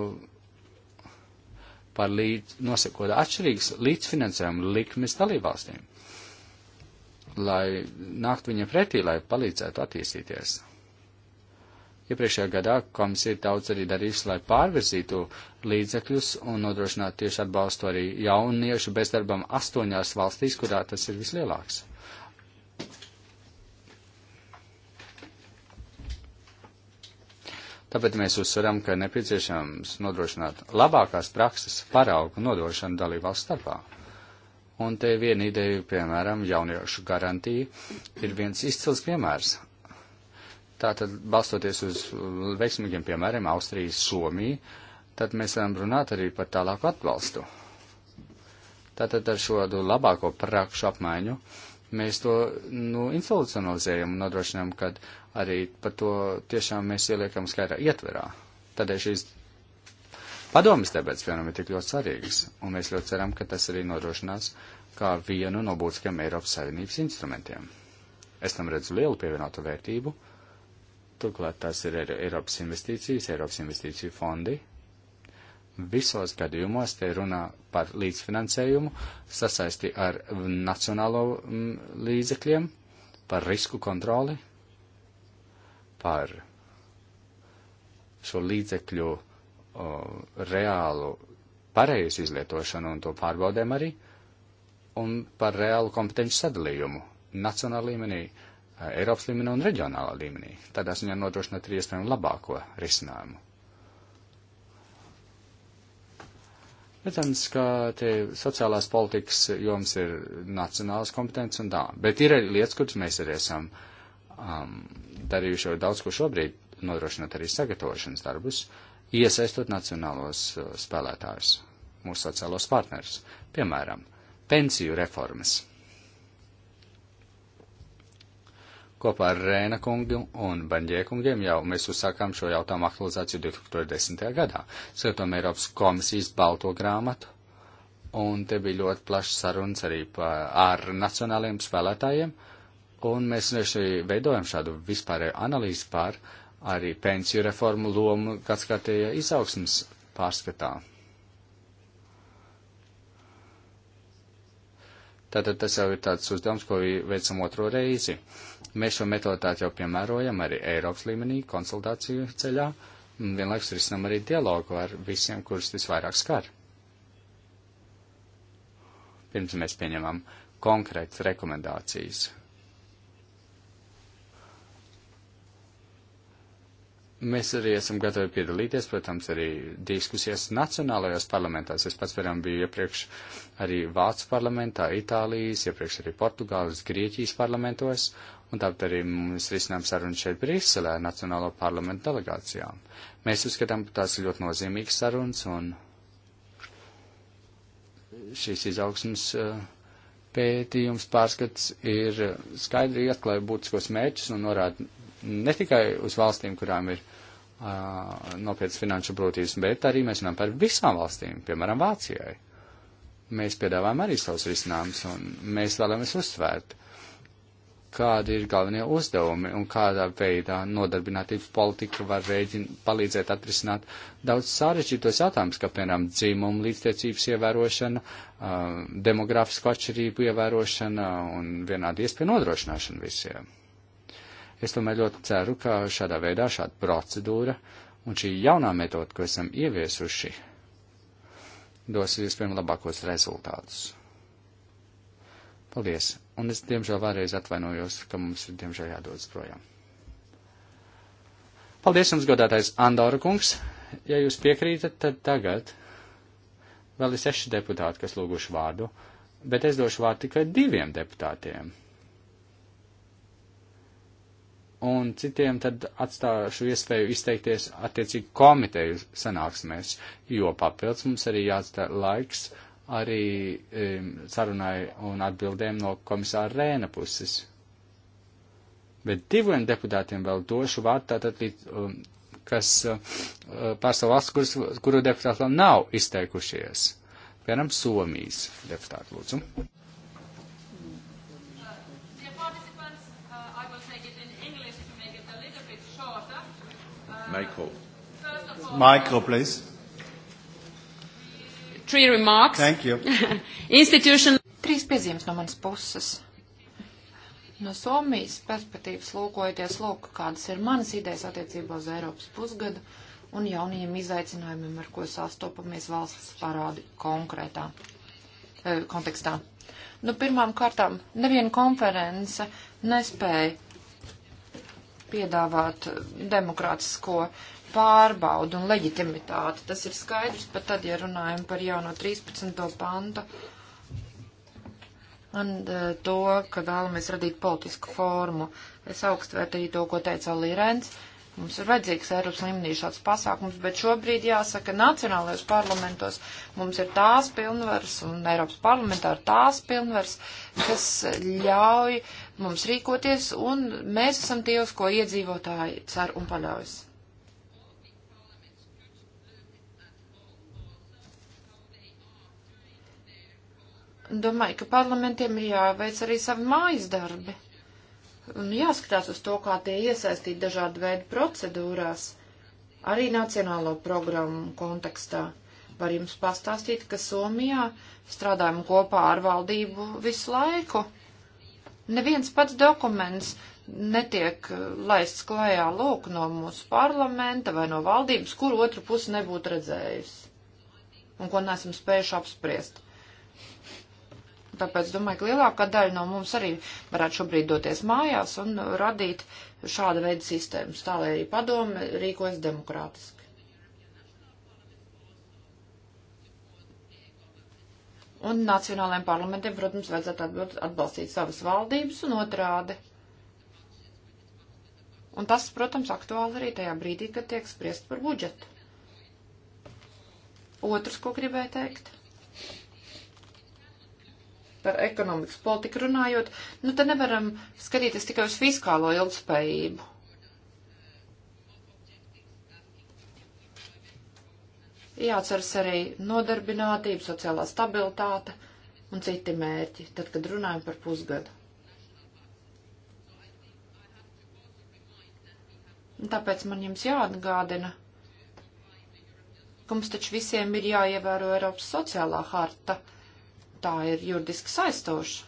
par līdz, nosakot atšķirīgas līdzfinansējuma likmes dalībvalstīm, lai nākt viņiem pretī, lai palīdzētu attīstīties. Iepriekšējā ja gadā komisija daudz arī darījusi, lai pārvirzītu līdzekļus un nodrošinātu tieši atbalstu arī jauniešu bezdarbam astoņās valstīs, kurā tas ir vislielāks. Tāpēc mēs uzsveram, ka nepieciešams nodrošināt labākās prakses paraugu nodošanu dalībvalstu starpā. Un te viena ideja, piemēram, jauniešu garantija, ir viens izcils piemērs. Tātad, balstoties uz veiksmīgiem piemēriem, Austrijas, Somija, tad mēs varam runāt arī par tālāku atbalstu. Tātad ar šo labāko prakšu apmaiņu mēs to nu, institucionalizējam un nodrošinām, ka arī par to tiešām mēs ieliekam skaidrā ietverā. Tādēļ šīs padomas debats vienam ir tik ļoti svarīgas, un mēs ļoti ceram, ka tas arī nodrošinās kā vienu no būtiskiem Eiropas Savienības instrumentiem. Es tam redzu lielu pievienotu vērtību. Turklāt tās ir Eiropas investīcijas, Eiropas investīciju fondi, Visos gadījumos te runā par līdzfinansējumu, sasaisti ar nacionālo mm, līdzekļiem, par risku kontroli, par šo līdzekļu o, reālu pareizu izlietošanu un to pārbaudēm arī, un par reālu kompetenci sadalījumu nacionāla līmenī, Eiropas līmenī un reģionālā līmenī. Tādā ziņā nodrošināt arī iespējami labāko risinājumu. Protams, ka te sociālās politikas joms ir nacionālas kompetences un tā, bet ir arī lietas, kuras mēs arī esam um, darījuši jau daudz ko šobrīd, nodrošinot arī sagatavošanas darbus, iesaistot nacionālos uh, spēlētājus, mūsu sociālos partnerus, piemēram, pensiju reformas. Kopā ar Rēna kungu un Banģē kungiem jau mēs uzsākām šo jautājumu aktualizāciju 2010. gadā. Skatām Eiropas komisijas balto grāmatu, un te bija ļoti plašs sarunas arī par, ar nacionāliem spēlētājiem, un mēs vienkārši veidojam šādu vispārēju analīzi par arī pensiju reformu lomu gadskārtējā izaugsmas pārskatā. Tātad tas jau ir tāds uzdevums, ko veicam otro reizi. Uh, Mēs šo metodāti jau piemērojam arī Eiropas līmenī, konsultāciju ceļā, un vienlaikus risinam arī dialogu ar visiem, kurus visvairāk skar. Pirms mēs pieņemam konkrētas rekomendācijas Mēs arī esam gatavi piedalīties, protams, arī diskusijas nacionālajos parlamentās. Es pats, piemēram, biju iepriekš arī Vācu parlamentā, Itālijas, iepriekš arī Portugāles, Grieķijas parlamentos, un tāpat arī mums risinām sarunu šeit Briselē, Nacionālo parlamentu delegācijām. Mēs uzskatām, ka tās ir ļoti nozīmīgas sarunas, un šīs izaugsmas eh, pētījums pārskats ir eh, skaidri atklāja būtiskos mērķus un norāda ne tikai uz valstīm, kurām ir uh, nopietnas finanšu grūtības, bet arī mēs runājam par visām valstīm, piemēram, Vācijai. Mēs piedāvājam arī savus risinājumus, un mēs vēlamies uzsvērt, kādi ir galvenie uzdevumi un kādā veidā nodarbinātības politika var rēģin, palīdzēt atrisināt daudz sarežģītos jautājumus, kā piemēram dzimuma līdztiecības ievērošana, uh, demogrāfisko atšķirību ievērošana un vienādi iespēja nodrošināšana visiem. Es tomēr ļoti ceru, ka šādā veidā šāda procedūra un šī jaunā metoda, ko esam ieviesuši, dos vispirms labākos rezultātus. Paldies! Un es diemžēl vēlreiz atvainojos, ka mums ir diemžēl jādodas projām. Paldies jums, godātais Andora kungs! Ja jūs piekrītat, tad tagad vēl ir seši deputāti, kas lūguši vārdu, bet es došu vārdu tikai diviem deputātiem un citiem tad atstāšu iespēju izteikties attiecīgi komiteju sanāksmēs, jo papildus mums arī jāatstāj laiks arī um, sarunai un atbildēm no komisāra Rēna puses. Bet diviem deputātiem vēl došu vārdu, tātad, um, kas uh, pārstāv valsts, kuru deputāti vēl nav izteikušies. Piemēram, Somijas deputāti, lūdzu. Micro. Micro, please. Three remarks. Thank you. [LAUGHS] Institution. Trīs piezīmes no manas puses. No Somijas perspektīvas lūkojoties, lūk, kādas ir manas idejas attiecībā uz Eiropas pusgadu un jaunajiem izaicinājumiem, ar ko sastopamies valsts parādi konkrētā e, kontekstā. Nu, pirmām kārtām, neviena konference nespēja piedāvāt demokrātisko pārbaudu un leģitimitāti. Tas ir skaidrs, pat tad, ja runājam par jauno 13. pantu un e, to, ka vēlamies radīt politisku formu. Es augstvērtēju to, ko teica Lirens. Mums ir vajadzīgs Eiropas līmenī šāds pasākums, bet šobrīd jāsaka, nacionālajos parlamentos mums ir tās pilnvaras un Eiropas parlamentā ir tās pilnvaras, kas ļauj mums rīkoties, un mēs esam tie, uz ko iedzīvotāji cer un paļaujas. Domāju, ka parlamentiem ir jāveic arī savi mājas darbi. Un jāskatās uz to, kā tie iesaistīt dažādu veidu procedūrās, arī nacionālo programmu kontekstā var jums pastāstīt, ka Somijā strādājam kopā ar valdību visu laiku. Neviens pats dokuments netiek uh, laists klajā lūk no mūsu parlamenta vai no valdības, kur otru pusi nebūtu redzējusi un ko nesam spējuši apspriest. Tāpēc domāju, ka lielākā daļa no mums arī varētu šobrīd doties mājās un radīt šāda veida sistēmas, tā lai arī padome rīkojas demokrātiski. Un nacionālajiem parlamentiem, protams, vajadzētu atbalstīt savas valdības un otrādi. Un tas, protams, aktuāli arī tajā brīdī, kad tiek spriest par budžetu. Otrs, ko gribēju teikt par ekonomikas politiku runājot, nu te nevaram skatīties tikai uz fiskālo ilgspējību. jāceras arī nodarbinātība, sociālā stabilitāte un citi mērķi, tad, kad runājam par pusgadu. Un tāpēc man jums jāatgādina, ka mums taču visiem ir jāievēro Eiropas sociālā harta. Tā ir juridiski saistoša.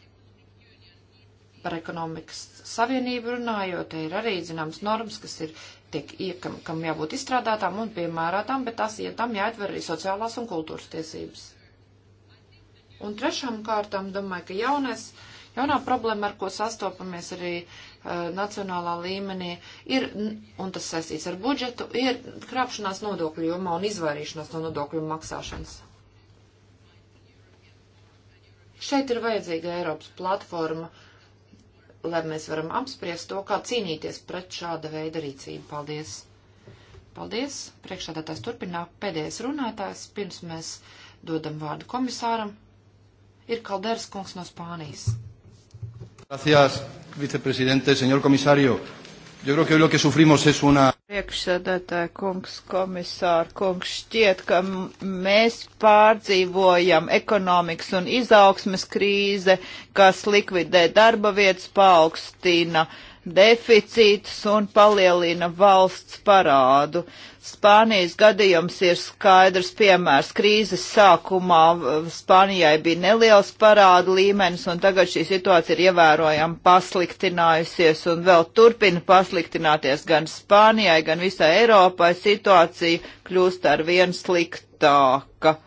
Par ekonomikas savienību runājot, ir arī zināms normas, kas ir tiek, kam, kam jābūt izstrādātām un piemērotām, bet tās, ja tam jāatver arī sociālās un kultūras tiesības. Un trešām kārtām, domāju, ka jaunais, jaunā problēma, ar ko sastopamies arī uh, nacionālā līmenī, ir, un tas saistīts ar budžetu, ir krāpšanās nodokļu jomā un izvairīšanās no nodokļu maksāšanas. Šeit ir vajadzīga Eiropas platforma, uh, lai mēs varam apspriest to, kā cīnīties pret šāda veida rīcību. Paldies! Paldies! Priekšādātājs turpinā pēdējais runātājs, pirms mēs dodam vārdu komisāram, ir Kalderas kungs no Spānijas. Gracias, viceprezidente, señor komisārio. Yo creo que lo que sufrimos es una. Priekšsēdētāja kungs, komisāra kungs, šķiet, ka mēs pārdzīvojam ekonomikas un izaugsmes krīze, kas likvidē darba vietas, paaugstina uh, deficītus un palielina valsts parādu. Spānijas gadījums ir skaidrs piemērs. Krīzes sākumā Spānijai bija neliels parādu līmenis, un tagad šī situācija ir ievērojami pasliktinājusies un vēl turpina pasliktināties gan Spānijai, gan visai Eiropai. Situācija kļūst ar vien sliktāka.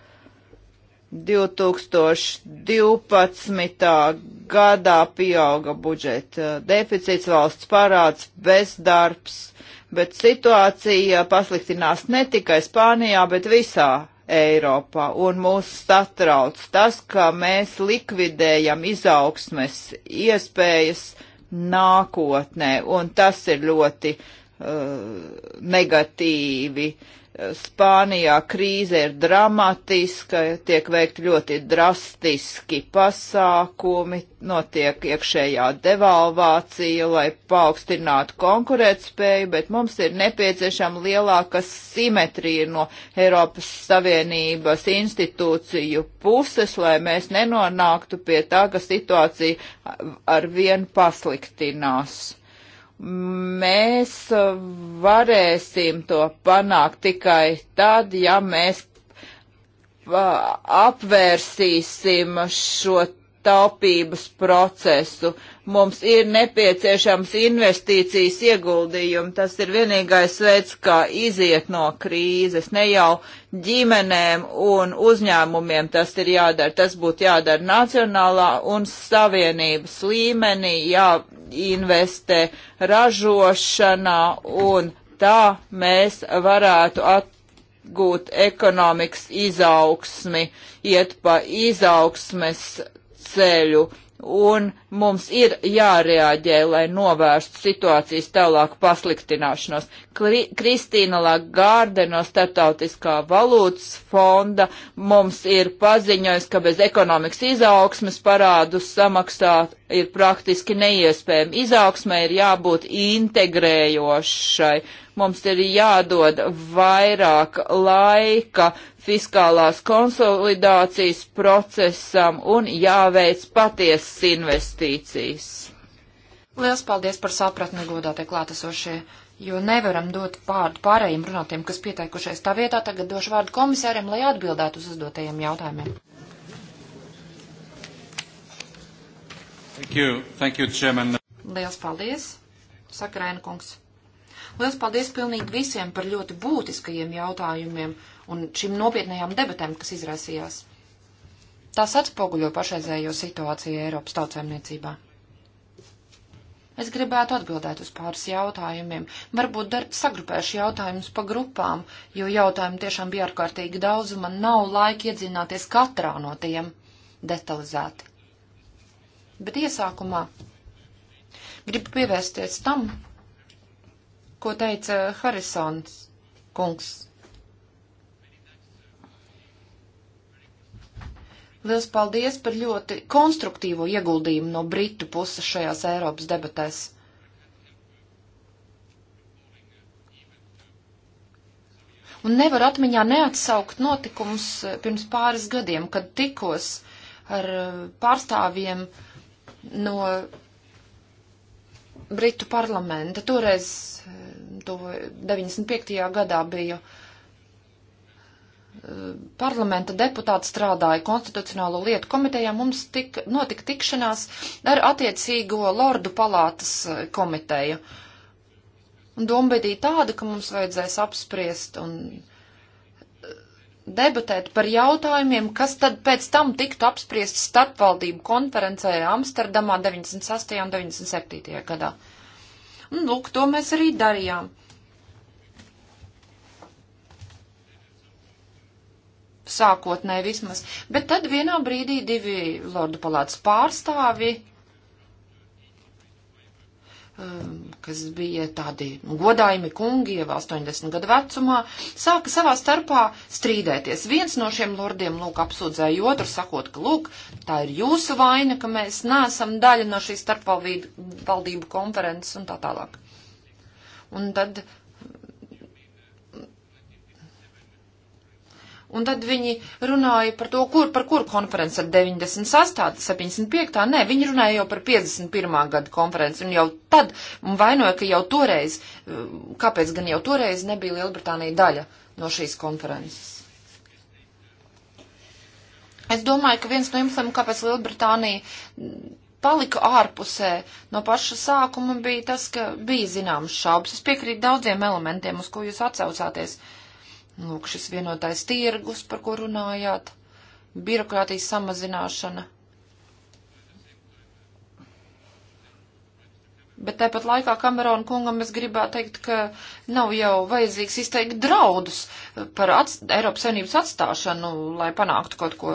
2012. gadā pieauga budžeta deficīts, valsts parāds, bezdarbs, bet situācija pasliktinās ne tikai Spānijā, bet visā Eiropā, un mūs satrauc tas, ka mēs likvidējam izaugsmes iespējas nākotnē, un tas ir ļoti uh, negatīvi. Uh, Spānijā krīze ir dramatiska, tiek veikti ļoti drastiski pasākumi, notiek iekšējā devalvācija, lai paaugstinātu konkurētspēju, bet mums ir nepieciešama lielāka simetrija no Eiropas Savienības institūciju puses, lai mēs nenonāktu pie tā, ka situācija ar vien pasliktinās mēs uh, varēsim to panākt tikai tad, ja mēs uh, apvērsīsim šo taupības procesu. Mums ir nepieciešams investīcijas ieguldījumi. Tas ir vienīgais veids, kā iziet no krīzes. Ne jau ģimenēm un uzņēmumiem tas ir jādara. Tas būtu jādara nacionālā un savienības līmenī, jāinvestē ražošanā un tā mēs varētu at gūt ekonomikas izaugsmi, iet pa izaugsmes ceļu, un mums ir jārēģē, lai novērstu situācijas tālāku pasliktināšanos. Kri Kristīna Lagarde no Startautiskā valūtas fonda mums ir paziņojusi, ka bez ekonomikas izaugsmes parādus samaksāt ir praktiski neiespējami. Izaugsmai ir jābūt integrējošai. Mums ir jādod vairāk laika fiskālās konsolidācijas procesam un jāveic patiesas investīcijas. Liels paldies par sapratni, godātie klātesošie, jo nevaram dot vārdu pārējiem runātiem, kas pieteikušies tā vietā. Tagad došu vārdu komisāriem, lai atbildētu uz uzdotajiem jautājumiem. Thank you. Thank you, Chairman. Liels paldies, saka Rēna kungs. Liels paldies pilnīgi visiem par ļoti būtiskajiem jautājumiem un šīm nopietnējām debatēm, kas izraisījās. Tās atspoguļo pašreizējo situāciju Eiropas tautsēmniecībā. Es gribētu atbildēt uz pāris jautājumiem. Varbūt dar, sagrupēšu jautājumus pa grupām, jo jautājumu tiešām bija ārkārtīgi daudz, un man nav laika iedzināties katrā no tiem detalizēti. Bet iesākumā gribu pievērsties tam, ko teica Harisons kungs Liels paldies par ļoti konstruktīvo ieguldījumu no Britu puses šajās Eiropas debatēs. Un nevar atmiņā neatsaukt notikums eh, pirms pāris gadiem, kad tikos ar eh, pārstāvjiem no Britu parlamenta. Toreiz, eh, to 95. gadā biju uh, parlamenta deputāti strādāja konstitucionālo lietu komitejā, mums tik, notika tikšanās ar attiecīgo Lordu palātas eh, komiteju. Un doma bija tāda, ka mums vajadzēs apspriest un eh, debatēt par jautājumiem, kas tad pēc tam tiktu apspriest starpvaldību konferencē Amsterdamā 96. un 97. gadā. Un lūk, to mēs arī darījām. sākotnē vismaz, bet tad vienā brīdī divi Lordu palātas pārstāvi, um, kas bija tādi godājumi kungi jau 80 gadu vecumā, sāka savā starpā strīdēties. Viens no šiem lordiem, lūk, apsūdzēja otru, sakot, ka, lūk, tā ir jūsu vaina, ka mēs neesam daļa no šīs starpvaldību konferences un tā tālāk. Un tad uh, Un tad viņi runāja par to, kur, par kuru konferenci ar 98, 75, nē, viņi runāja jau par 51. gada konferenci, un jau tad, un vainoja, ka jau toreiz, eh, kāpēc gan jau toreiz nebija Lielbritānija daļa no šīs konferences. Es domāju, ka viens no iemesliem, kāpēc Lielbritānija mm, palika ārpusē no paša sākuma, bija tas, ka bija zināmas šaubas. Es piekrītu daudziem elementiem, uz ko jūs atsaucāties. Uh, Lūk, šis vienotais tirgus, par ko runājāt, birokrātijas samazināšana. Bet tāpat laikā Kamerona kungam es gribētu teikt, ka nav jau vajadzīgs izteikt draudus par ats Eiropas Savienības atstāšanu, lai panāktu kaut ko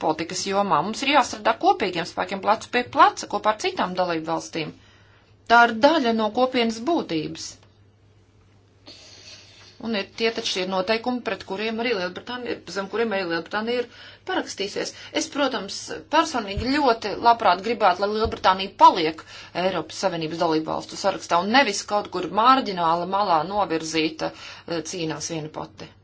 politikas jomā. Mums ir jāstrādā kopīgiem spēkiem plecu pie pleca kopā ar citām dalību valstīm. Tā ir daļa no kopienas būtības. Un ir, tie taču ir noteikumi, pret kuriem arī Lielbritānija, zem kuriem arī Lielbritānija ir parakstīsies. Es, protams, personīgi ļoti labprāt gribētu, lai Lielbritānija paliek Eiropas Savienības dalībvalstu sarakstā un nevis kaut kur mārģināli malā novirzīta eh, cīnās viena pati.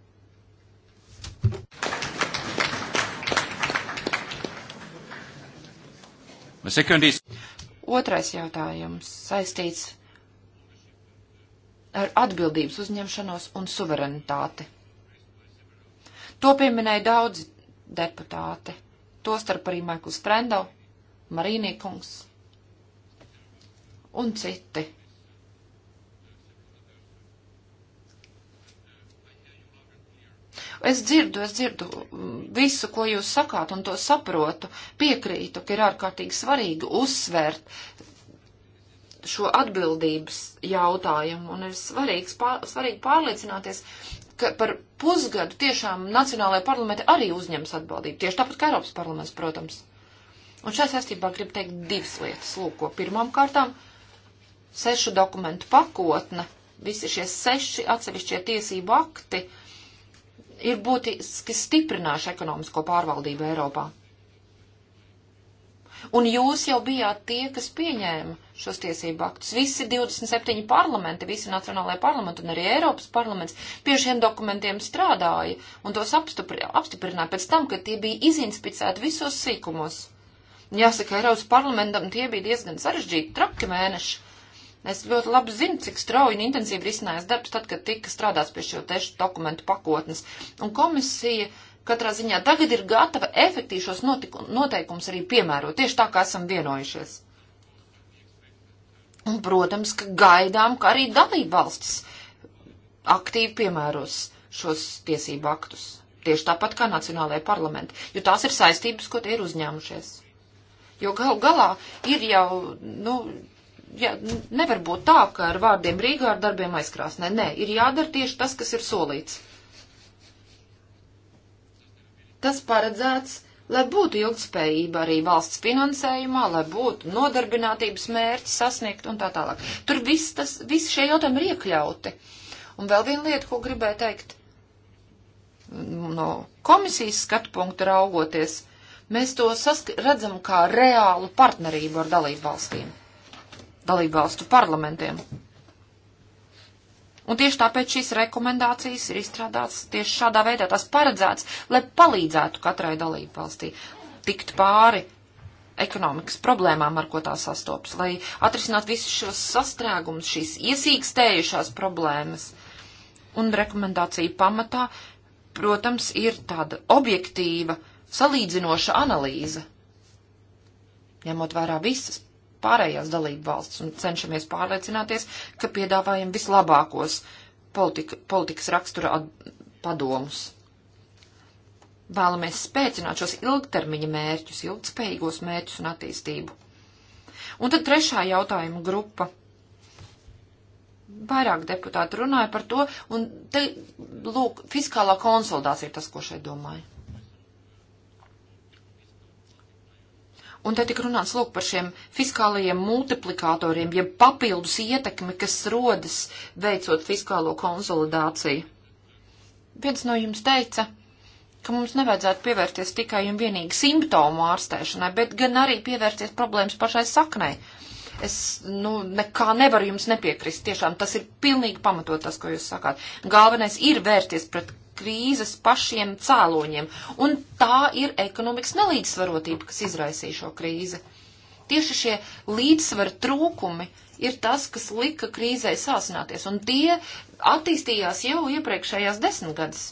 Otrais jautājums saistīts ar atbildības uzņemšanos un suverenitāti. To pieminēja daudzi deputāti, tostarp arī Maikls Frendau, Marīnīkungs un citi. Es dzirdu, es dzirdu mm, visu, ko jūs sakāt, un to saprotu, piekrītu, ka ir ārkārtīgi svarīgi uzsvērt šo atbildības jautājumu, un ir svarīgs, pār, svarīgi pārliecināties, ka par pusgadu tiešām Nacionālajā parlamentā arī uzņems atbildību, tieši tāpat kā Eiropas parlaments, protams. Un šajā saistībā gribu teikt divas lietas. Lūko, pirmām kārtām sešu dokumentu pakotne, visi šie seši atsevišķie tiesību akti ir būtiski stiprinājuši ekonomisko pārvaldību Eiropā. Un jūs jau bijāt tie, kas pieņēma šos tiesību aktus. Visi 27 parlamenti, visi nacionālajie parlamenti un arī Eiropas parlaments pie šiem dokumentiem strādāja un tos apstipri, apstiprināja pēc tam, kad tie bija izinspicēti visos sīkumos. Jāsaka, Eiropas parlamentam tie bija diezgan sarežģīti, traki mēneši. Es ļoti labi zinu, cik strauji un intensīvi risinājās darbs tad, kad tika strādāts pie šo tešu dokumentu pakotnes. Un komisija uh, katrā ziņā tagad ir gatava efektīvi šos noteikumus arī piemērot, tieši tā, kā esam vienojušies. Un, protams, ka gaidām, ka arī dalība valstis aktīvi piemēros šos tiesību aktus, tieši tāpat kā nacionālajie parlamenti, jo tās ir saistības, ko tie ir uzņēmušies. Jo gal galā ir jau, nu, jā, nevar būt tā, ka ar vārdiem Rīgā ar darbiem aizkrāsnē. Nē, ir jādara tieši tas, kas ir solīts tas paredzēts, lai būtu ilgspējība arī valsts finansējumā, lai būtu nodarbinātības mērķi sasniegt un tā tālāk. Tur viss tas, visi šie jautājumi ir iekļauti. Un vēl viena lieta, ko gribēju teikt, no komisijas skatu punktu raugoties, mēs to redzam kā reālu partnerību ar dalību valstīm, dalību valstu parlamentiem. Un tieši tāpēc šīs rekomendācijas ir izstrādāts tieši šādā veidā, tas paredzēts, lai palīdzētu katrai dalību valstī tikt pāri ekonomikas problēmām, ar ko tā sastopas, lai atrisināt visus šos sastrēgumus, šīs iesīkstējušās problēmas. Un rekomendācija pamatā, protams, ir tāda objektīva, salīdzinoša analīze, ņemot vērā visas pārējās dalību valsts un cenšamies pārliecināties, ka piedāvājam vislabākos politika, politikas rakstura padomus. Vēlamies spēcināt šos ilgtermiņa mērķus, ilgspējīgos mērķus un attīstību. Un tad trešā jautājuma grupa vairāk deputāti runāja par to, un te, lūk, fiskālā konsolidācija ir tas, ko šeit domāju. Un te tik runāts, lūk, par šiem fiskālajiem multiplikatoriem, jeb papildus ietekmi, kas rodas veicot fiskālo konsolidāciju. Viens no jums teica, ka mums nevajadzētu pievērties tikai un vienīgi simptomu ārstēšanai, bet gan arī pievērties problēmas pašai saknei. Es, nu, nekā nevaru jums nepiekrist. Tiešām tas ir pilnīgi pamatot tas, ko jūs sakāt. Galvenais ir vērsties pret krīzes pašiem cēloņiem, un tā ir ekonomikas nelīdzsvarotība, kas izraisīja šo krīzi. Tieši šie līdzsvara trūkumi ir tas, kas lika krīzē sāsināties, un tie attīstījās jau iepriekšējās desmitgades.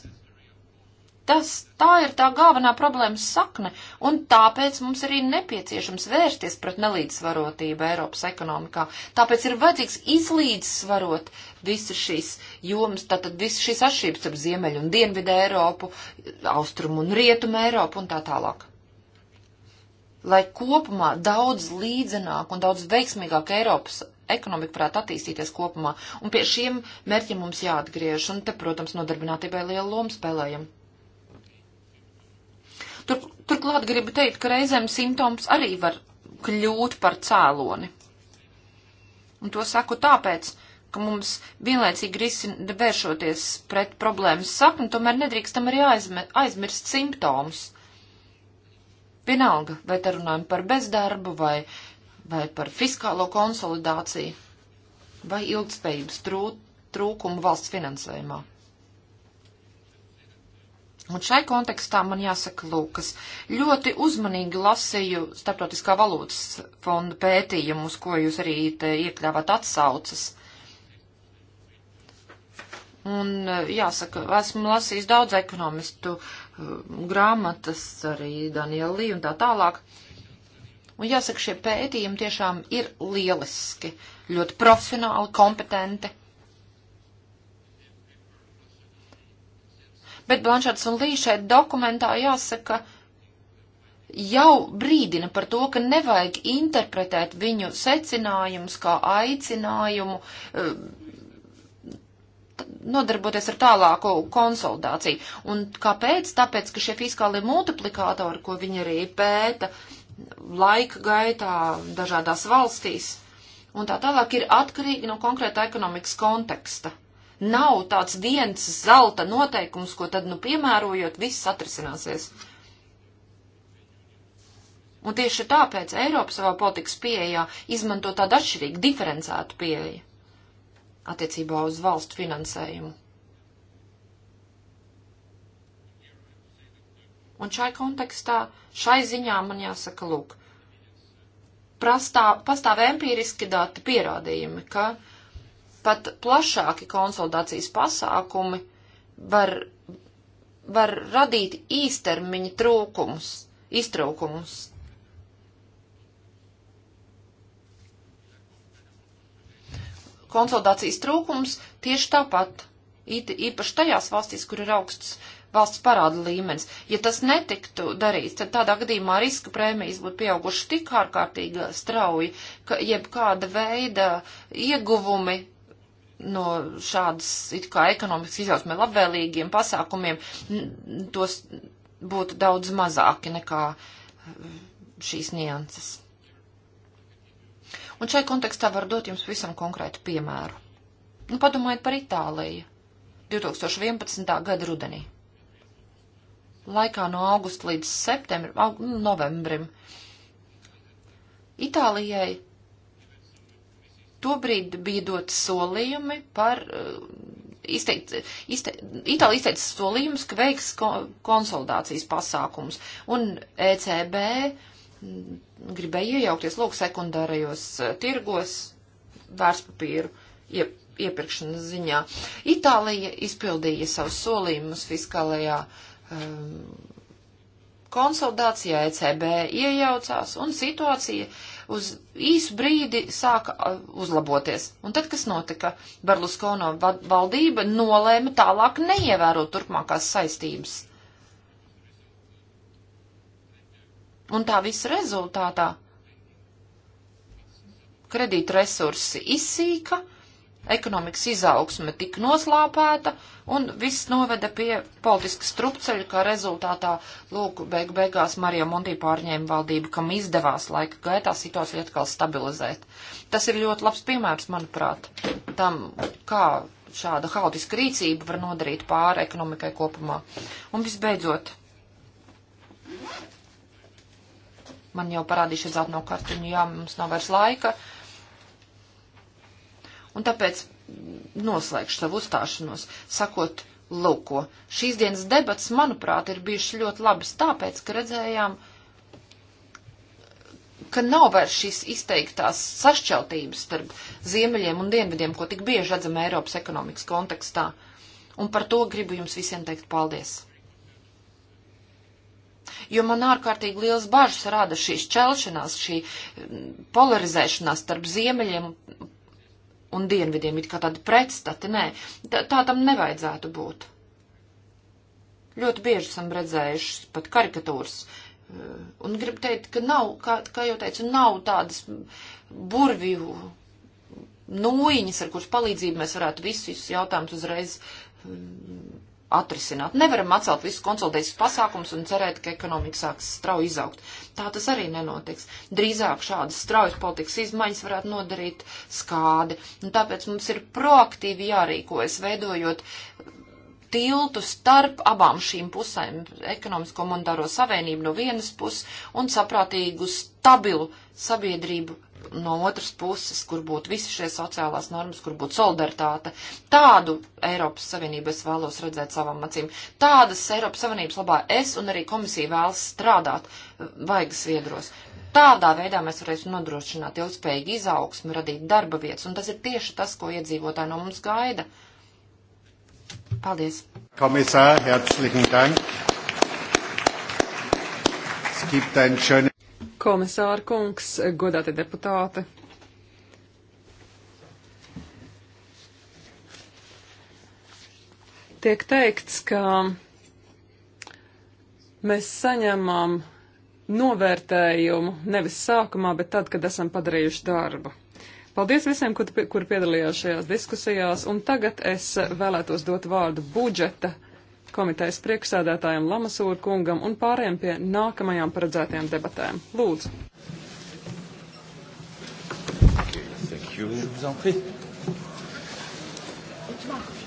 Tas, tā ir tā galvenā problēmas sakne, un tāpēc mums arī nepieciešams vērsties pret nelīdzsvarotību Eiropas ekonomikā. Tāpēc ir vajadzīgs izlīdzsvarot uh, visas šīs jomas, tātad visas šīs atšķirības ap Ziemeļu un Dienvidu Eiropu, Austrumu un Rietumu Eiropu un tā tālāk. Lai kopumā daudz līdzenāk un daudz veiksmīgāk Eiropas ekonomika varētu attīstīties kopumā, un pie šiem mērķiem mums jāatgriež, un te, protams, nodarbinātībai lielu lomu spēlējam. Tur, turklāt gribu teikt, ka reizēm simptoms arī var kļūt par cēloni. Un to saku tāpēc, ka mums vienlaicīgi risina vēršoties pret problēmas sakni, tomēr nedrīkstam arī aizme, aizmirst simptomus. Vienalga, vai te runājam par bezdarbu, vai, vai par fiskālo konsolidāciju, vai ilgspējības trū, trūkumu valsts finansējumā. Un šai kontekstā man jāsaka, Lūkas, ļoti uzmanīgi lasīju Startautiskā valūtas fonda pētījumus, ko jūs arī te iekļāvāt atsaucas. Un, eh, jāsaka, esmu lasījis daudz ekonomistu eh, grāmatas, arī Daniela Lī un tā tālāk. Un, jāsaka, šie pētījumi tiešām ir lieliski, ļoti profesionāli, kompetenti. Bet Blanšāts un Lī šeit dokumentā jāsaka, jau brīdina par to, ka nevajag interpretēt viņu secinājumus kā aicinājumu eh, nodarboties ar tālāko konsolidāciju. Un kāpēc? Tāpēc, ka šie fiskālie multiplikātori, ko viņi arī pēta laika gaitā dažādās valstīs un tā tālāk, ir atkarīgi no konkrēta ekonomikas konteksta. Nav tāds viens zelta noteikums, ko tad, nu, piemērojot, viss atrisināsies. Un tieši tāpēc Eiropa savā politikas pieejā izmanto tādu atšķirīgu, diferencētu pieeju attiecībā uz valstu finansējumu. Un šai kontekstā, šai ziņā man jāsaka, lūk, prastā, pastāv empīriski dati pierādījumi, ka pat plašāki konsolidācijas pasākumi var, var radīt īstermiņa trūkumus, iztrūkumus konsolidācijas trūkums tieši tāpat, it, īpaši tajās valstīs, kur ir augsts valsts parāda līmenis. Ja tas netiktu darīts, tad tādā gadījumā riska prēmijas būtu pieaugušas tik ārkārtīgi strauji, ka jebkāda veida ieguvumi no šādas it kā ekonomikas izjausmē labvēlīgiem pasākumiem, tos būtu daudz mazāki nekā uh, šīs nianses. Un šai kontekstā var dot jums visam konkrētu piemēru. Nu, padomājiet par Itāliju 2011. gada rudenī. Laikā no augusta līdz septembrim, aug, nu, novembrim Itālijai tobrīd bija dot solījumi par, izteikt, uh, izteikt, Itāli izteica solījumus, ka veiks konsolidācijas pasākums, un ECB gribēja iejaukties lūk sekundārajos eh, tirgos vērtspapīru iep, iepirkšanas ziņā. Itālija izpildīja savus solījumus fiskālajā um, konsolidācijā, ECB iejaucās un situācija uz īsu brīdi sāka eh, uzlaboties. Un tad, kas notika? Berluskono valdība nolēma tālāk neievērot turpmākās saistības Un tā visa rezultātā kredīta resursi izsīka, ekonomikas izaugsme tika noslāpēta un viss noveda pie politiska strupceļa, kā rezultātā, lūk, beig beigās Marija Montī pārņēma valdību, kam izdevās laika gaitā situāciju atkal stabilizēt. Tas ir ļoti labs piemērs, manuprāt, tam, kā šāda haotiska rīcība var nodarīt pāri ekonomikai kopumā. Un visbeidzot, Man jau parādīšas zeltno kartiņu, jā, mums nav vairs laika. Un tāpēc noslēgšu savu uzstāšanos, sakot, lūko, šīs dienas debats, manuprāt, ir bijušas ļoti labas, tāpēc, ka redzējām, ka nav vairs šīs izteiktās sašķeltības starp ziemeļiem un dienvidiem, ko tik bieži redzam Eiropas ekonomikas kontekstā. Un par to gribu jums visiem teikt paldies! jo man ārkārtīgi liels bažas rada šī šķelšanās, šī mm, polarizēšanās starp ziemeļiem un dienvidiem, it kā tāda pretstati, nē, tā, tā tam nevajadzētu būt. Ļoti bieži esam redzējuši pat karikatūras eh, Un gribu teikt, ka nav, kā, kā jau teicu, nav tādas burvju nūjiņas, ar kuras palīdzību mēs varētu visus jautājumus uzreiz mm, atrisināt. Nevaram atcelt visus konsultējas pasākums un cerēt, ka ekonomika sāks strauji izaugt. Tā tas arī nenotiks. Drīzāk šādas straujas politikas izmaiņas varētu nodarīt skādi. Un tāpēc mums ir proaktīvi jārīkojas, veidojot tiltu starp abām šīm pusēm - ekonomisko monetāro savienību no vienas puses un saprātīgu stabilu sabiedrību no otras puses, kur būtu visi šie sociālās normas, kur būtu solidaritāte. Tādu Eiropas Savienību es vēlos redzēt savām acīm. Tādas Eiropas Savienības labā es un arī komisija vēlas strādāt vaigas viedros. Tādā veidā mēs varēsim nodrošināt ilgspējīgu izaugsmu, radīt darba vietas, un tas ir tieši tas, ko iedzīvotāji no mums gaida. Paldies! Komisār, herzlichen Dank! Es gibt ein schönes Komisāra kungs, godāti deputāti. Tiek teikts, ka mēs saņemam novērtējumu nevis sākumā, bet tad, kad esam padarījuši darbu. Paldies visiem, kur, kur piedalījās šajās diskusijās, un tagad es vēlētos dot vārdu budžeta komitejas priekšsēdētājiem Lamasūra kungam un pārējiem pie nākamajām paredzētajām debatēm. Lūdzu. Thank you.